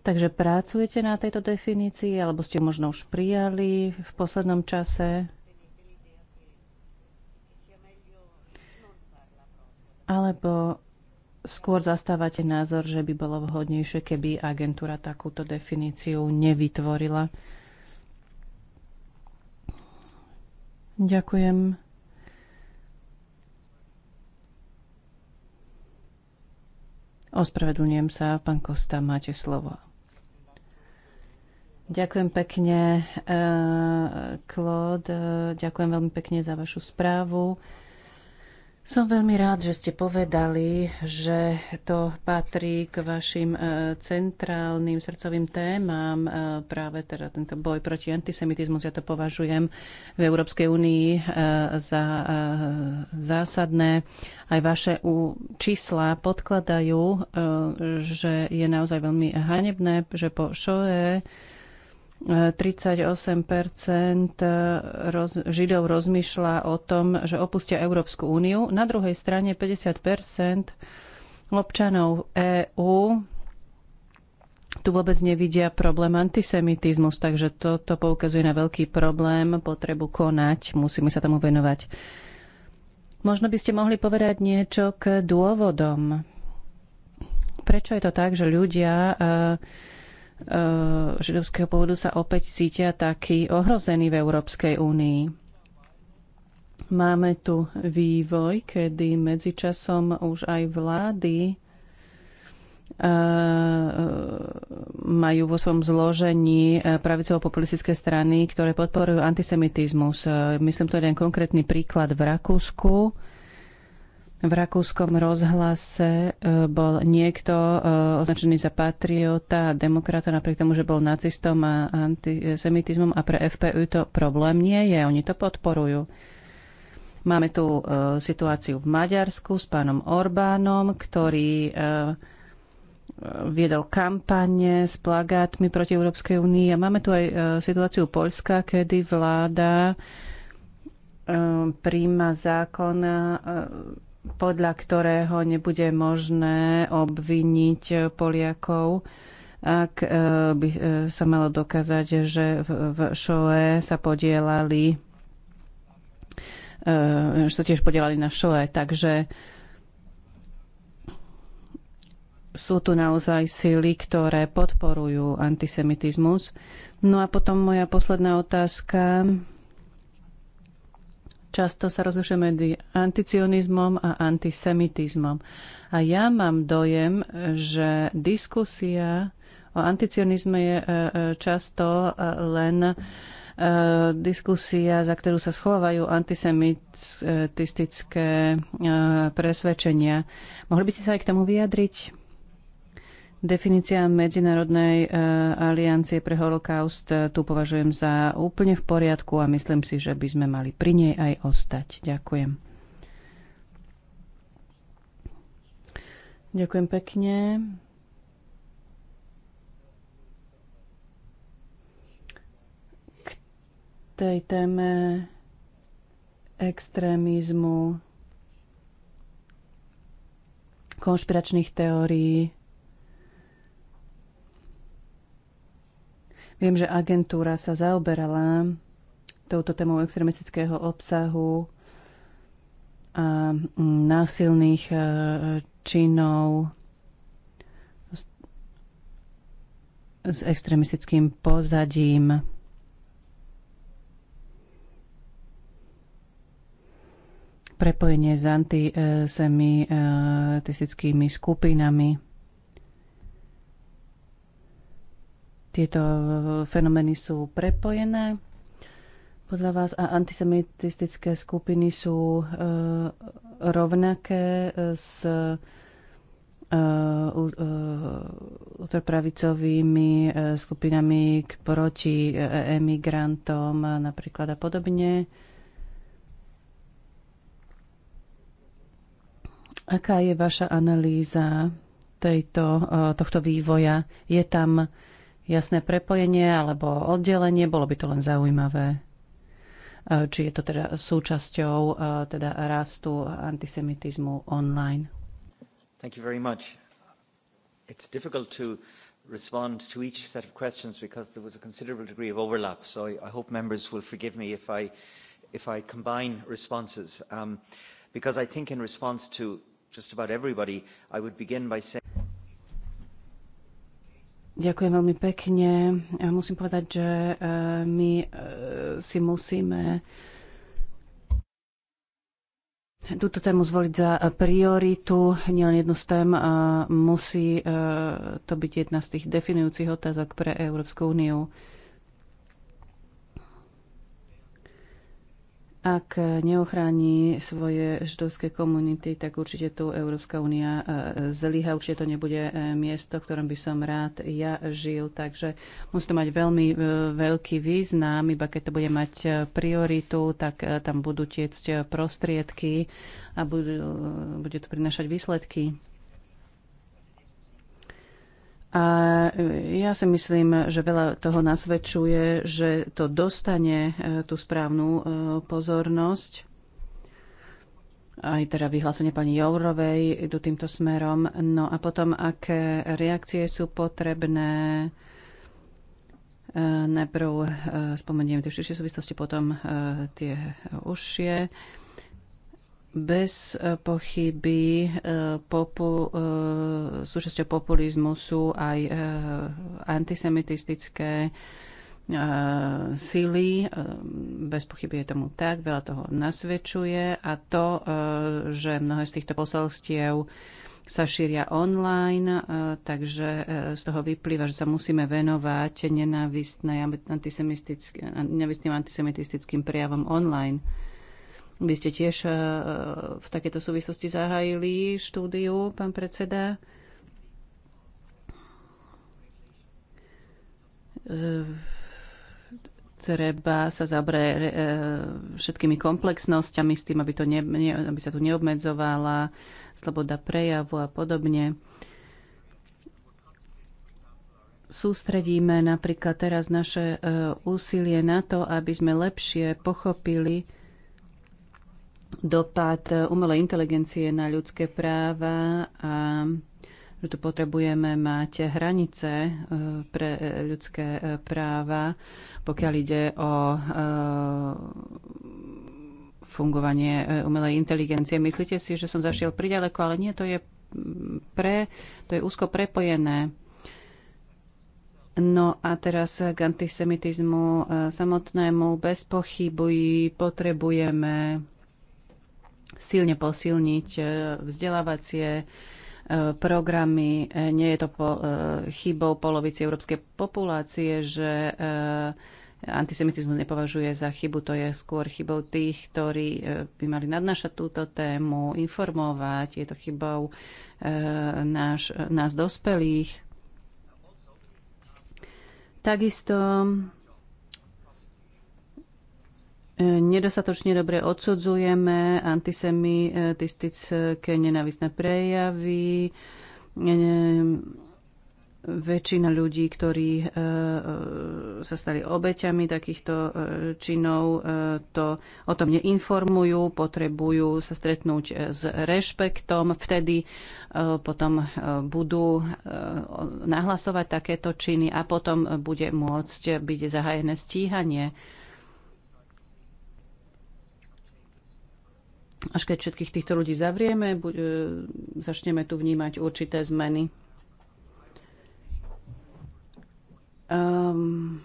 Takže pracujete na tejto definícii, alebo ste možno už prijali v poslednom čase? Alebo skôr zastávate názor, že by bolo vhodnejšie, keby agentúra takúto definíciu nevytvorila? Ďakujem. Ospravedlňujem sa, pán Kosta, máte slovo. Ďakujem pekne, eh, Claude. Eh, ďakujem veľmi pekne za vašu správu. Som veľmi rád, že ste povedali, že to patrí k vašim e, centrálnym srdcovým témam, e, práve teda tento boj proti antisemitizmu. Ja to považujem v Európskej únii e, za zásadné. Aj vaše čísla podkladajú, že je naozaj veľmi hanebné, že po Šoe 38 eh, Židov rozmýšľa o tom, že opustia Európsku úniu. Na druhej strane 50 občanov EÚ tu vôbec nevidia problém antisemitizmus, takže toto poukazuje na veľký problém, potrebu konať, musíme sa tomu venovať. Možno by ste mohli povedať niečo k dôvodom. Prečo je to tak, že ľudia uh, Eh, židovského pôvodu sa opäť cítia takí ohrození v Európskej únii. Máme tu vývoj, kedy medzičasom už aj vlády eh, majú vo svojom zložení eh, pravicovo-populistické strany, ktoré podporujú antisemitizmus. Myslím je jeden konkrétny príklad v Rakúsku v rakúskom rozhlase e, bol niekto e, označený za patriota a demokrata, napriek tomu, že bol nacistom a antisemitizmom a pre FPU to problém nie je. Oni to podporujú. Máme tu e, situáciu v Maďarsku s pánom Orbánom, ktorý viedol kampane s plagátmi proti Európskej únii. A máme tu aj situáciu Polska, kedy vláda príjma zákon podľa ktorého nebude možné obviniť Poliakov, ak e, by e, sa malo dokázať, že v Šoe sa podielali e, že sa tiež podielali na šoe. Takže sú tu naozaj síly, ktoré podporujú antisemitizmus. No a potom moja posledná otázka. Často sa rozlišuje medzi anticionizmom a antisemitizmom. A ja mám dojem, že diskusia o anticionizme je e, e, často e, len diskusia, za ktorú sa schovávajú antisemitistické presvedčenia. Mohli by ste sa aj k tomu vyjadriť? Definícia Medzinárodnej e, aliancie pre holokaust e, tu považujem za úplne v poriadku a myslím si, že by sme mali pri nej aj ostať. Ďakujem. Ďakujem pekne. K tej téme extrémizmu, konšpiračných teórií, Viem, že agentúra sa zaoberala touto témou extremistického obsahu a mm, násilných e, činov s extremistickým pozadím. prepojenie s antisemitistickými e, e, skupinami. Tieto eh, fenomény sú prepojené podľa vás a antisemitistické skupiny sú e, rovnaké eh, s e, ultrapravicovými skupinami k proti emigrantom napríklad a podobne. Aká je vaša analýza tejto, tohto vývoja? Je tam jasné prepojenie alebo oddelenie, bolo by to len zaujímavé e, či je to teda súčasťou e, teda rastu antisemitizmu online. Thank you very much. It's difficult to respond to each set of questions because there was a considerable degree of overlap. So I, I hope members will forgive me if I, if I combine responses. Um, because I think in response to just about everybody, I would begin by saying... Ďakujem veľmi pekne. Ja musím povedať, že e, my e, si musíme túto tému zvoliť za prioritu. Nielen jednu z tém musí e, to byť jedna z tých definujúcich otázok pre Európsku úniu. Ak neochráni svoje židovské komunity, tak určite tu Európska únia e, zlyha, určite to nebude e, miesto, v ktorom by som rád ja žil. Takže musí to mať veľmi e, veľký význam, iba keď to bude mať prioritu, tak tam budú tiecť prostriedky a budú, bude to prinašať výsledky. A e, ja si myslím, že veľa toho nasvedčuje, že to dostane e, tú správnu e, pozornosť. Aj teda vyhlásenie pani Jourovej idú týmto smerom. No a potom, aké reakcie sú potrebné. Najprv spomeniem tie všetšie súvislosti, potom tie užšie. Bez e, pochyby e, popu, e, súčasťou populizmu sú aj antisemitistické sily. Bez pochyby je tomu tak, veľa toho nasvedčuje a to, že mnohé z týchto posolstiev sa šíria online, takže z toho vyplýva, že sa musíme venovať nenávistným antisemitickým prejavom online. Vy ste tiež e, e, v takéto súvislosti zahájili štúdiu, pán predseda. E, treba sa zabrať všetkými komplexnosťami s tým, aby, to ne, aby sa tu neobmedzovala sloboda prejavu a podobne sústredíme napríklad teraz naše úsilie na to, aby sme lepšie pochopili, dopad umelej inteligencie na ľudské práva a že tu potrebujeme mať hranice e, pre e, ľudské e, práva, pokiaľ ide o fungovanie umelej inteligencie. Myslíte si, že som zašiel priďaleko, ale nie, to je, mm, pre, to je úzko prepojené. No a teraz k antisemitizmu samotnému bez pochybují potrebujeme silne posilniť e, vzdelávacie e, programy. E, nie je to po, chybou polovici európskej populácie, že antisemitizmus nepovažuje za chybu, to je skôr chybou tých, ktorí by mali nadnášať túto tému, informovať. Je to chybou náš, nás dospelých. Takisto nedostatočne dobre odsudzujeme antisemitistické nenávisné prejavy. Väčšina ľudí, ktorí e, sa stali obeťami takýchto e, činov, e, to o tom neinformujú, potrebujú sa stretnúť s rešpektom, vtedy potom budú nahlasovať takéto činy a potom bude môcť byť zahájené stíhanie Až keď všetkých týchto ľudí zavrieme, e, začneme tu vnímať určité zmeny. Um,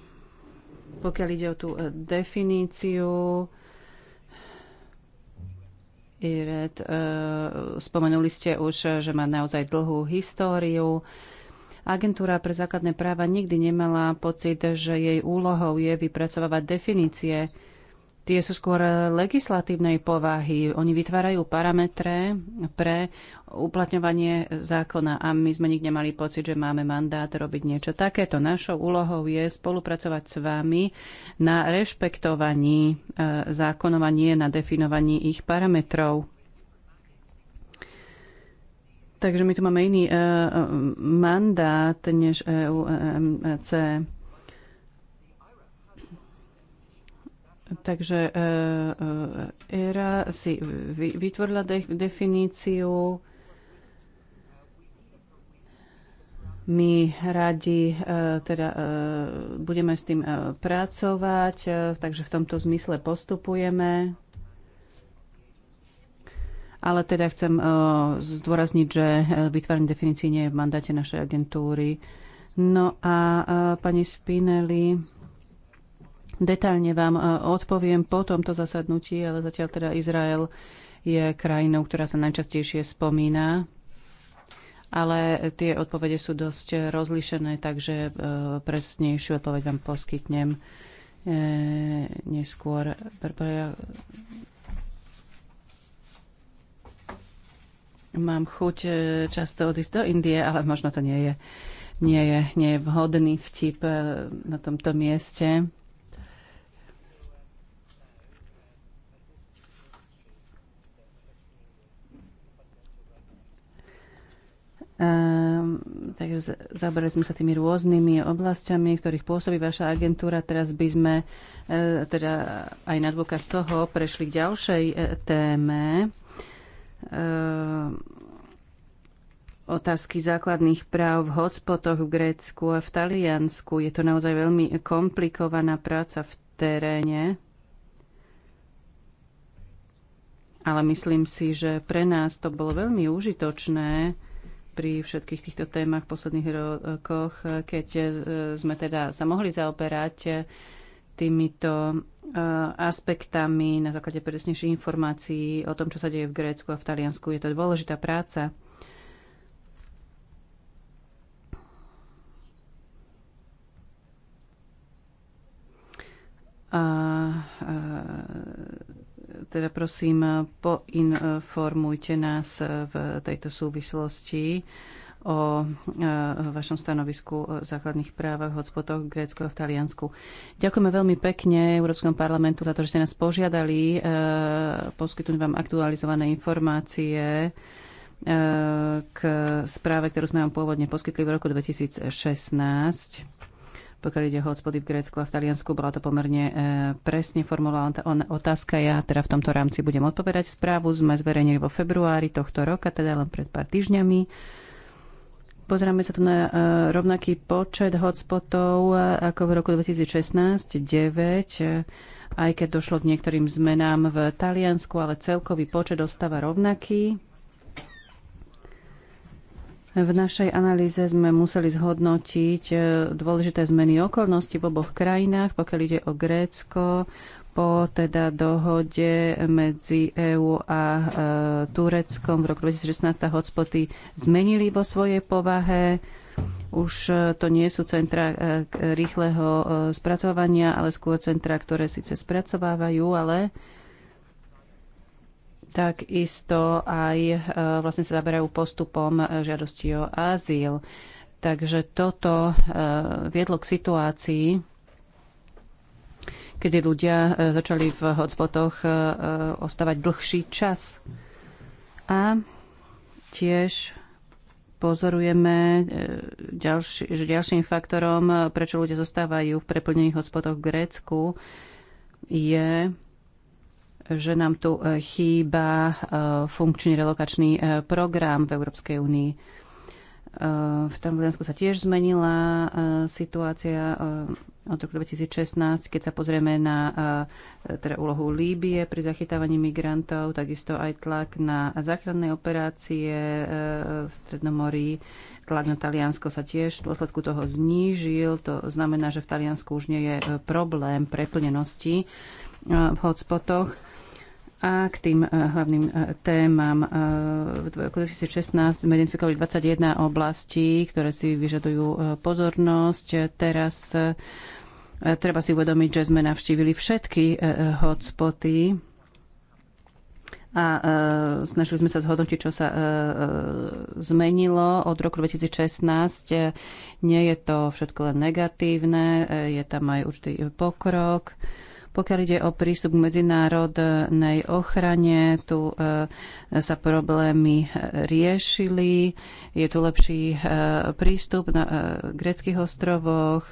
pokiaľ ide o tú e, definíciu, Iret, uh, spomenuli ste už, že má naozaj dlhú históriu. Agentúra pre základné práva nikdy nemala pocit, že jej úlohou je vypracovať definície Tie sú skôr legislatívnej povahy. Oni vytvárajú parametre pre uplatňovanie zákona a my sme nikde mali pocit, že máme mandát robiť niečo takéto. Našou úlohou je spolupracovať s vami na rešpektovaní e, zákonov a nie na definovaní ich parametrov. Takže my tu máme iný e, e, mandát než EUMC. Takže e, e, ERA si vytvorila de- definíciu. My radi e, teda budeme s tým pracovať, takže v tomto zmysle postupujeme. Ale teda chcem zdôrazniť, že vytváranie definícií nie je v mandáte našej agentúry. No a pani Spinelli, Detailne vám e, odpoviem po tomto zasadnutí, ale zatiaľ teda Izrael je krajinou, ktorá sa najčastejšie spomína, ale tie odpovede sú dosť rozlišené, takže e, presnejšiu odpoveď vám poskytnem e, neskôr. Mám chuť často odísť do Indie, ale možno to nie je, nie je, nie je vhodný vtip na tomto mieste. Ehm, takže zaoberali sme sa tými rôznymi oblastiami, v ktorých pôsobí vaša agentúra. Teraz by sme e, teda aj na dôkaz toho prešli k ďalšej e, téme. Ehm, otázky základných práv v hotspotoch v Grécku a v Taliansku. Je to naozaj veľmi komplikovaná práca v teréne. Ale myslím si, že pre nás to bolo veľmi užitočné pri všetkých týchto témach v posledných rokoch, keď e, sme teda sa mohli zaoberať e, týmito e, aspektami na základe presnejších informácií o tom, čo sa deje v Grécku a v Taliansku. Je to dôležitá práca. A teda prosím, poinformujte nás v tejto súvislosti o e, vašom stanovisku o základných právach v hotspotoch Grécko a v Taliansku. Ďakujeme veľmi pekne Európskom parlamentu za to, že ste nás požiadali e, poskytnúť vám aktualizované informácie e, k správe, ktorú sme vám pôvodne poskytli v roku 2016 pokiaľ ide o hospody v Grécku a v Taliansku. Bola to pomerne e, presne formulovaná otázka. Ja teda v tomto rámci budem odpovedať správu. Sme zverejnili vo februári tohto roka, teda len pred pár týždňami. Pozeráme sa tu na e, rovnaký počet hotspotov e, ako v roku 2016, 2009 aj keď došlo k niektorým zmenám v Taliansku, ale celkový počet ostáva rovnaký. V našej analýze sme museli zhodnotiť e, dôležité zmeny okolností v oboch krajinách, pokiaľ ide o Grécko, po teda dohode medzi EÚ a e, Tureckom v roku 2016 hotspoty zmenili vo svojej povahe. Už e, to nie sú centra e, rýchleho spracovania, ale skôr centra, ktoré síce spracovávajú, ale takisto aj e, vlastne sa zaberajú postupom e, žiadosti o azyl. Takže toto e, viedlo k situácii, kedy ľudia začali v hotspotoch ostávať dlhší čas. A tiež pozorujeme, ďalší, že ďalším faktorom, prečo ľudia zostávajú v preplnených hotspotoch v Grécku, je že nám tu e, chýba e, funkčný relokačný e, program v Európskej únii. V Tangudensku sa tiež zmenila situácia od roku 2016, keď sa pozrieme na teda úlohu Líbie pri zachytávaní migrantov, takisto aj tlak na záchranné operácie v Strednomorí. Tlak na Taliansko sa tiež v dôsledku toho znížil. To znamená, že v Taliansku už nie je problém preplnenosti v hotspotoch a k tým e, hlavným e, témam e, v roku 2016 sme identifikovali 21 oblastí, ktoré si vyžadujú pozornosť. Teraz treba si uvedomiť, že sme navštívili všetky hotspoty a snažili sme sa zhodnotiť, čo sa zmenilo od roku 2016. Nie je to všetko len negatívne, je tam aj určitý pokrok. Pokiaľ ide o prístup k medzinárodnej ochrane, tu e, sa problémy e, riešili. Je tu lepší e, prístup na greckých ostrovoch.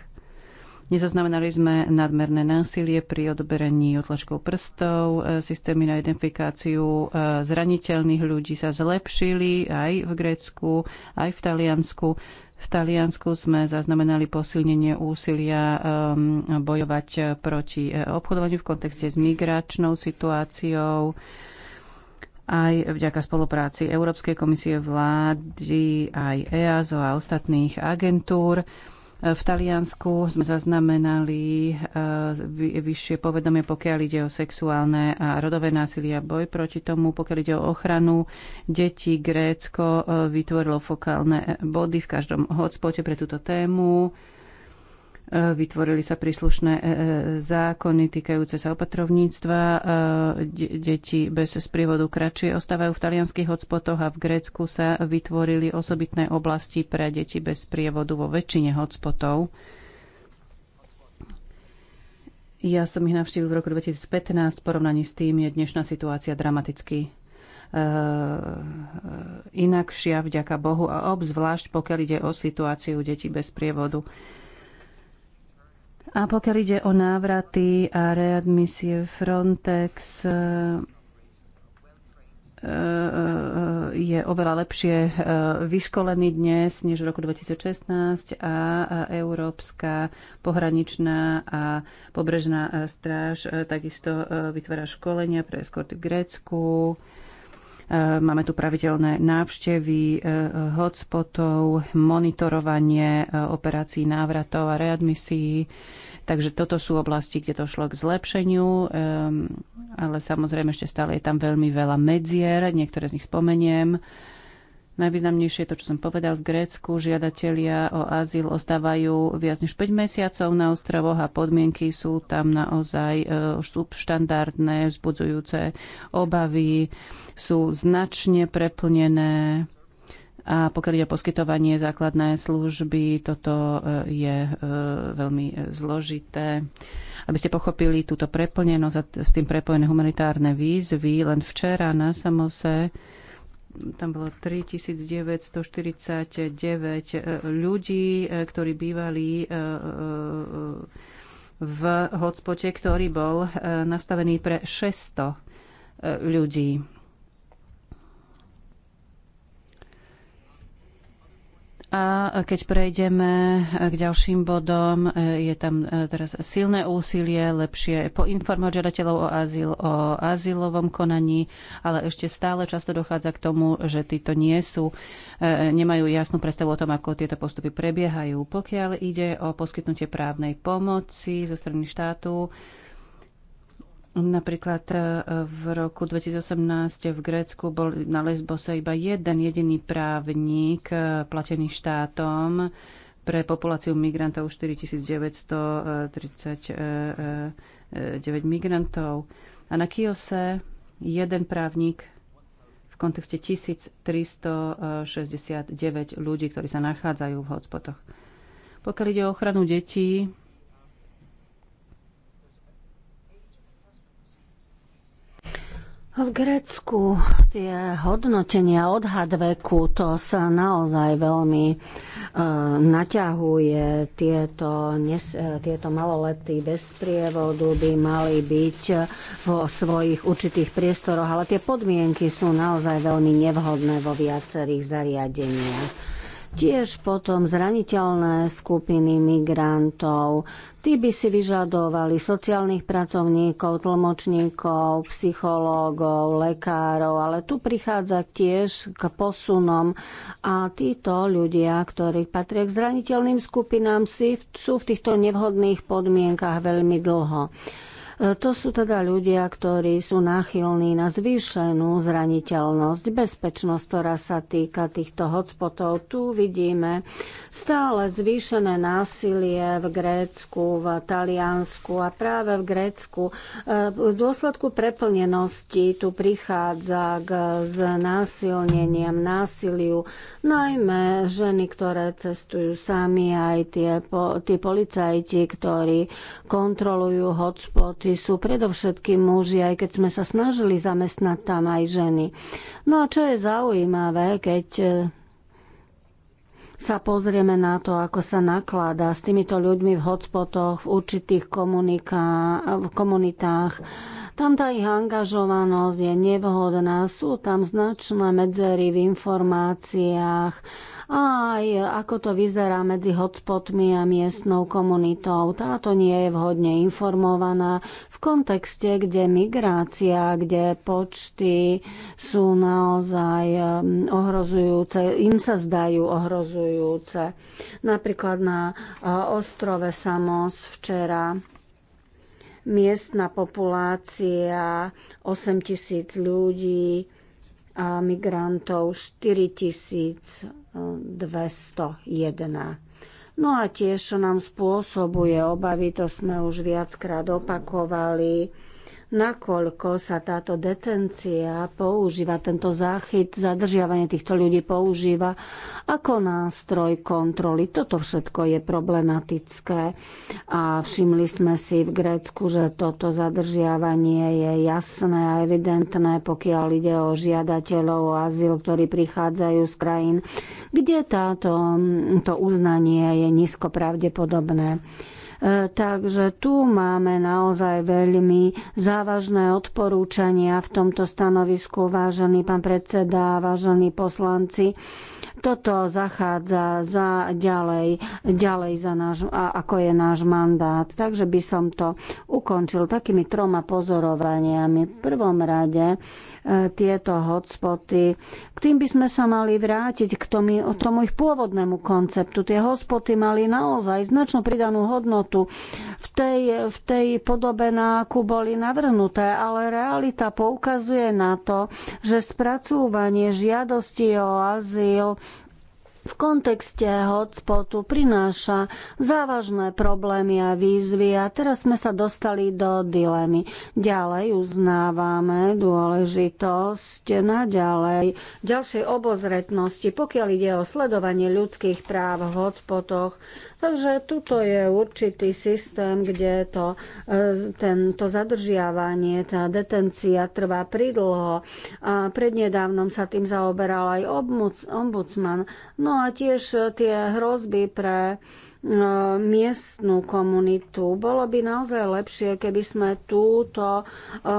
Nezaznamenali sme nadmerné násilie pri odberení odložkov prstov. Systémy na identifikáciu zraniteľných ľudí sa zlepšili aj v Grécku, aj v Taliansku. V Taliansku sme zaznamenali posilnenie úsilia um, bojovať proti e, obchodovaniu v kontexte s migračnou situáciou aj vďaka spolupráci Európskej komisie vlády, aj EASO a ostatných agentúr. V Taliansku sme zaznamenali eh, vyššie povedomie, pokiaľ ide o sexuálne a rodové násilie a boj proti tomu, pokiaľ ide o ochranu detí. Grécko eh, vytvorilo fokálne body v každom hotspote pre túto tému E, vytvorili sa príslušné e, e, zákony týkajúce sa opatrovníctva. Deti bez sprievodu kratšie ostávajú v talianských hotspotoch a v Grécku sa vytvorili osobitné oblasti pre deti bez sprievodu vo väčšine hotspotov. Ja som ich navštívil v roku 2015. V porovnaní s tým je dnešná situácia dramaticky inakšia, vďaka Bohu, a obzvlášť pokiaľ ide o situáciu detí bez prievodu. A pokiaľ ide o návraty a readmisie Frontex, e, e, e, je oveľa lepšie vyškolený dnes než v roku 2016 a Európska pohraničná a pobrežná stráž takisto vytvára školenia pre eskorty v Grécku E, máme tu pravidelné návštevy e, hotspotov, monitorovanie e, operácií návratov a readmisií. Takže toto sú oblasti, kde to šlo k zlepšeniu, ale samozrejme ešte stále je tam veľmi veľa medzier, niektoré z nich spomeniem Najvýznamnejšie je to, čo som povedal v Grécku. Žiadatelia o azyl ostávajú viac než 5 mesiacov na ostrovoch a podmienky sú tam naozaj e, subštandardné, vzbudzujúce obavy, sú značne preplnené. A pokiaľ ide o poskytovanie základné služby, toto e, je e, veľmi zložité. Aby ste pochopili túto preplnenosť a s tým prepojené humanitárne výzvy, len včera na Samose tam bolo 3949 e, ľudí, e, ktorí bývali e, v hotspote, ktorý bol nastavený pre 600 ľudí. A keď prejdeme k ďalším bodom, e, je tam e, teraz silné úsilie, lepšie poinformovať žiadateľov o azyl, o azylovom konaní, ale ešte stále často dochádza k tomu, že títo nie sú, e, nemajú jasnú predstavu o tom, ako tieto postupy prebiehajú. Pokiaľ ide o poskytnutie právnej pomoci zo strany štátu, Napríklad e, v roku 2018 v Grécku bol na Lesbose iba jeden jediný právnik e, platený štátom pre populáciu migrantov 4939 e, migrantov. A na Kiose jeden právnik v kontexte 1369 ľudí, ktorí sa nachádzajú v hotspotoch. Pokiaľ ide o ochranu detí, V Grécku tie hodnotenia odhad veku, to sa naozaj veľmi e, naťahuje. Tieto, nes, e, tieto maloletí bez prievodu by mali byť vo svojich určitých priestoroch, ale tie podmienky sú naozaj veľmi nevhodné vo viacerých zariadeniach Tiež potom zraniteľné skupiny migrantov. Tí by si vyžadovali sociálnych pracovníkov, tlmočníkov, psychológov, lekárov, ale tu prichádza tiež k posunom a títo ľudia, ktorí patria k zraniteľným skupinám, si sú v týchto nevhodných podmienkach veľmi dlho. E, to sú teda ľudia, ktorí sú náchylní na zvýšenú zraniteľnosť, bezpečnosť, ktorá sa týka týchto hotspotov. Tu vidíme stále zvýšené násilie v Grécku, v Taliansku a práve v Grécku. E, v dôsledku preplnenosti tu prichádza k znásilneniam, násiliu, najmä ženy, ktoré cestujú sami, aj tie, po, tí policajti, ktorí kontrolujú hotspoty, boli, sú predovšetkým muži, aj keď sme sa snažili zamestnať tam aj ženy. No a čo je zaujímavé, keď e, sa pozrieme na to, ako sa nakladá s týmito ľuďmi v hotspotoch, v určitých komunikách, v komunitách, tam tá ich angažovanosť je nevhodná, sú tam značné medzery v informáciách aj ako to vyzerá medzi hotspotmi a miestnou komunitou. Táto nie je vhodne informovaná v kontexte, kde migrácia, kde počty sú naozaj um, ohrozujúce, im sa zdajú ohrozujúce. Napríklad na uh, ostrove Samos včera miestna populácia 8 tisíc ľudí a migrantov 4201. No a tiež, čo nám spôsobuje obavy, to sme už viackrát opakovali, nakoľko sa táto detencia používa, tento záchyt, zadržiavanie týchto ľudí používa ako nástroj kontroly. Toto všetko je problematické a všimli sme si v Grécku, že toto zadržiavanie je jasné a evidentné, pokiaľ ide o žiadateľov o azyl, ktorí prichádzajú z krajín, kde táto, to uznanie je nízko pravdepodobné. E, takže tu máme naozaj veľmi závažné odporúčania v tomto stanovisku, vážený pán predseda, vážení poslanci. Toto zachádza za ďalej, ďalej za náš, ako je náš mandát. Takže by som to ukončil takými troma pozorovaniami. V prvom rade tieto hotspoty. K tým by sme sa mali vrátiť k tomu, k tomu ich pôvodnému konceptu. Tie hotspoty mali naozaj značnú pridanú hodnotu v tej, v tej podobe, na akú boli navrhnuté, ale realita poukazuje na to, že spracúvanie žiadosti o azyl v kontexte hotspotu prináša závažné problémy a výzvy a teraz sme sa dostali do dilemy. Ďalej uznávame dôležitosť na ďalej ďalšej obozretnosti, pokiaľ ide o sledovanie ľudských práv v hotspotoch Takže tuto je určitý systém, kde to, e, tento zadržiavanie, tá detencia trvá pridlho. A prednedávnom sa tým zaoberal aj ombudsman. No a tiež tie hrozby pre No, miestnú komunitu. Bolo by naozaj lepšie, keby sme túto e,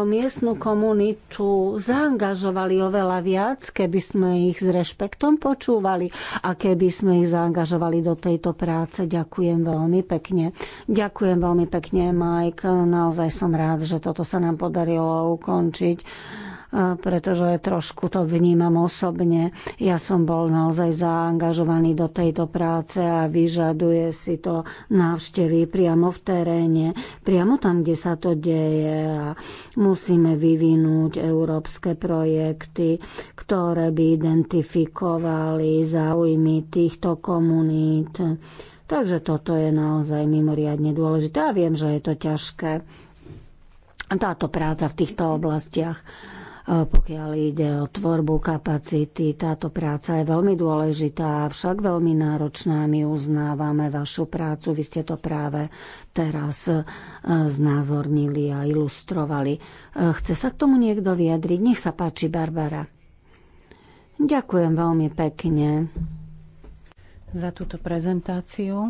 miestnú komunitu zaangažovali oveľa viac, keby sme ich s rešpektom počúvali a keby sme ich zaangažovali do tejto práce. Ďakujem veľmi pekne. Ďakujem veľmi pekne, Mike. Naozaj som rád, že toto sa nám podarilo ukončiť pretože trošku to vnímam osobne. Ja som bol naozaj zaangažovaný do tejto práce a vyžaduje si to návštevy priamo v teréne, priamo tam, kde sa to deje a musíme vyvinúť európske projekty, ktoré by identifikovali záujmy týchto komunít. Takže toto je naozaj mimoriadne dôležité a viem, že je to ťažké táto práca v týchto oblastiach. Eh, pokiaľ ide o tvorbu kapacity. Táto práca je veľmi dôležitá, však veľmi náročná. My uznávame vašu prácu. Vy ste to práve teraz eh, znázornili a ilustrovali. Eh, chce sa k tomu niekto vyjadriť? Nech sa páči, Barbara. Ďakujem veľmi pekne za túto prezentáciu.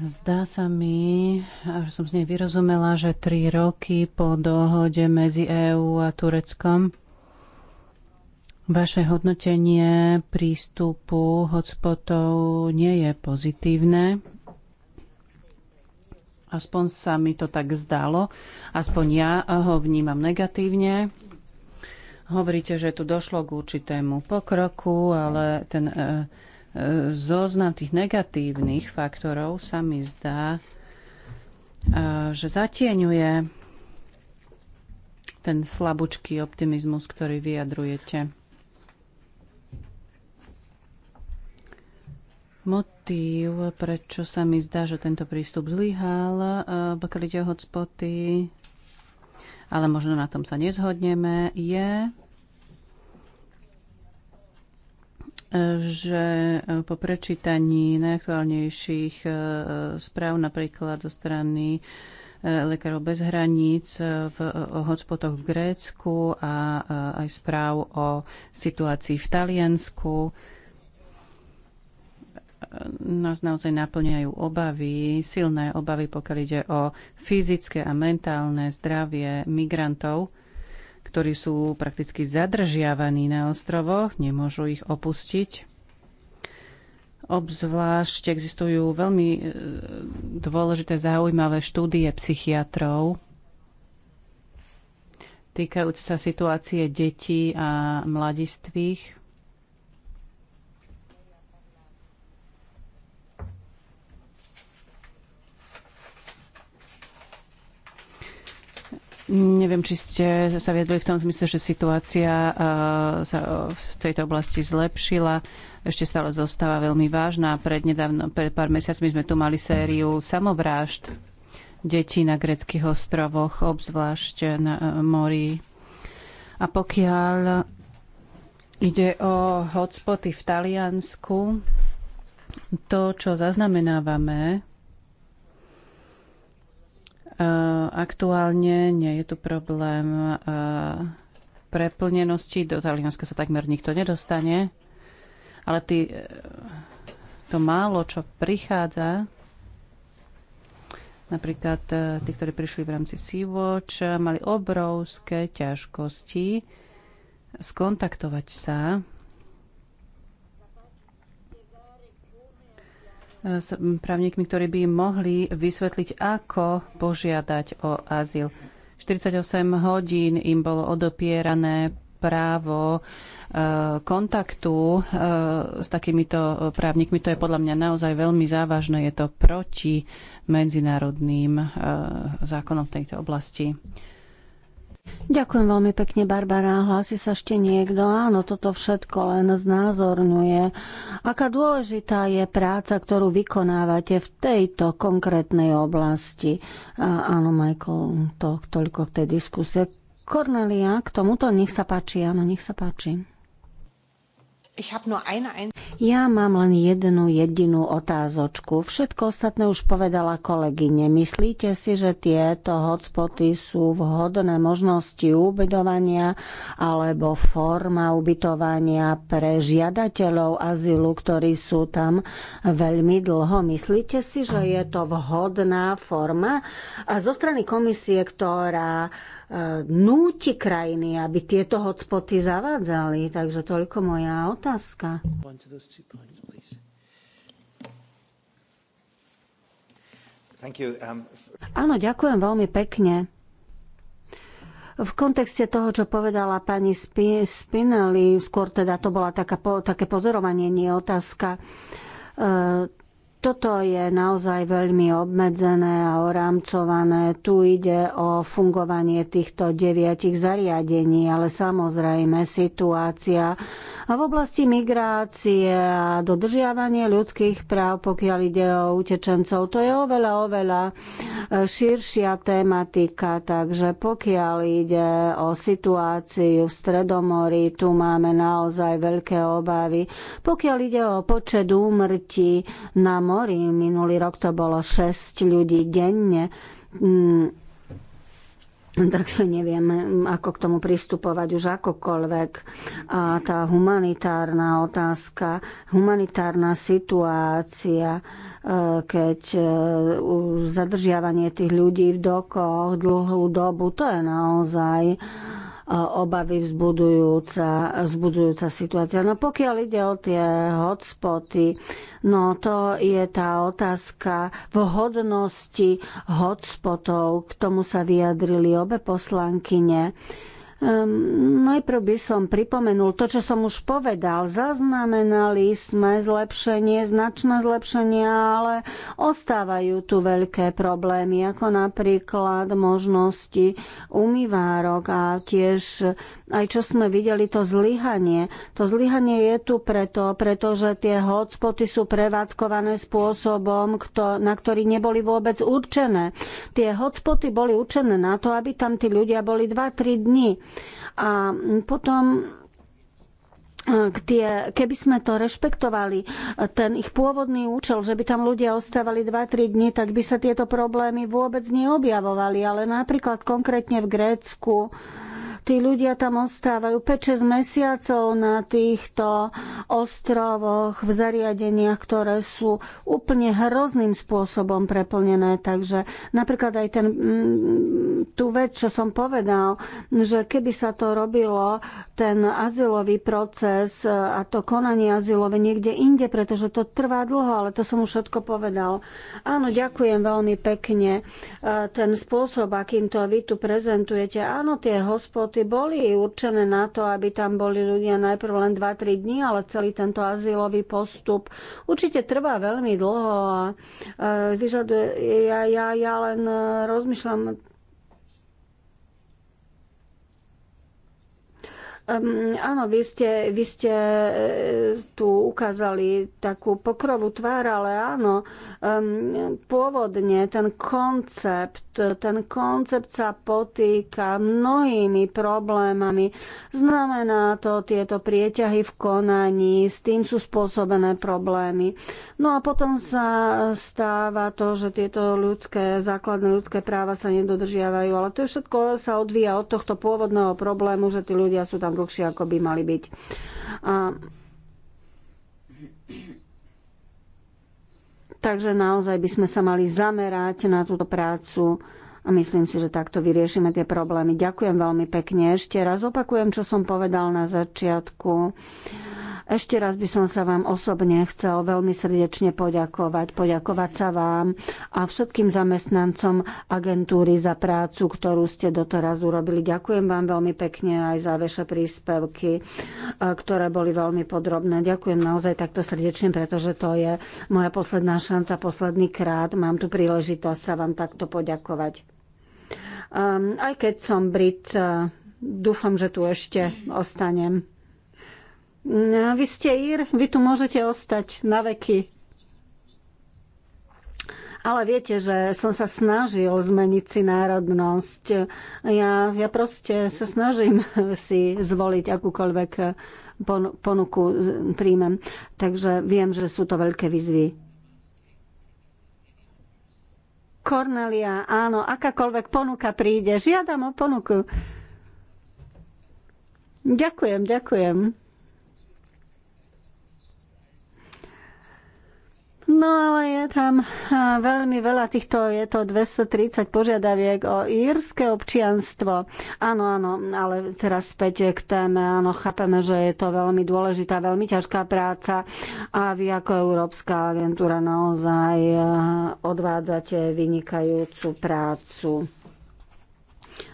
Zdá sa mi, že som z nej vyrozumela, že tri roky po dohode medzi EÚ a Tureckom vaše hodnotenie prístupu hotspotov nie je pozitívne. Aspoň sa mi to tak zdalo. Aspoň ja ho vnímam negatívne. Hovoríte, že tu došlo k určitému pokroku, ale ten e, zoznam tých negatívnych faktorov sa mi zdá, že zatieňuje ten slabúčký optimizmus, ktorý vyjadrujete. Motív, prečo sa mi zdá, že tento prístup zlyhal, pokiaľ ide o hotspoty, ale možno na tom sa nezhodneme, je že e, po prečítaní najaktuálnejších e, správ napríklad zo strany e, Lekárov bez hraníc v hotspotoch v Grécku a aj správ o situácii v Taliansku nás naozaj naplňajú obavy, silné obavy, pokiaľ ide o fyzické a mentálne zdravie migrantov ktorí sú prakticky zadržiavaní na ostrovoch, nemôžu ich opustiť. Obzvlášť existujú veľmi e, dôležité zaujímavé štúdie psychiatrov týkajúce sa situácie detí a mladistvých Neviem, či ste sa viedli v tom zmysle, že situácia e, sa e, v tejto oblasti zlepšila. Ešte stále zostáva veľmi vážna. nedávno, pred pár mesiacmi sme tu mali sériu samovrážd detí na greckých ostrovoch, obzvlášť na e, mori. A pokiaľ ide o hotspoty v Taliansku, to, čo zaznamenávame, Aktuálne nie je tu problém preplnenosti. Do Talianska sa takmer nikto nedostane. Ale ty, to málo, čo prichádza, napríklad tí, ktorí prišli v rámci Sea-Watch, mali obrovské ťažkosti skontaktovať sa s právnikmi, ktorí by mohli vysvetliť, ako požiadať o azyl. 48 hodín im bolo odopierané právo e, kontaktu e, s takýmito právnikmi. To je podľa mňa naozaj veľmi závažné. Je to proti medzinárodným e, zákonom v tejto oblasti. Ďakujem veľmi pekne, Barbara. Hlási sa ešte niekto? Áno, toto všetko len znázorňuje. Aká dôležitá je práca, ktorú vykonávate v tejto konkrétnej oblasti? áno, Michael, to toľko k tej diskusie. Cornelia, k tomuto nech sa páči, áno, nech sa páči. Ja mám len jednu jedinú otázočku. Všetko ostatné už povedala kolegyne. Myslíte si, že tieto hotspoty sú vhodné možnosti ubytovania alebo forma ubytovania pre žiadateľov azylu, ktorí sú tam veľmi dlho? Myslíte si, že je to vhodná forma? A zo strany komisie, ktorá núti krajiny, aby tieto hotspoty zavádzali. Takže toľko moja otázka. Um, Áno, ďakujem veľmi pekne. V kontexte toho, čo povedala pani Spinelli, skôr teda to bola taká, také pozorovanie, nie otázka e, toto je naozaj veľmi obmedzené a orámcované. Tu ide o fungovanie týchto deviatich zariadení, ale samozrejme situácia a v oblasti migrácie a dodržiavanie ľudských práv, pokiaľ ide o utečencov, to je oveľa, oveľa e, širšia tematika. Takže pokiaľ ide o situáciu v Stredomorí, tu máme naozaj veľké obavy. Pokiaľ ide o počet úmrtí na mori. Minulý rok to bolo 6 ľudí denne. Mm. Takže neviem, ako k tomu pristupovať už akokoľvek. A tá humanitárna otázka, humanitárna situácia, e, keď e, zadržiavanie tých ľudí v dokoch dlhú dobu, to je naozaj obavy vzbudujúca, vzbudzujúca situácia. No pokiaľ ide o tie hotspoty, no to je tá otázka vhodnosti hotspotov. K tomu sa vyjadrili obe poslankyne. Um, najprv by som pripomenul to, čo som už povedal. Zaznamenali sme zlepšenie, značné zlepšenie, ale ostávajú tu veľké problémy, ako napríklad možnosti umývárok a tiež aj čo sme videli, to zlyhanie. To zlyhanie je tu preto, pretože tie hotspoty sú prevádzkované spôsobom, kto, na ktorý neboli vôbec určené. Tie hotspoty boli určené na to, aby tam tí ľudia boli 2-3 dní. A potom tie, keby sme to rešpektovali, ten ich pôvodný účel, že by tam ľudia ostávali 2-3 dní, tak by sa tieto problémy vôbec neobjavovali. Ale napríklad konkrétne v Grécku Tí ľudia tam ostávajú 5-6 mesiacov na týchto ostrovoch v zariadeniach, ktoré sú úplne hrozným spôsobom preplnené. Takže napríklad aj ten, mm, tú vec, čo som povedal, že keby sa to robilo, ten azylový proces e, a to konanie azylové niekde inde, pretože to trvá dlho, ale to som už všetko povedal. Áno, ďakujem veľmi pekne. E, ten spôsob, akým to vy tu prezentujete, áno, tie hospod kvóty boli určené na to, aby tam boli ľudia najprv len 2-3 dní, ale celý tento azylový postup určite trvá veľmi dlho a e, vyžaduje, ja, ja, ja len e, rozmýšľam Um, áno, vy ste, vy ste e, tu ukázali takú pokrovú tvár, ale áno, um, pôvodne ten koncept, ten koncept sa potýka mnohými problémami. Znamená to tieto prieťahy v konaní, s tým sú spôsobené problémy. No a potom sa stáva to, že tieto ľudské, základné ľudské práva sa nedodržiavajú, ale to všetko sa odvíja od tohto pôvodného problému, že tí ľudia sú tam dlhšie, ako by mali byť. Takže naozaj by sme sa mali zamerať na túto prácu a myslím si, že takto vyriešime tie problémy. Ďakujem veľmi pekne. Ešte raz opakujem, čo som povedal na začiatku. Ešte raz by som sa vám osobne chcel veľmi srdečne poďakovať. Poďakovať sa vám a všetkým zamestnancom agentúry za prácu, ktorú ste doteraz urobili. Ďakujem vám veľmi pekne aj za vaše príspevky, e, ktoré boli veľmi podrobné. Ďakujem naozaj takto srdečne, pretože to je moja posledná šanca, posledný krát. Mám tu príležitosť sa vám takto poďakovať. Um, aj keď som Brit, uh, dúfam, že tu ešte ostanem. Mm, vy ste Ír, vy tu môžete ostať na veky. Ale viete, že som sa snažil zmeniť si národnosť. Ja, ja proste sa snažím si zvoliť akúkoľvek ponuku príjmem. Takže viem, že sú to veľké výzvy. Kornelia, áno, akákoľvek ponuka príde, žiadam o ponuku. Ďakujem, ďakujem. No ale je tam veľmi veľa týchto, je to 230 požiadaviek o írske občianstvo. Áno, áno, ale teraz späť k téme. Áno, chápeme, že je to veľmi dôležitá, veľmi ťažká práca a vy ako Európska agentúra naozaj odvádzate vynikajúcu prácu.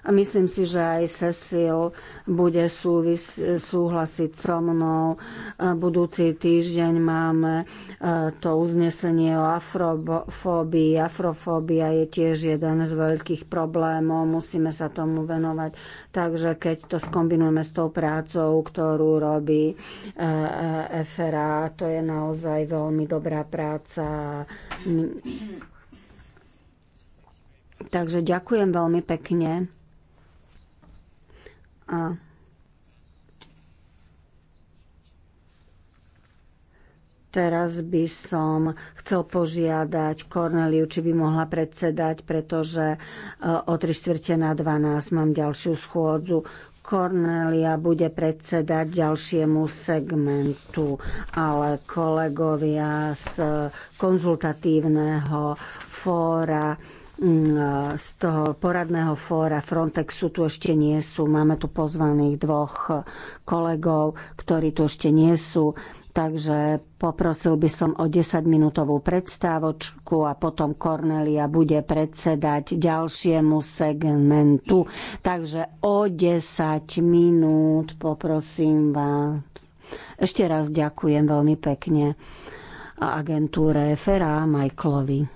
A myslím si, že aj Cecil bude súvis, súhlasiť so mnou. Budúci týždeň máme e, to uznesenie o afrofóbii. Afrofóbia je tiež jeden z veľkých problémov. Musíme sa tomu venovať. Takže keď to skombinujeme s tou prácou, ktorú robí e, e, FRA, to je naozaj veľmi dobrá práca. Takže ďakujem veľmi pekne. A teraz by som chcel požiadať Korneliu, či by mohla predsedať, pretože e, o 3 čtvrte na 12 mám ďalšiu schôdzu. Kornelia bude predsedať ďalšiemu segmentu, ale kolegovia z konzultatívneho fóra Mm, z toho poradného fóra Frontexu tu ešte nie sú. Máme tu pozvaných dvoch kolegov, ktorí tu ešte nie sú. Takže poprosil by som o 10-minútovú predstávočku a potom Cornelia bude predsedať ďalšiemu segmentu. Takže o 10 minút poprosím vás. Ešte raz ďakujem veľmi pekne agentúre FRA Michaelovi.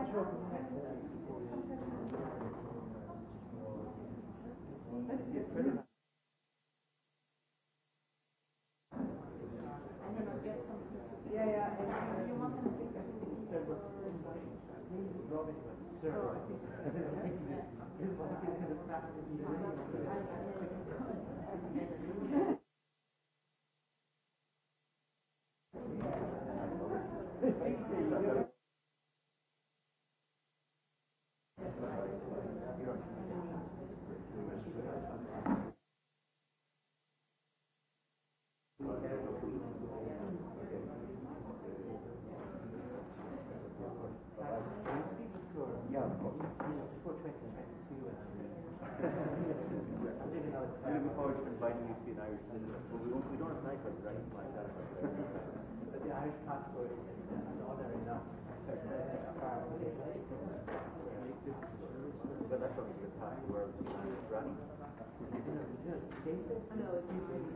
počúvať. why do you an Irish citizen? Well, we, won't, we don't have nightclubs, right? Like that. but the Irish passport is an ordinary enough. But that's only the time where Irish running.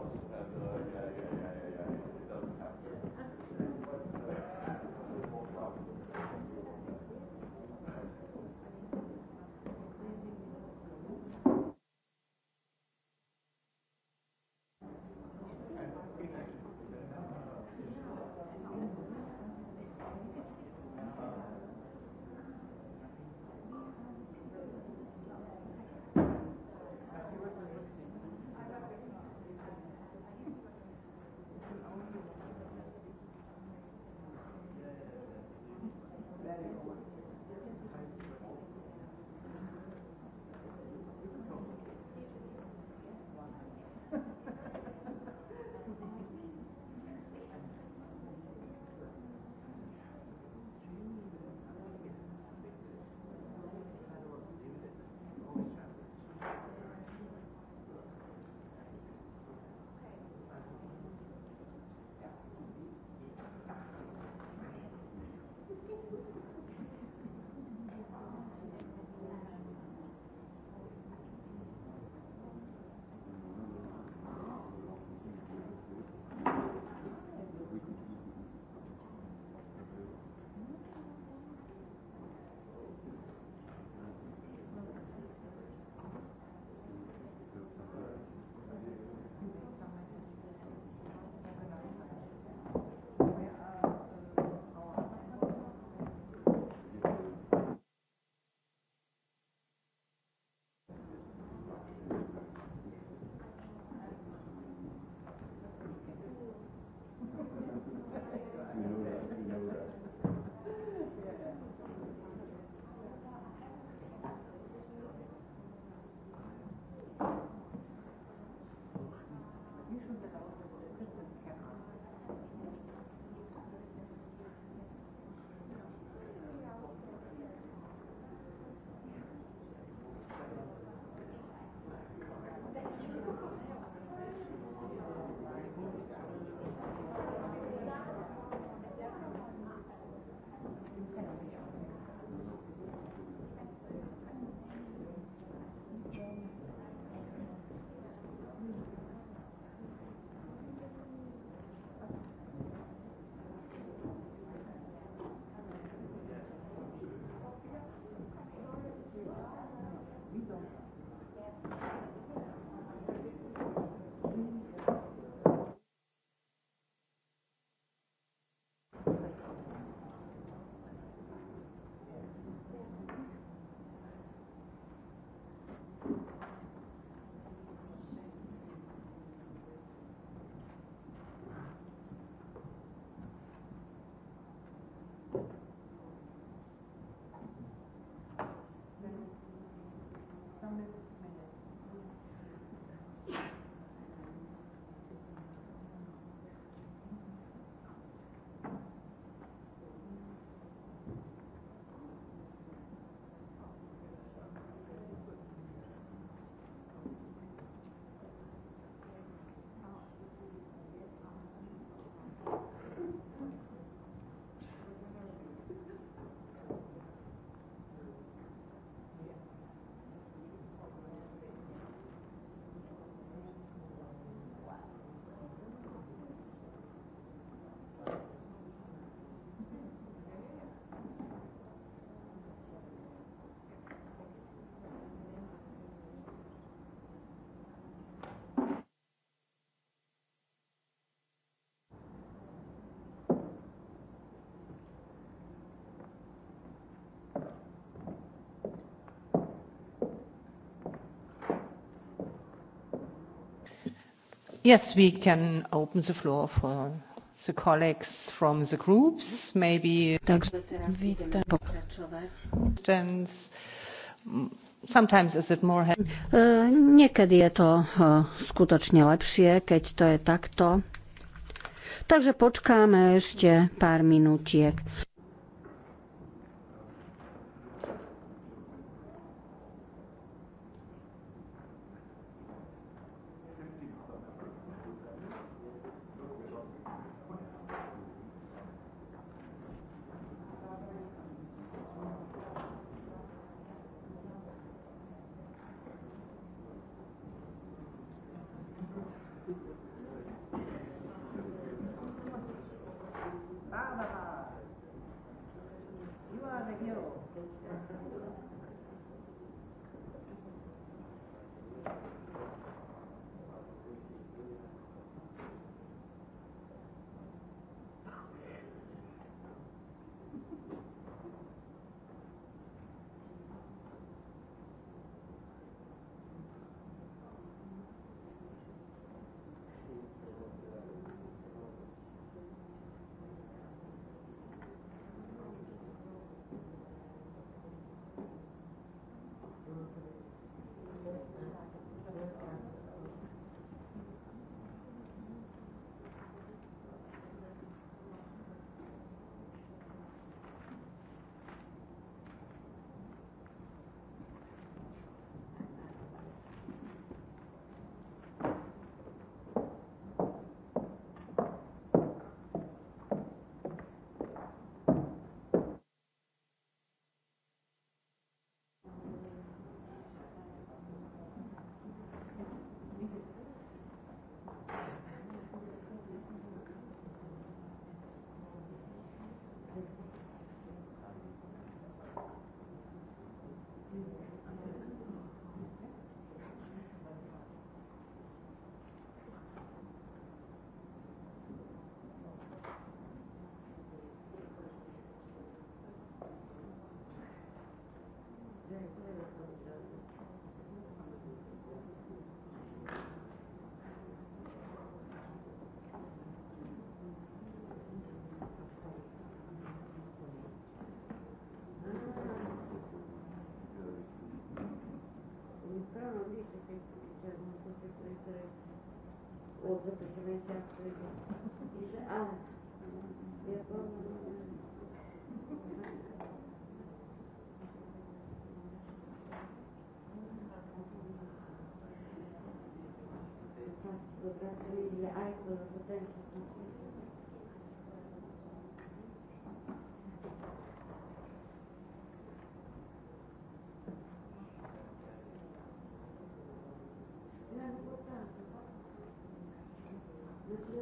Yeah, yeah, yeah. Yes, we can open the floor for the colleagues from the groups, maybe. Takže teraz vítam. pokračovať. Sometimes is it more... E, niekedy je to e, skutočne lepšie, keď to je takto. Takže počkáme ešte pár minútiek.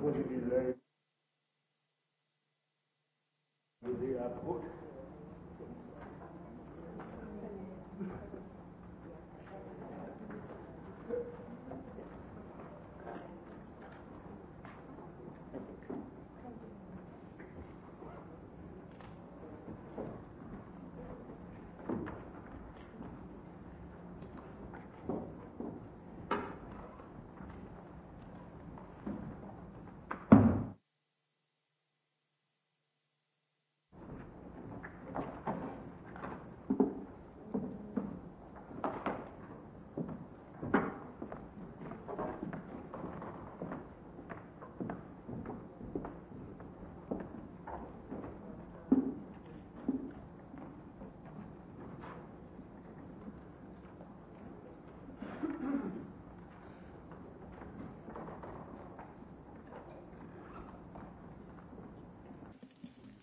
put it in life. Do they are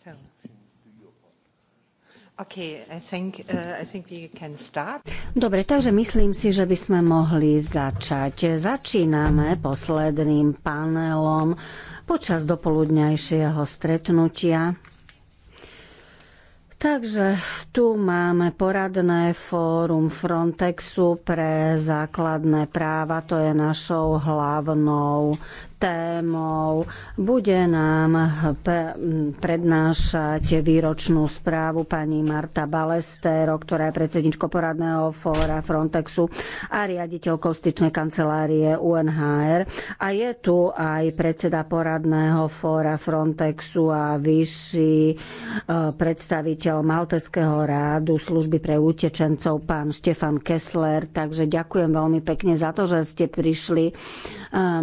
So. Uh, Dobre, takže myslím si, že by sme mohli začať. Začíname posledným panelom počas dopoludňajšieho stretnutia. Takže tu máme poradné fórum Frontexu pre základné práva, to je našou hlavnou témou. Bude nám prednášať výročnú správu pani Marta Balestero, ktorá je predsedničko poradného fóra Frontexu a riaditeľkou styčnej kancelárie UNHR. A je tu aj predseda poradného fóra Frontexu a vyšší e, predstaviteľ Malteského rádu služby pre utečencov, pán Štefan Kessler. Takže ďakujem veľmi pekne za to, že ste prišli e,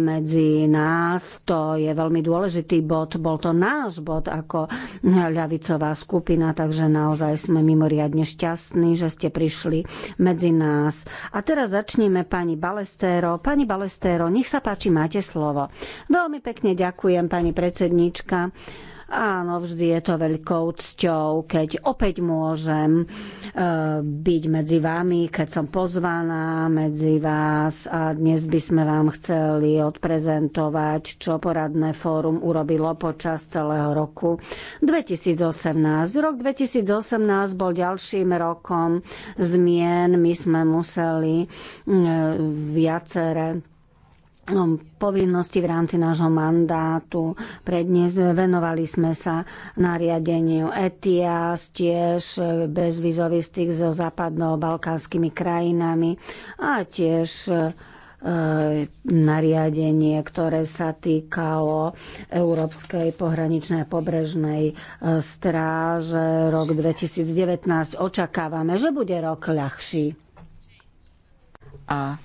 medzi nás nás to je veľmi dôležitý bod. Bol to náš bod ako ľavicová skupina, takže naozaj sme mimoriadne šťastní, že ste prišli medzi nás. A teraz začneme pani Balestéro. Pani Balestéro, nech sa páči, máte slovo. Veľmi pekne ďakujem, pani predsednička. Áno, vždy je to veľkou cťou, keď opäť môžem e, byť medzi vami, keď som pozvaná medzi vás a dnes by sme vám chceli odprezentovať, čo poradné fórum urobilo počas celého roku 2018. Rok 2018 bol ďalším rokom zmien. My sme museli e, viaceré povinnosti v rámci nášho mandátu. Prednes venovali sme sa nariadeniu ETIAS, tiež bezvizový styk so západno-balkánskymi krajinami a tiež e, nariadenie, ktoré sa týkalo Európskej pohraničnej pobrežnej e, stráže rok 2019. Očakávame, že bude rok ľahší. A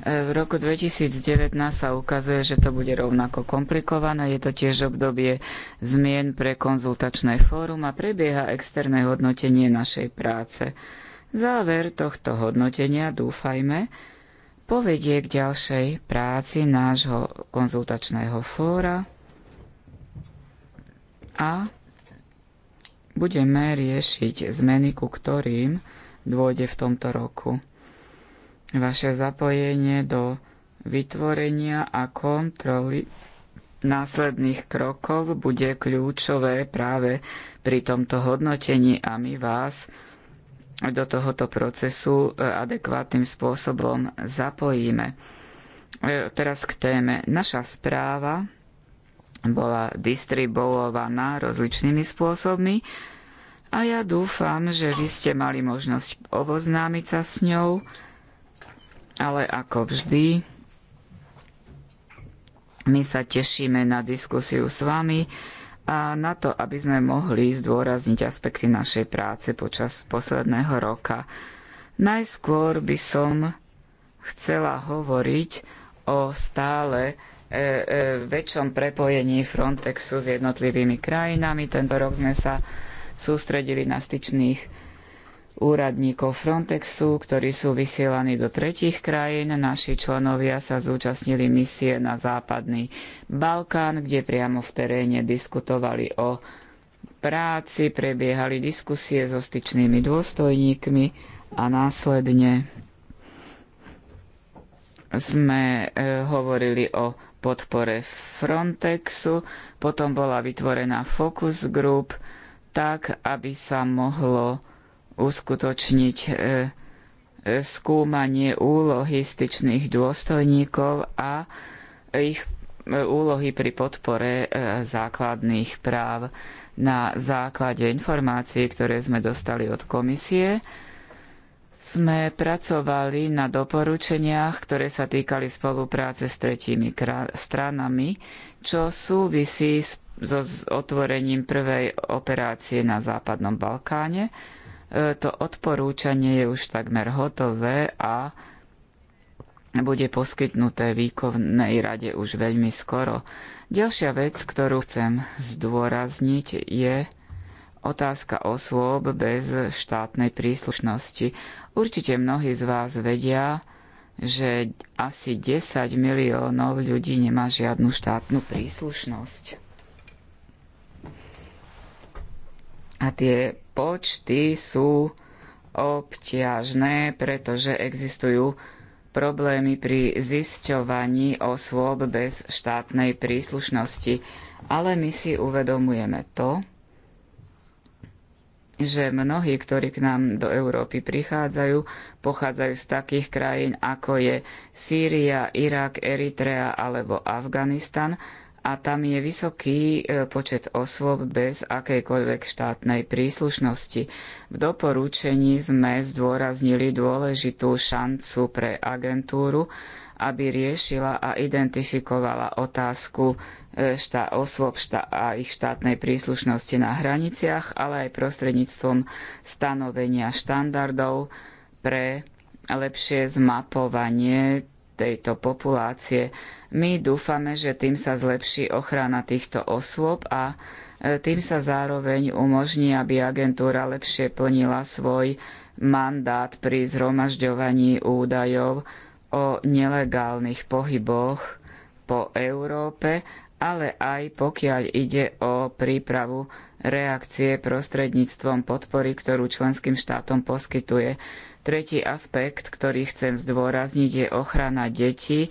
v roku 2019 sa ukazuje, že to bude rovnako komplikované. Je to tiež obdobie zmien pre konzultačné fórum a prebieha externé hodnotenie našej práce. Záver tohto hodnotenia, dúfajme, povedie k ďalšej práci nášho konzultačného fóra a budeme riešiť zmeny, ku ktorým dôjde v tomto roku vaše zapojenie do vytvorenia a kontroly následných krokov bude kľúčové práve pri tomto hodnotení a my vás do tohoto procesu e, adekvátnym spôsobom zapojíme. E, teraz k téme. Naša správa bola distribuovaná rozličnými spôsobmi a ja dúfam, že vy ste mali možnosť oboznámiť sa s ňou ale ako vždy, my sa tešíme na diskusiu s vami a na to, aby sme mohli zdôrazniť aspekty našej práce počas posledného roka. Najskôr by som chcela hovoriť o stále e, e, väčšom prepojení Frontexu s jednotlivými krajinami. Tento rok sme sa sústredili na styčných úradníkov Frontexu, ktorí sú vysielaní do tretích krajín. Naši členovia sa zúčastnili misie na západný Balkán, kde priamo v teréne diskutovali o práci, prebiehali diskusie so styčnými dôstojníkmi a následne sme e, hovorili o podpore Frontexu, potom bola vytvorená focus group, tak aby sa mohlo uskutočniť e, e, skúmanie úlohy styčných dôstojníkov a ich e, úlohy pri podpore základných práv na základe informácií, ktoré sme dostali od komisie. Sme pracovali na doporučeniach, ktoré sa týkali spolupráce s tretími stranami, čo súvisí so otvorením prvej operácie na Západnom Balkáne, to odporúčanie je už takmer hotové a bude poskytnuté výkonnej rade už veľmi skoro. Ďalšia vec, ktorú chcem zdôrazniť, je otázka osôb bez štátnej príslušnosti. Určite mnohí z vás vedia, že asi 10 miliónov ľudí nemá žiadnu štátnu príslušnosť. A tie počty sú obťažné, pretože existujú problémy pri zisťovaní osôb bez štátnej príslušnosti. Ale my si uvedomujeme to, že mnohí, ktorí k nám do Európy prichádzajú, pochádzajú z takých krajín ako je Sýria, Irak, Eritrea alebo Afganistan, a tam je vysoký e, počet osôb bez akejkoľvek štátnej príslušnosti. V doporučení sme zdôraznili dôležitú šancu pre agentúru, aby riešila a identifikovala otázku e, štá, osôb a ich štátnej príslušnosti na hraniciach, ale aj prostredníctvom stanovenia štandardov pre lepšie zmapovanie tejto populácie my dúfame, že tým sa zlepší ochrana týchto osôb a e, tým sa zároveň umožní, aby agentúra lepšie plnila svoj mandát pri zhromažďovaní údajov o nelegálnych pohyboch po Európe, ale aj pokiaľ ide o prípravu reakcie prostredníctvom podpory, ktorú členským štátom poskytuje. Tretí aspekt, ktorý chcem zdôrazniť, je ochrana detí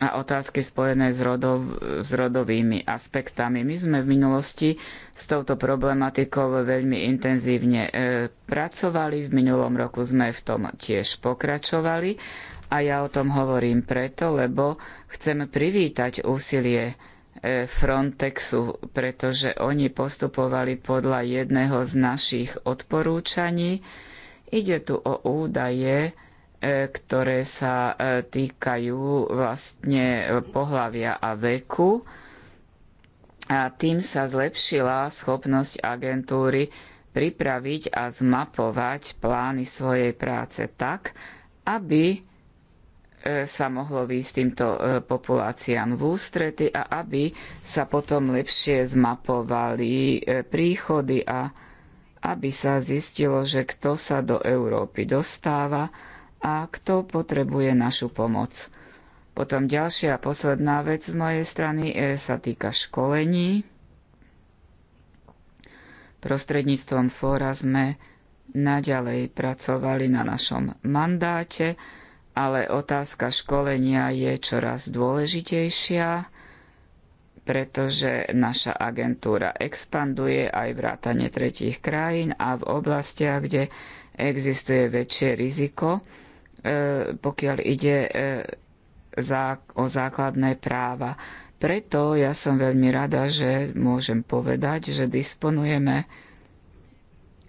a otázky spojené s, rodov, s rodovými aspektami. My sme v minulosti s touto problematikou veľmi intenzívne e, pracovali. V minulom roku sme v tom tiež pokračovali a ja o tom hovorím preto, lebo chcem privítať úsilie e, Frontexu, pretože oni postupovali podľa jedného z našich odporúčaní. Ide tu o údaje, E, ktoré sa e, týkajú vlastne pohlavia a veku. A tým sa zlepšila schopnosť agentúry pripraviť a zmapovať plány svojej práce tak, aby e, sa mohlo výjsť týmto populáciám v ústrety a aby sa potom lepšie zmapovali príchody a aby sa zistilo, že kto sa do Európy dostáva a kto potrebuje našu pomoc. Potom ďalšia a posledná vec z mojej strany e, sa týka školení. Prostredníctvom fóra sme naďalej pracovali na našom mandáte, ale otázka školenia je čoraz dôležitejšia, pretože naša agentúra expanduje aj vrátane tretích krajín a v oblastiach, kde existuje väčšie riziko, E, pokiaľ ide e, o základné práva. Preto ja som veľmi rada, že môžem povedať, že disponujeme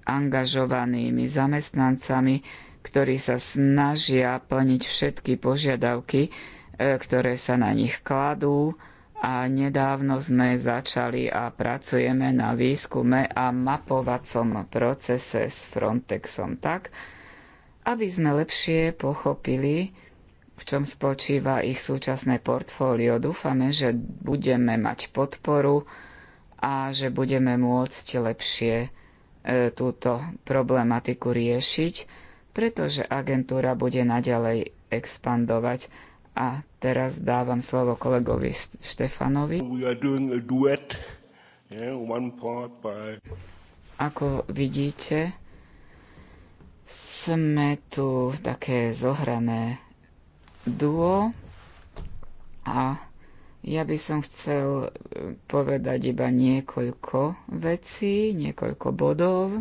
angažovanými zamestnancami, ktorí sa snažia plniť všetky požiadavky, e, ktoré sa na nich kladú a nedávno sme začali a pracujeme na výskume a mapovacom procese s Frontexom tak, aby sme lepšie pochopili, v čom spočíva ich súčasné portfólio. Dúfame, že budeme mať podporu a že budeme môcť lepšie e, túto problematiku riešiť, pretože agentúra bude naďalej expandovať. A teraz dávam slovo kolegovi Štefanovi. Ako vidíte, sme tu také zohrané duo a ja by som chcel povedať iba niekoľko vecí, niekoľko bodov.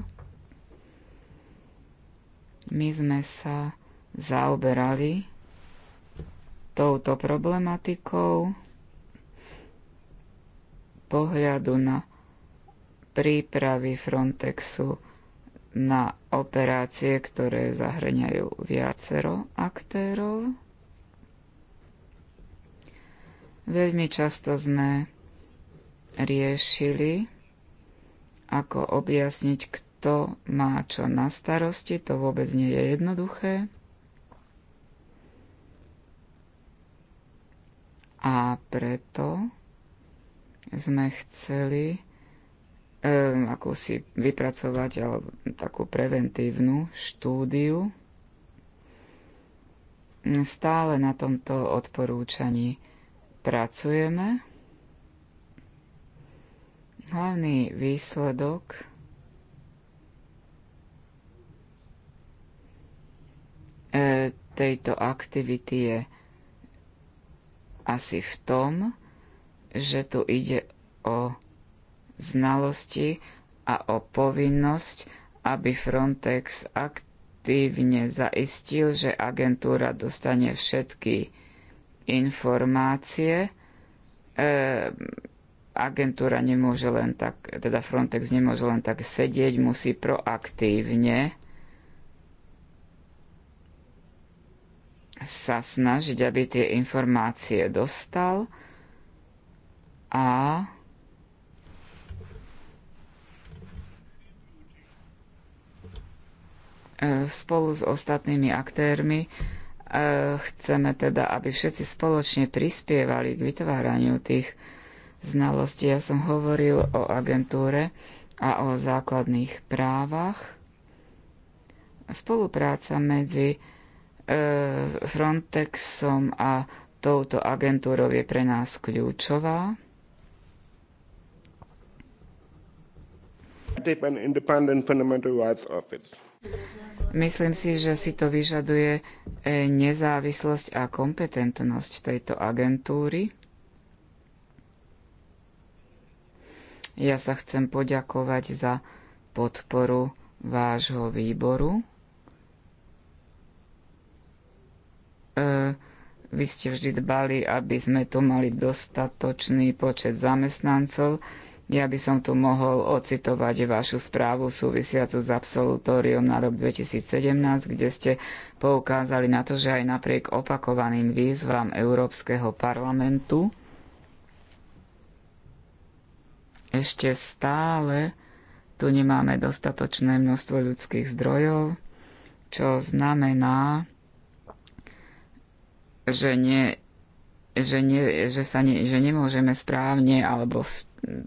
My sme sa zaoberali touto problematikou pohľadu na prípravy Frontexu na operácie, ktoré zahrňajú viacero aktérov. Veľmi často sme riešili, ako objasniť, kto má čo na starosti. To vôbec nie je jednoduché. A preto sme chceli akúsi vypracovať alebo takú preventívnu štúdiu stále na tomto odporúčaní pracujeme. Hlavný výsledok e, tejto aktivity je asi v tom, že tu ide o znalosti a o povinnosť, aby Frontex aktívne zaistil, že agentúra dostane všetky informácie. E, agentúra nemôže len tak, teda Frontex nemôže len tak sedieť, musí proaktívne sa snažiť, aby tie informácie dostal a E, spolu s ostatnými aktérmi e, chceme teda, aby všetci spoločne prispievali k vytváraniu tých znalostí. Ja som hovoril o agentúre a o základných právach. Spolupráca medzi e, Frontexom a touto agentúrou je pre nás kľúčová. Independent Fundamental Rights Office. Myslím si, že si to vyžaduje e, nezávislosť a kompetentnosť tejto agentúry. Ja sa chcem poďakovať za podporu vášho výboru. E, vy ste vždy dbali, aby sme tu mali dostatočný počet zamestnancov ja by som tu mohol ocitovať vašu správu súvisiacu s absolutóriom na rok 2017, kde ste poukázali na to, že aj napriek opakovaným výzvam Európskeho parlamentu ešte stále tu nemáme dostatočné množstvo ľudských zdrojov, čo znamená, že, nie, že, nie, že, sa ne, že nemôžeme správne alebo v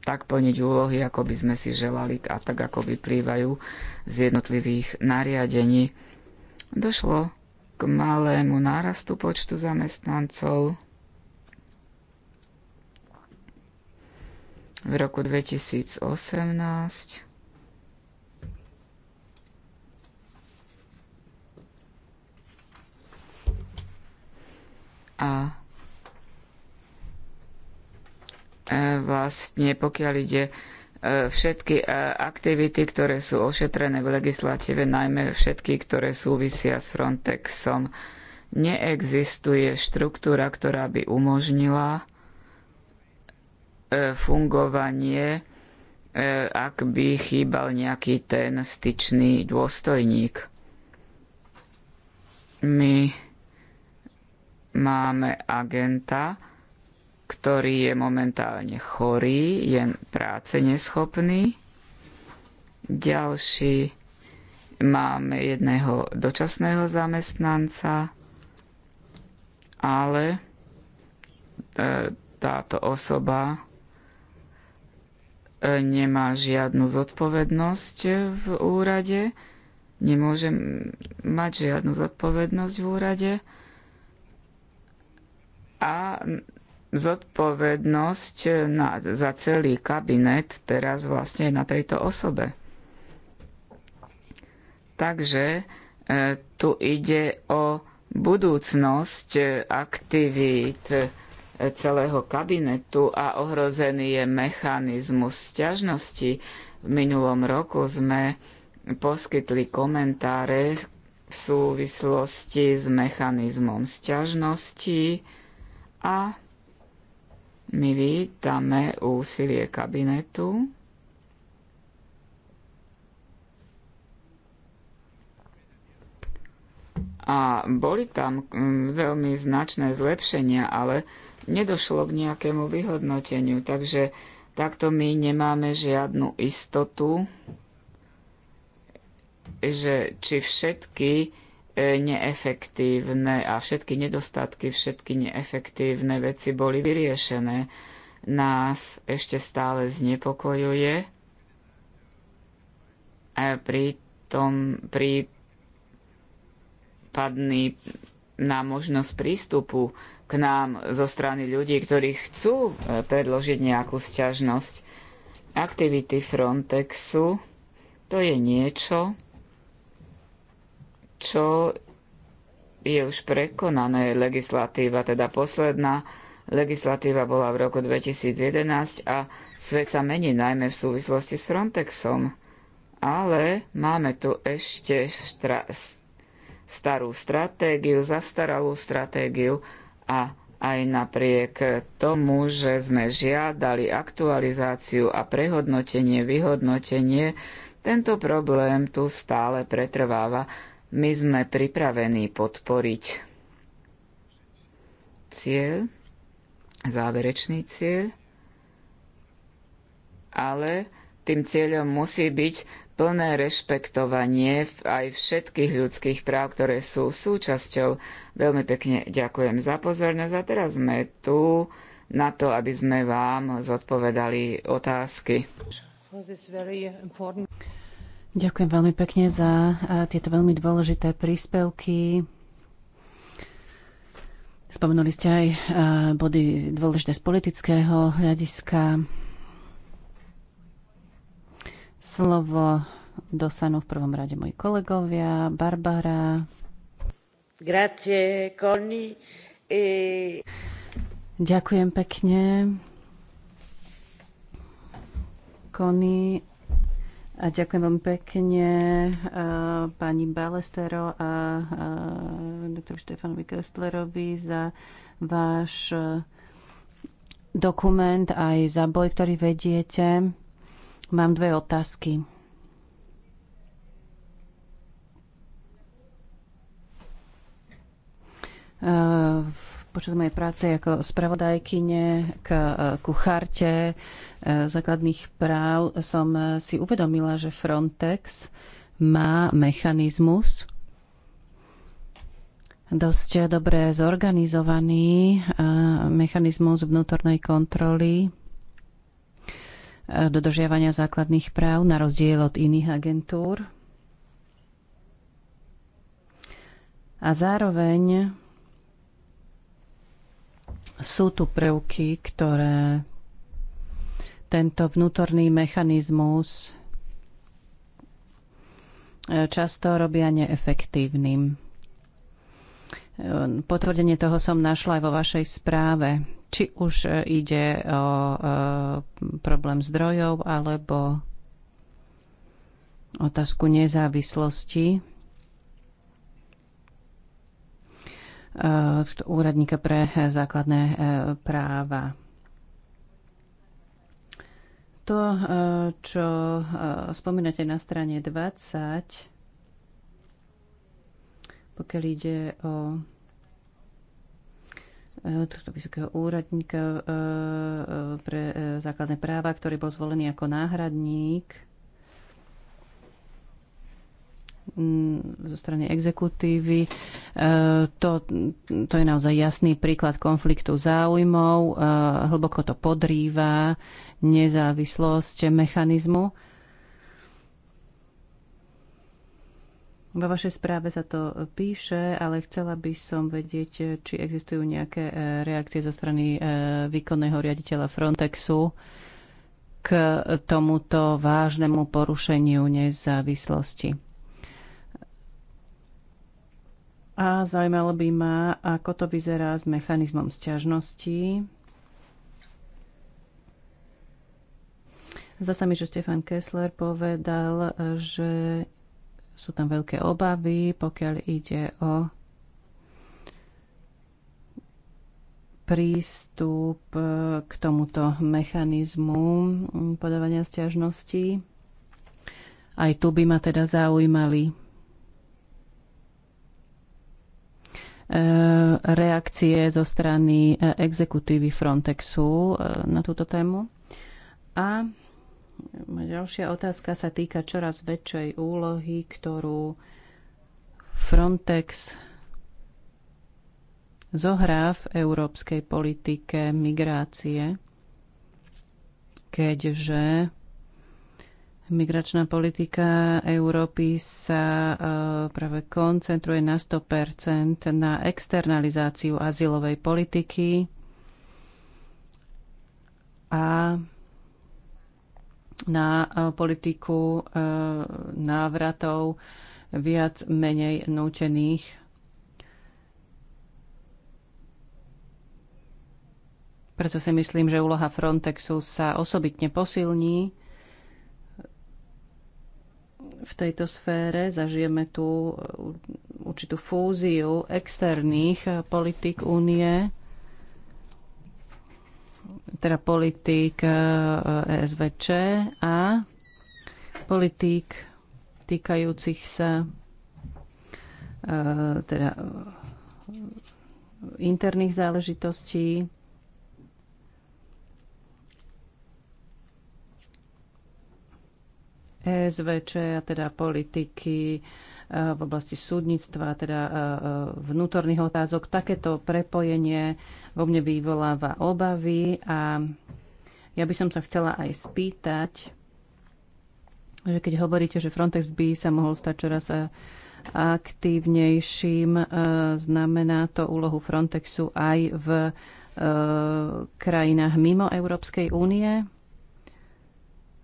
tak plniť úlohy, ako by sme si želali a tak ako vyplývajú z jednotlivých nariadení. Došlo k malému nárastu počtu zamestnancov. v roku 2018. A E, vlastne pokiaľ ide e, všetky e, aktivity, ktoré sú ošetrené v legislatíve, najmä všetky, ktoré súvisia s Frontexom. Neexistuje štruktúra, ktorá by umožnila fungovanie, ak by chýbal nejaký ten styčný dôstojník. My máme agenta, ktorý je momentálne chorý, je práce neschopný. Ďalší máme jedného dočasného zamestnanca, ale e, táto osoba e, nemá žiadnu zodpovednosť v úrade, nemôže mať žiadnu zodpovednosť v úrade a zodpovednosť eh, na, za celý kabinet teraz vlastne na tejto osobe. Takže eh, tu ide o budúcnosť eh, aktivít celého kabinetu a ohrozený je mechanizmus sťažnosti. V minulom roku sme poskytli komentáre v súvislosti s mechanizmom sťažnosti a my vítame úsilie kabinetu. A boli tam mm, veľmi značné zlepšenia, ale nedošlo k nejakému vyhodnoteniu, takže takto my nemáme žiadnu istotu, že či všetky neefektívne a všetky nedostatky, všetky neefektívne veci boli vyriešené. Nás ešte stále znepokojuje pri tom pri padný na možnosť prístupu k nám zo strany ľudí, ktorí chcú e, predložiť nejakú sťažnosť. Aktivity Frontexu to je niečo, čo je už prekonané legislatíva, teda posledná legislatíva bola v roku 2011 a svet sa mení najmä v súvislosti s Frontexom. Ale máme tu ešte štra- starú stratégiu, zastaralú stratégiu a aj napriek tomu, že sme žiadali aktualizáciu a prehodnotenie, vyhodnotenie, tento problém tu stále pretrváva my sme pripravení podporiť cieľ, záverečný cieľ, ale tým cieľom musí byť plné rešpektovanie aj všetkých ľudských práv, ktoré sú súčasťou. Veľmi pekne ďakujem za pozornosť a teraz sme tu na to, aby sme vám zodpovedali otázky. Ďakujem veľmi pekne za tieto veľmi dôležité príspevky. Spomenuli ste aj body dôležité z politického hľadiska. Slovo dosanú v prvom rade moji kolegovia, Barbara. Grazie, Conny. E... Ďakujem pekne. Conny a ďakujem veľmi pekne uh, pani Balestero a doktor Štefanovi Köstlerovi za váš dokument aj za boj, ktorý vediete. Mám dve otázky. Uh, počas mojej práce ako spravodajkyne k, e, ku charte e, základných práv som e, si uvedomila, že Frontex má mechanizmus dosť dobre zorganizovaný mechanizmus vnútornej kontroly dodržiavania základných práv na rozdiel od iných agentúr. A zároveň sú tu prvky, ktoré tento vnútorný mechanizmus e, často robia neefektívnym. E, potvrdenie toho som našla aj vo vašej správe. Či už e, ide o problém zdrojov alebo otázku nezávislosti E, úradníka pre e, základné e, práva. To, čo spomínate na strane 20, pokiaľ ide o tohto vysokého úradníka pre základné práva, ktorý bol zvolený ako náhradník Mm, zo strany exekutívy. E, to, to je naozaj jasný príklad konfliktu záujmov. E, hlboko to podrýva nezávislosť mechanizmu. Vo vašej správe sa to píše, ale chcela by som vedieť, či existujú nejaké e, reakcie zo strany výkonného riaditeľa Frontexu k tomuto vážnemu porušeniu nezávislosti. A zaujímalo by ma, ako to vyzerá s mechanizmom sťažnosti. Zasa mi, že Stefan Kessler povedal, že sú tam veľké obavy, pokiaľ ide o prístup e, k tomuto mechanizmu podávania stiažností. Aj tu by ma teda zaujímali Eh, reakcie zo strany eh, exekutívy Frontexu eh, na túto tému. A ďalšia otázka sa týka čoraz väčšej úlohy, ktorú Frontex zohrá v európskej politike migrácie, keďže Migračná politika Európy sa e, práve koncentruje na 100% na externalizáciu azylovej politiky a na e, politiku e, návratov viac menej nútených Preto si myslím, že úloha Frontexu sa osobitne posilní v tejto sfére. Zažijeme tu určitú fúziu externých politik únie, teda politik ESVČ a politik týkajúcich sa e, teda interných záležitostí E SVČ, a teda politiky e, v oblasti súdnictva, teda e, vnútorných otázok. Takéto prepojenie vo mne vyvoláva obavy a ja by som sa chcela aj spýtať, že keď hovoríte, že Frontex by sa mohol stať čoraz aktívnejším, znamená to úlohu Frontexu aj v krajinách mimo Európskej únie?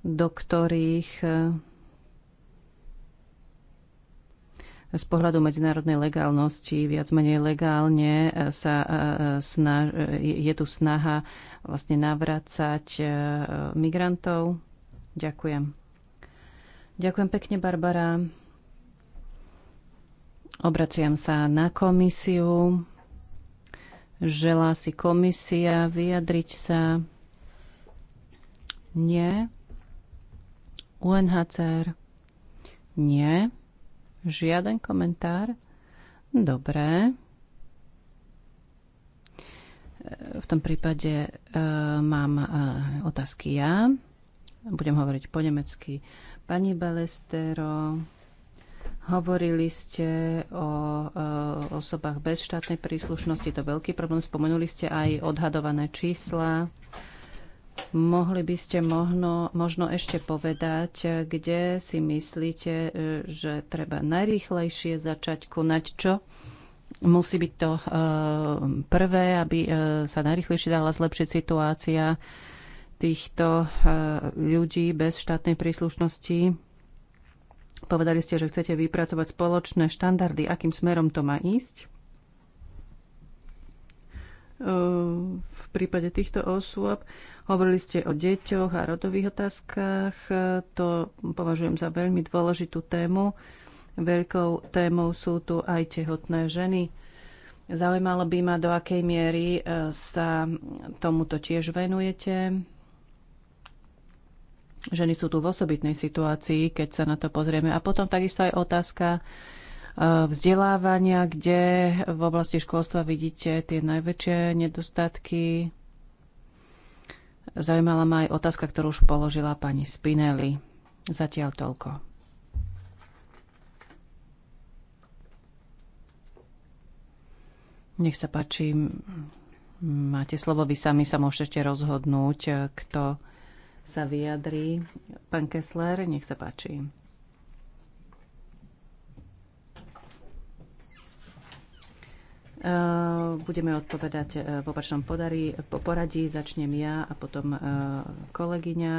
do ktorých e, z pohľadu medzinárodnej legálnosti viac menej legálne e, sa e, snaž, je tu snaha vlastne navracať migrantov. Ďakujem. Ďakujem pekne, Barbara. Obraciam sa na komisiu. Želá si komisia vyjadriť sa? Nie. UNHCR? Nie. Žiaden komentár? Dobré. V tom prípade e, mám e, otázky ja. Budem hovoriť po nemecky. Pani Balestero, hovorili ste o e, osobách bez štátnej príslušnosti, to veľký problém. Spomenuli ste aj odhadované čísla. E, Mohli by ste možno, možno ešte povedať, kde si myslíte, e, že treba najrýchlejšie začať konať čo? Musí byť to e, prvé, aby e, sa najrýchlejšie dala zlepšiť situácia týchto ľudí bez štátnej príslušnosti. Povedali ste, že chcete vypracovať spoločné štandardy. Akým smerom to má ísť? V prípade týchto osôb Hovorili ste o deťoch a rodových otázkach. To považujem za veľmi dôležitú tému. Veľkou témou sú tu aj tehotné ženy. Zaujímalo by ma, do akej miery e, sa tomuto tiež venujete. Ženy sú tu v osobitnej situácii, keď sa na to pozrieme. A potom takisto aj otázka e, vzdelávania, kde v oblasti školstva vidíte tie najväčšie nedostatky Zaujímala ma aj otázka, ktorú už položila pani Spinelli. Zatiaľ toľko. Nech sa páči, máte slovo, vy sami sa môžete rozhodnúť, kto sa vyjadrí. Pán Kessler, nech sa páči. Eh, budeme odpovedať eh, v opačnom podari, po poradí. Začnem ja a potom eh, kolegyňa.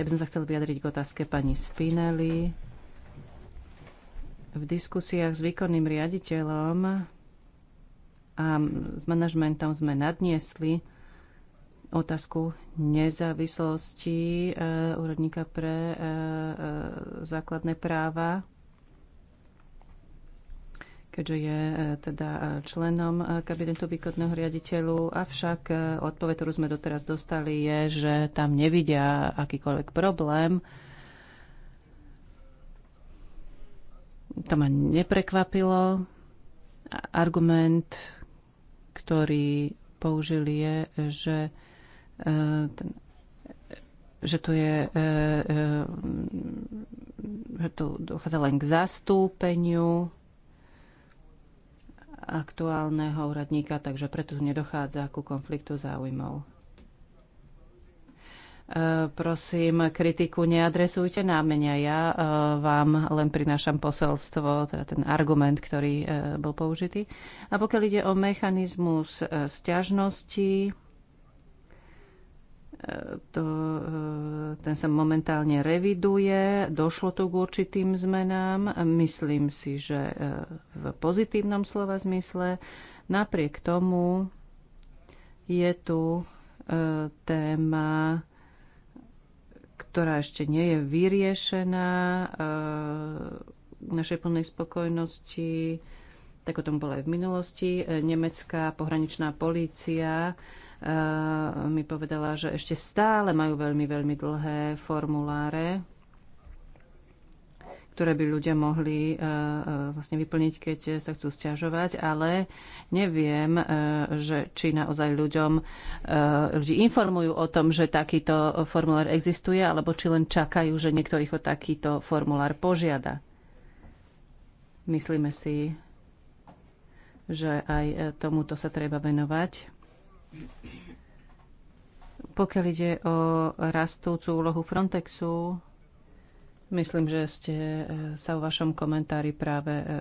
Ja by som sa chcel vyjadriť k otázke pani Spinelli. V diskusiách s výkonným riaditeľom a s manažmentom sme nadniesli otázku nezávislosti úradníka pre základné práva keďže je e, teda e, členom e, kabinetu výkonného riaditeľu. Avšak odpoveď, ktorú sme doteraz dostali, je, že tam nevidia akýkoľvek problém. To ma neprekvapilo. Argument, ktorý použili, je, že že tu je, že tu dochádza len k zastúpeniu aktuálneho úradníka, takže preto nedochádza ku konfliktu záujmov. E, prosím, kritiku neadresujte na mňa. Ja e, vám len prinášam poselstvo, teda ten argument, ktorý e, bol použitý. A pokiaľ ide o mechanizmus sťažnosti, to, e, ten sa momentálne reviduje, došlo tu k určitým zmenám, myslím si, že e, v pozitívnom slova zmysle. Napriek tomu je tu e, téma, ktorá ešte nie je vyriešená našej plnej spokojnosti, tak o tom bola aj v minulosti, nemecká pohraničná polícia mi povedala, že ešte stále majú veľmi, veľmi dlhé formuláre, ktoré by ľudia mohli e, e, vlastne vyplniť, keď sa chcú stiažovať, ale neviem, e, že či naozaj ľuďom, ľudí informujú o tom, že takýto formulár existuje, alebo či len čakajú, že niekto ich o takýto formulár požiada. Myslíme si, že aj tomuto sa treba venovať. Pokiaľ ide o rastúcu úlohu Frontexu, myslím, že ste eh, sa v vašom komentári práve eh, eh,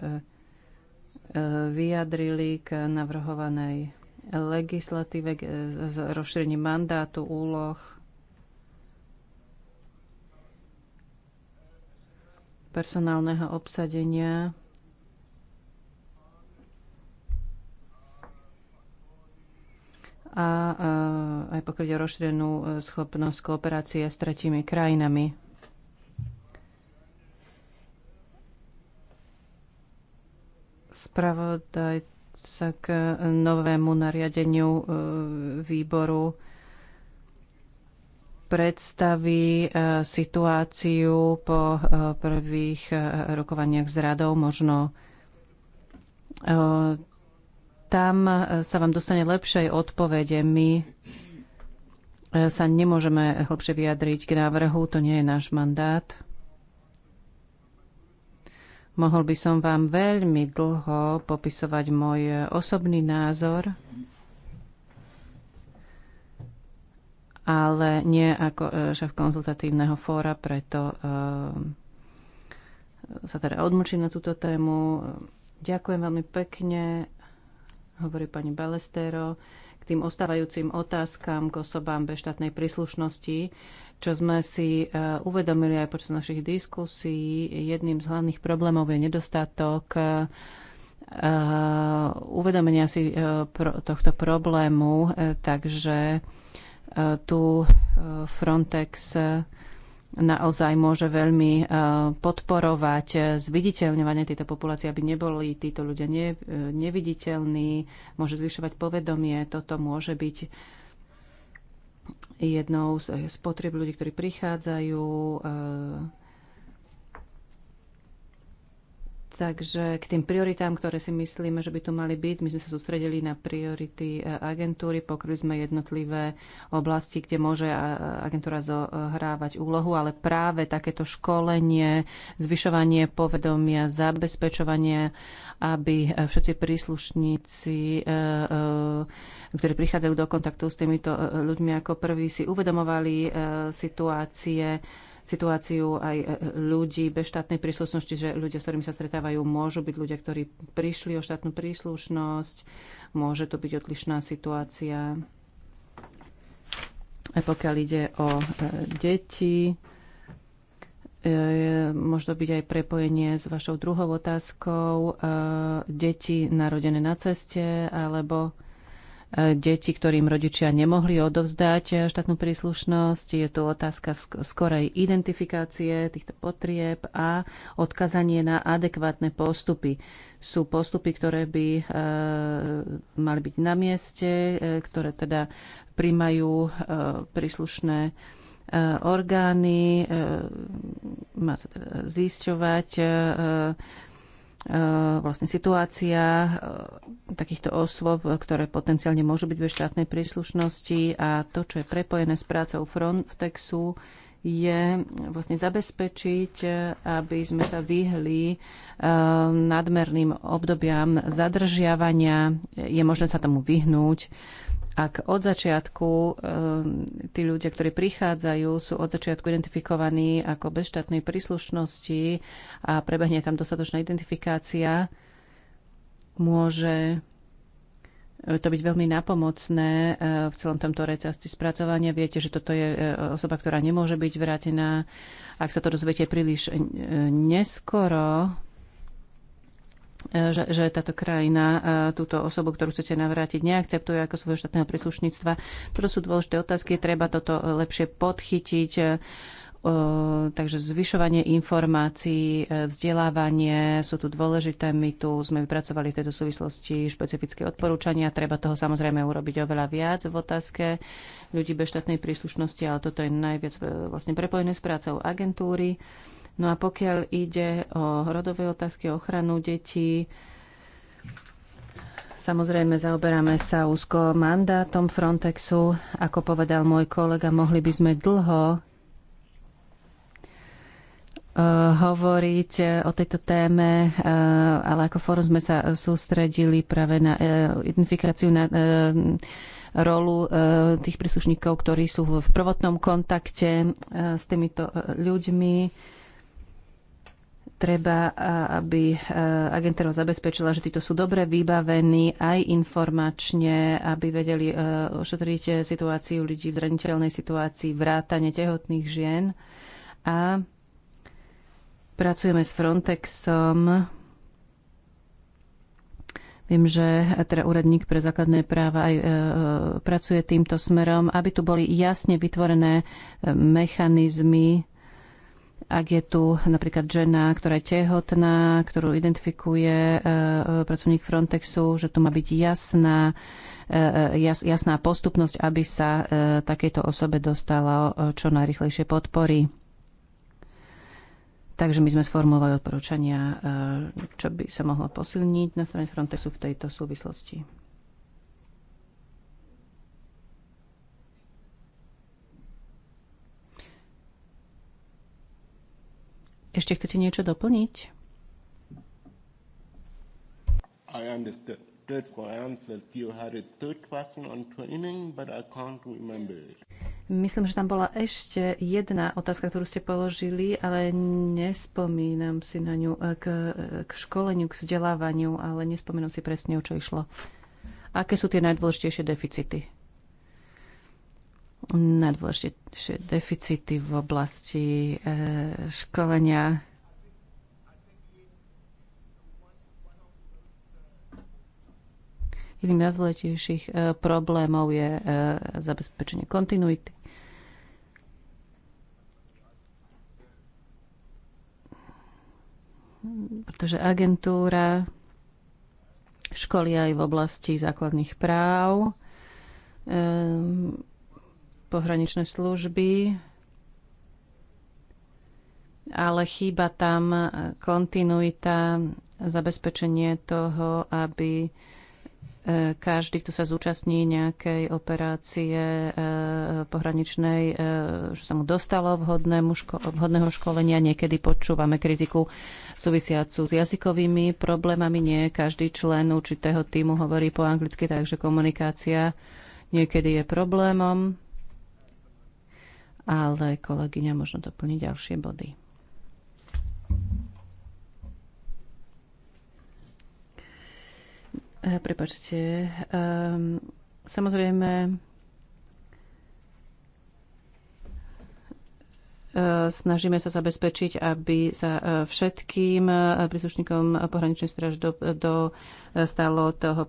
vyjadrili k navrhovanej legislatíve, z rozšírení mandátu, úloh. personálneho obsadenia a aj pokryť rozšírenú e, schopnosť kooperácie s tretími krajinami. Spravodajca k novému nariadeniu e, výboru predstaví e, situáciu po prvých rokovaniach s radou, možno tam e, sa vám dostane lepšej odpovede. My e, sa nemôžeme hlbšie vyjadriť k návrhu, to nie je náš mandát. Mohol by som vám veľmi dlho popisovať môj osobný názor, ale nie ako e, šéf konzultatívneho fóra, preto sa teda odmlčím na túto tému. Ďakujem veľmi pekne hovorí pani Balestero, k tým ostávajúcim otázkam k osobám bez štátnej príslušnosti, čo sme si e, uvedomili aj počas našich diskusí. Jedným z hlavných problémov je nedostatok e, e, uvedomenia si tohto problému, takže tu Frontex naozaj môže veľmi e, podporovať e, zviditeľňovanie tejto populácie, aby neboli títo ľudia e, neviditeľní, môže zvyšovať povedomie. Toto môže byť jednou z potrieb ľudí, ktorí prichádzajú Takže k tým prioritám, ktoré si myslíme, že by tu mali byť, my sme sa sústredili na priority e, agentúry, pokryli sme jednotlivé oblasti, kde môže e, agentúra zohrávať úlohu, ale práve takéto školenie, zvyšovanie povedomia, zabezpečovanie, aby e, všetci príslušníci, ktorí prichádzajú do kontaktu s týmito ľuďmi ako prví, si uvedomovali situácie, situáciu aj e, ľudí bez štátnej príslušnosti, že ľudia, s ktorými sa stretávajú, môžu byť ľudia, ktorí prišli o štátnu príslušnosť, môže to byť odlišná situácia. Aj pokiaľ ide o e, deti, e, možno byť aj prepojenie s vašou druhou otázkou, deti narodené na ceste alebo deti, ktorým rodičia nemohli odovzdať štátnu príslušnosť. Je tu otázka skorej identifikácie týchto potrieb a odkazanie na adekvátne postupy. Sú postupy, ktoré by e, mali byť na mieste, e, ktoré teda príjmajú e, príslušné orgány. Má sa teda zisťovať Eh, vlastne situácia eh, takýchto osôb, ktoré potenciálne môžu byť ve štátnej príslušnosti a to, čo je prepojené s prácou Frontexu, je vlastne zabezpečiť, eh, aby sme sa vyhli nadmerným obdobiam zadržiavania. Je možné sa tomu vyhnúť ak od začiatku ehm, tí ľudia, ktorí prichádzajú, sú od začiatku identifikovaní ako bez štátnej príslušnosti a prebehne tam dostatočná identifikácia, môže e, to byť veľmi napomocné e, v celom tomto recasti spracovania. Viete, že toto je e, osoba, ktorá nemôže byť vrátená. Ak sa to dozviete príliš neskoro, že, že táto krajina e, túto osobu, ktorú chcete navrátiť, neakceptuje ako svojho štátneho príslušníctva. Toto sú dôležité otázky, treba toto lepšie podchytiť. E, takže zvyšovanie informácií, e, vzdelávanie sú tu dôležité. My tu sme vypracovali v tejto súvislosti špecifické odporúčania. Treba toho samozrejme urobiť oveľa viac v otázke ľudí bez štátnej príslušnosti, ale toto je najviac vlastne prepojené s prácou agentúry. No a pokiaľ ide o rodové otázky, ochranu detí, Samozrejme, zaoberáme sa úzko mandátom Frontexu. Ako povedal môj kolega, mohli by sme dlho eh, hovoriť o tejto téme, eh, ale ako fórum sme sa sústredili práve na eh, identifikáciu na rolu tých príslušníkov, ktorí sú v prvotnom kontakte s týmito ľuďmi treba, aby agentúra zabezpečila, že títo sú dobre vybavení aj informačne, aby vedeli ošetriť situáciu ľudí v zraniteľnej situácii, vrátane tehotných žien. A pracujeme s Frontexom. Viem, že teda úradník pre základné práva aj e, e pracuje týmto smerom, aby tu boli jasne vytvorené e, mechanizmy ak je tu napríklad žena, ktorá je tehotná, ktorú identifikuje e, e, pracovník Frontexu, že tu má byť jasná, e, jas, jasná postupnosť, aby sa takejto osobe dostala čo najrychlejšie podpory. Takže my sme sformulovali odporúčania, čo by sa mohlo posilniť na strane Frontexu v tejto súvislosti. Ešte chcete niečo doplniť? I Myslím, že tam bola ešte jedna otázka, ktorú ste položili, ale nespomínam si na ňu eh, k, eh, k školeniu, k vzdelávaniu, ale nespomínam si presne, o čo išlo. Aké sú tie najdôležitejšie deficity? najdôležitejšie deficity v oblasti e, školenia. Jedným z najdôležitejších e, problémov je e, zabezpečenie kontinuity. Pretože agentúra školia aj v oblasti základných práv, pohraničné služby, ale chýba tam kontinuita, zabezpečenie toho, aby e, každý, kto sa zúčastní nejakej operácie e, pohraničnej, e, že sa mu dostalo ško- vhodného školenia. Niekedy počúvame kritiku súvisiacu s jazykovými problémami. Nie každý člen určitého týmu hovorí po anglicky, takže komunikácia niekedy je problémom ale kolegyňa možno doplní ďalšie body. E, prepačte. Ehm, samozrejme, e, snažíme sa zabezpečiť, aby sa e, všetkým príslušníkom pohraničnej stráž do, do stalo toho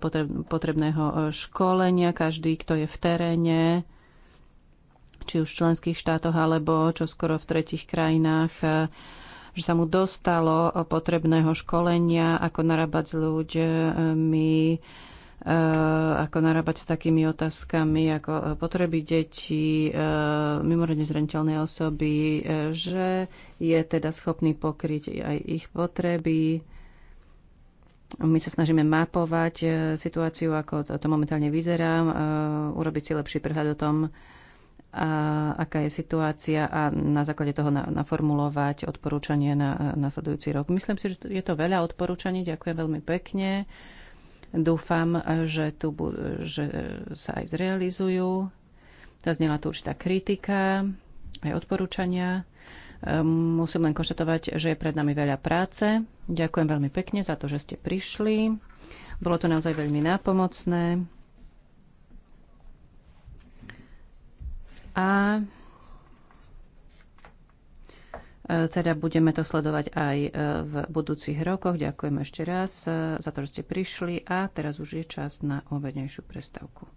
potrebného školenia. Každý, kto je v teréne, či už v členských štátoch alebo čo skoro v tretich krajinách e, že sa mu dostalo potrebného školenia, ako narábať s ľuďmi, e, ako narábať s takými otázkami ako potreby detí, e, mimoriadne zraniteľné osoby, že je teda schopný pokryť aj ich potreby. My sa snažíme mapovať situáciu, ako to momentálne vyzerá, urobiť si lepší prehľad o tom, a aká je situácia a na základe toho na, naformulovať odporúčanie na nasledujúci rok. Myslím si, že je to veľa odporúčaní. Ďakujem veľmi pekne. Dúfam, že, tu, že sa aj zrealizujú. Zaznela tu určitá kritika, aj odporúčania. Ehm, musím len konštatovať, že je pred nami veľa práce. Ďakujem veľmi pekne za to, že ste prišli. Bolo to naozaj veľmi nápomocné. A e, teda budeme to sledovať aj e, v budúcich rokoch. Ďakujem ešte raz e, za to, že ste prišli a teraz už je čas na obednejšiu prestávku.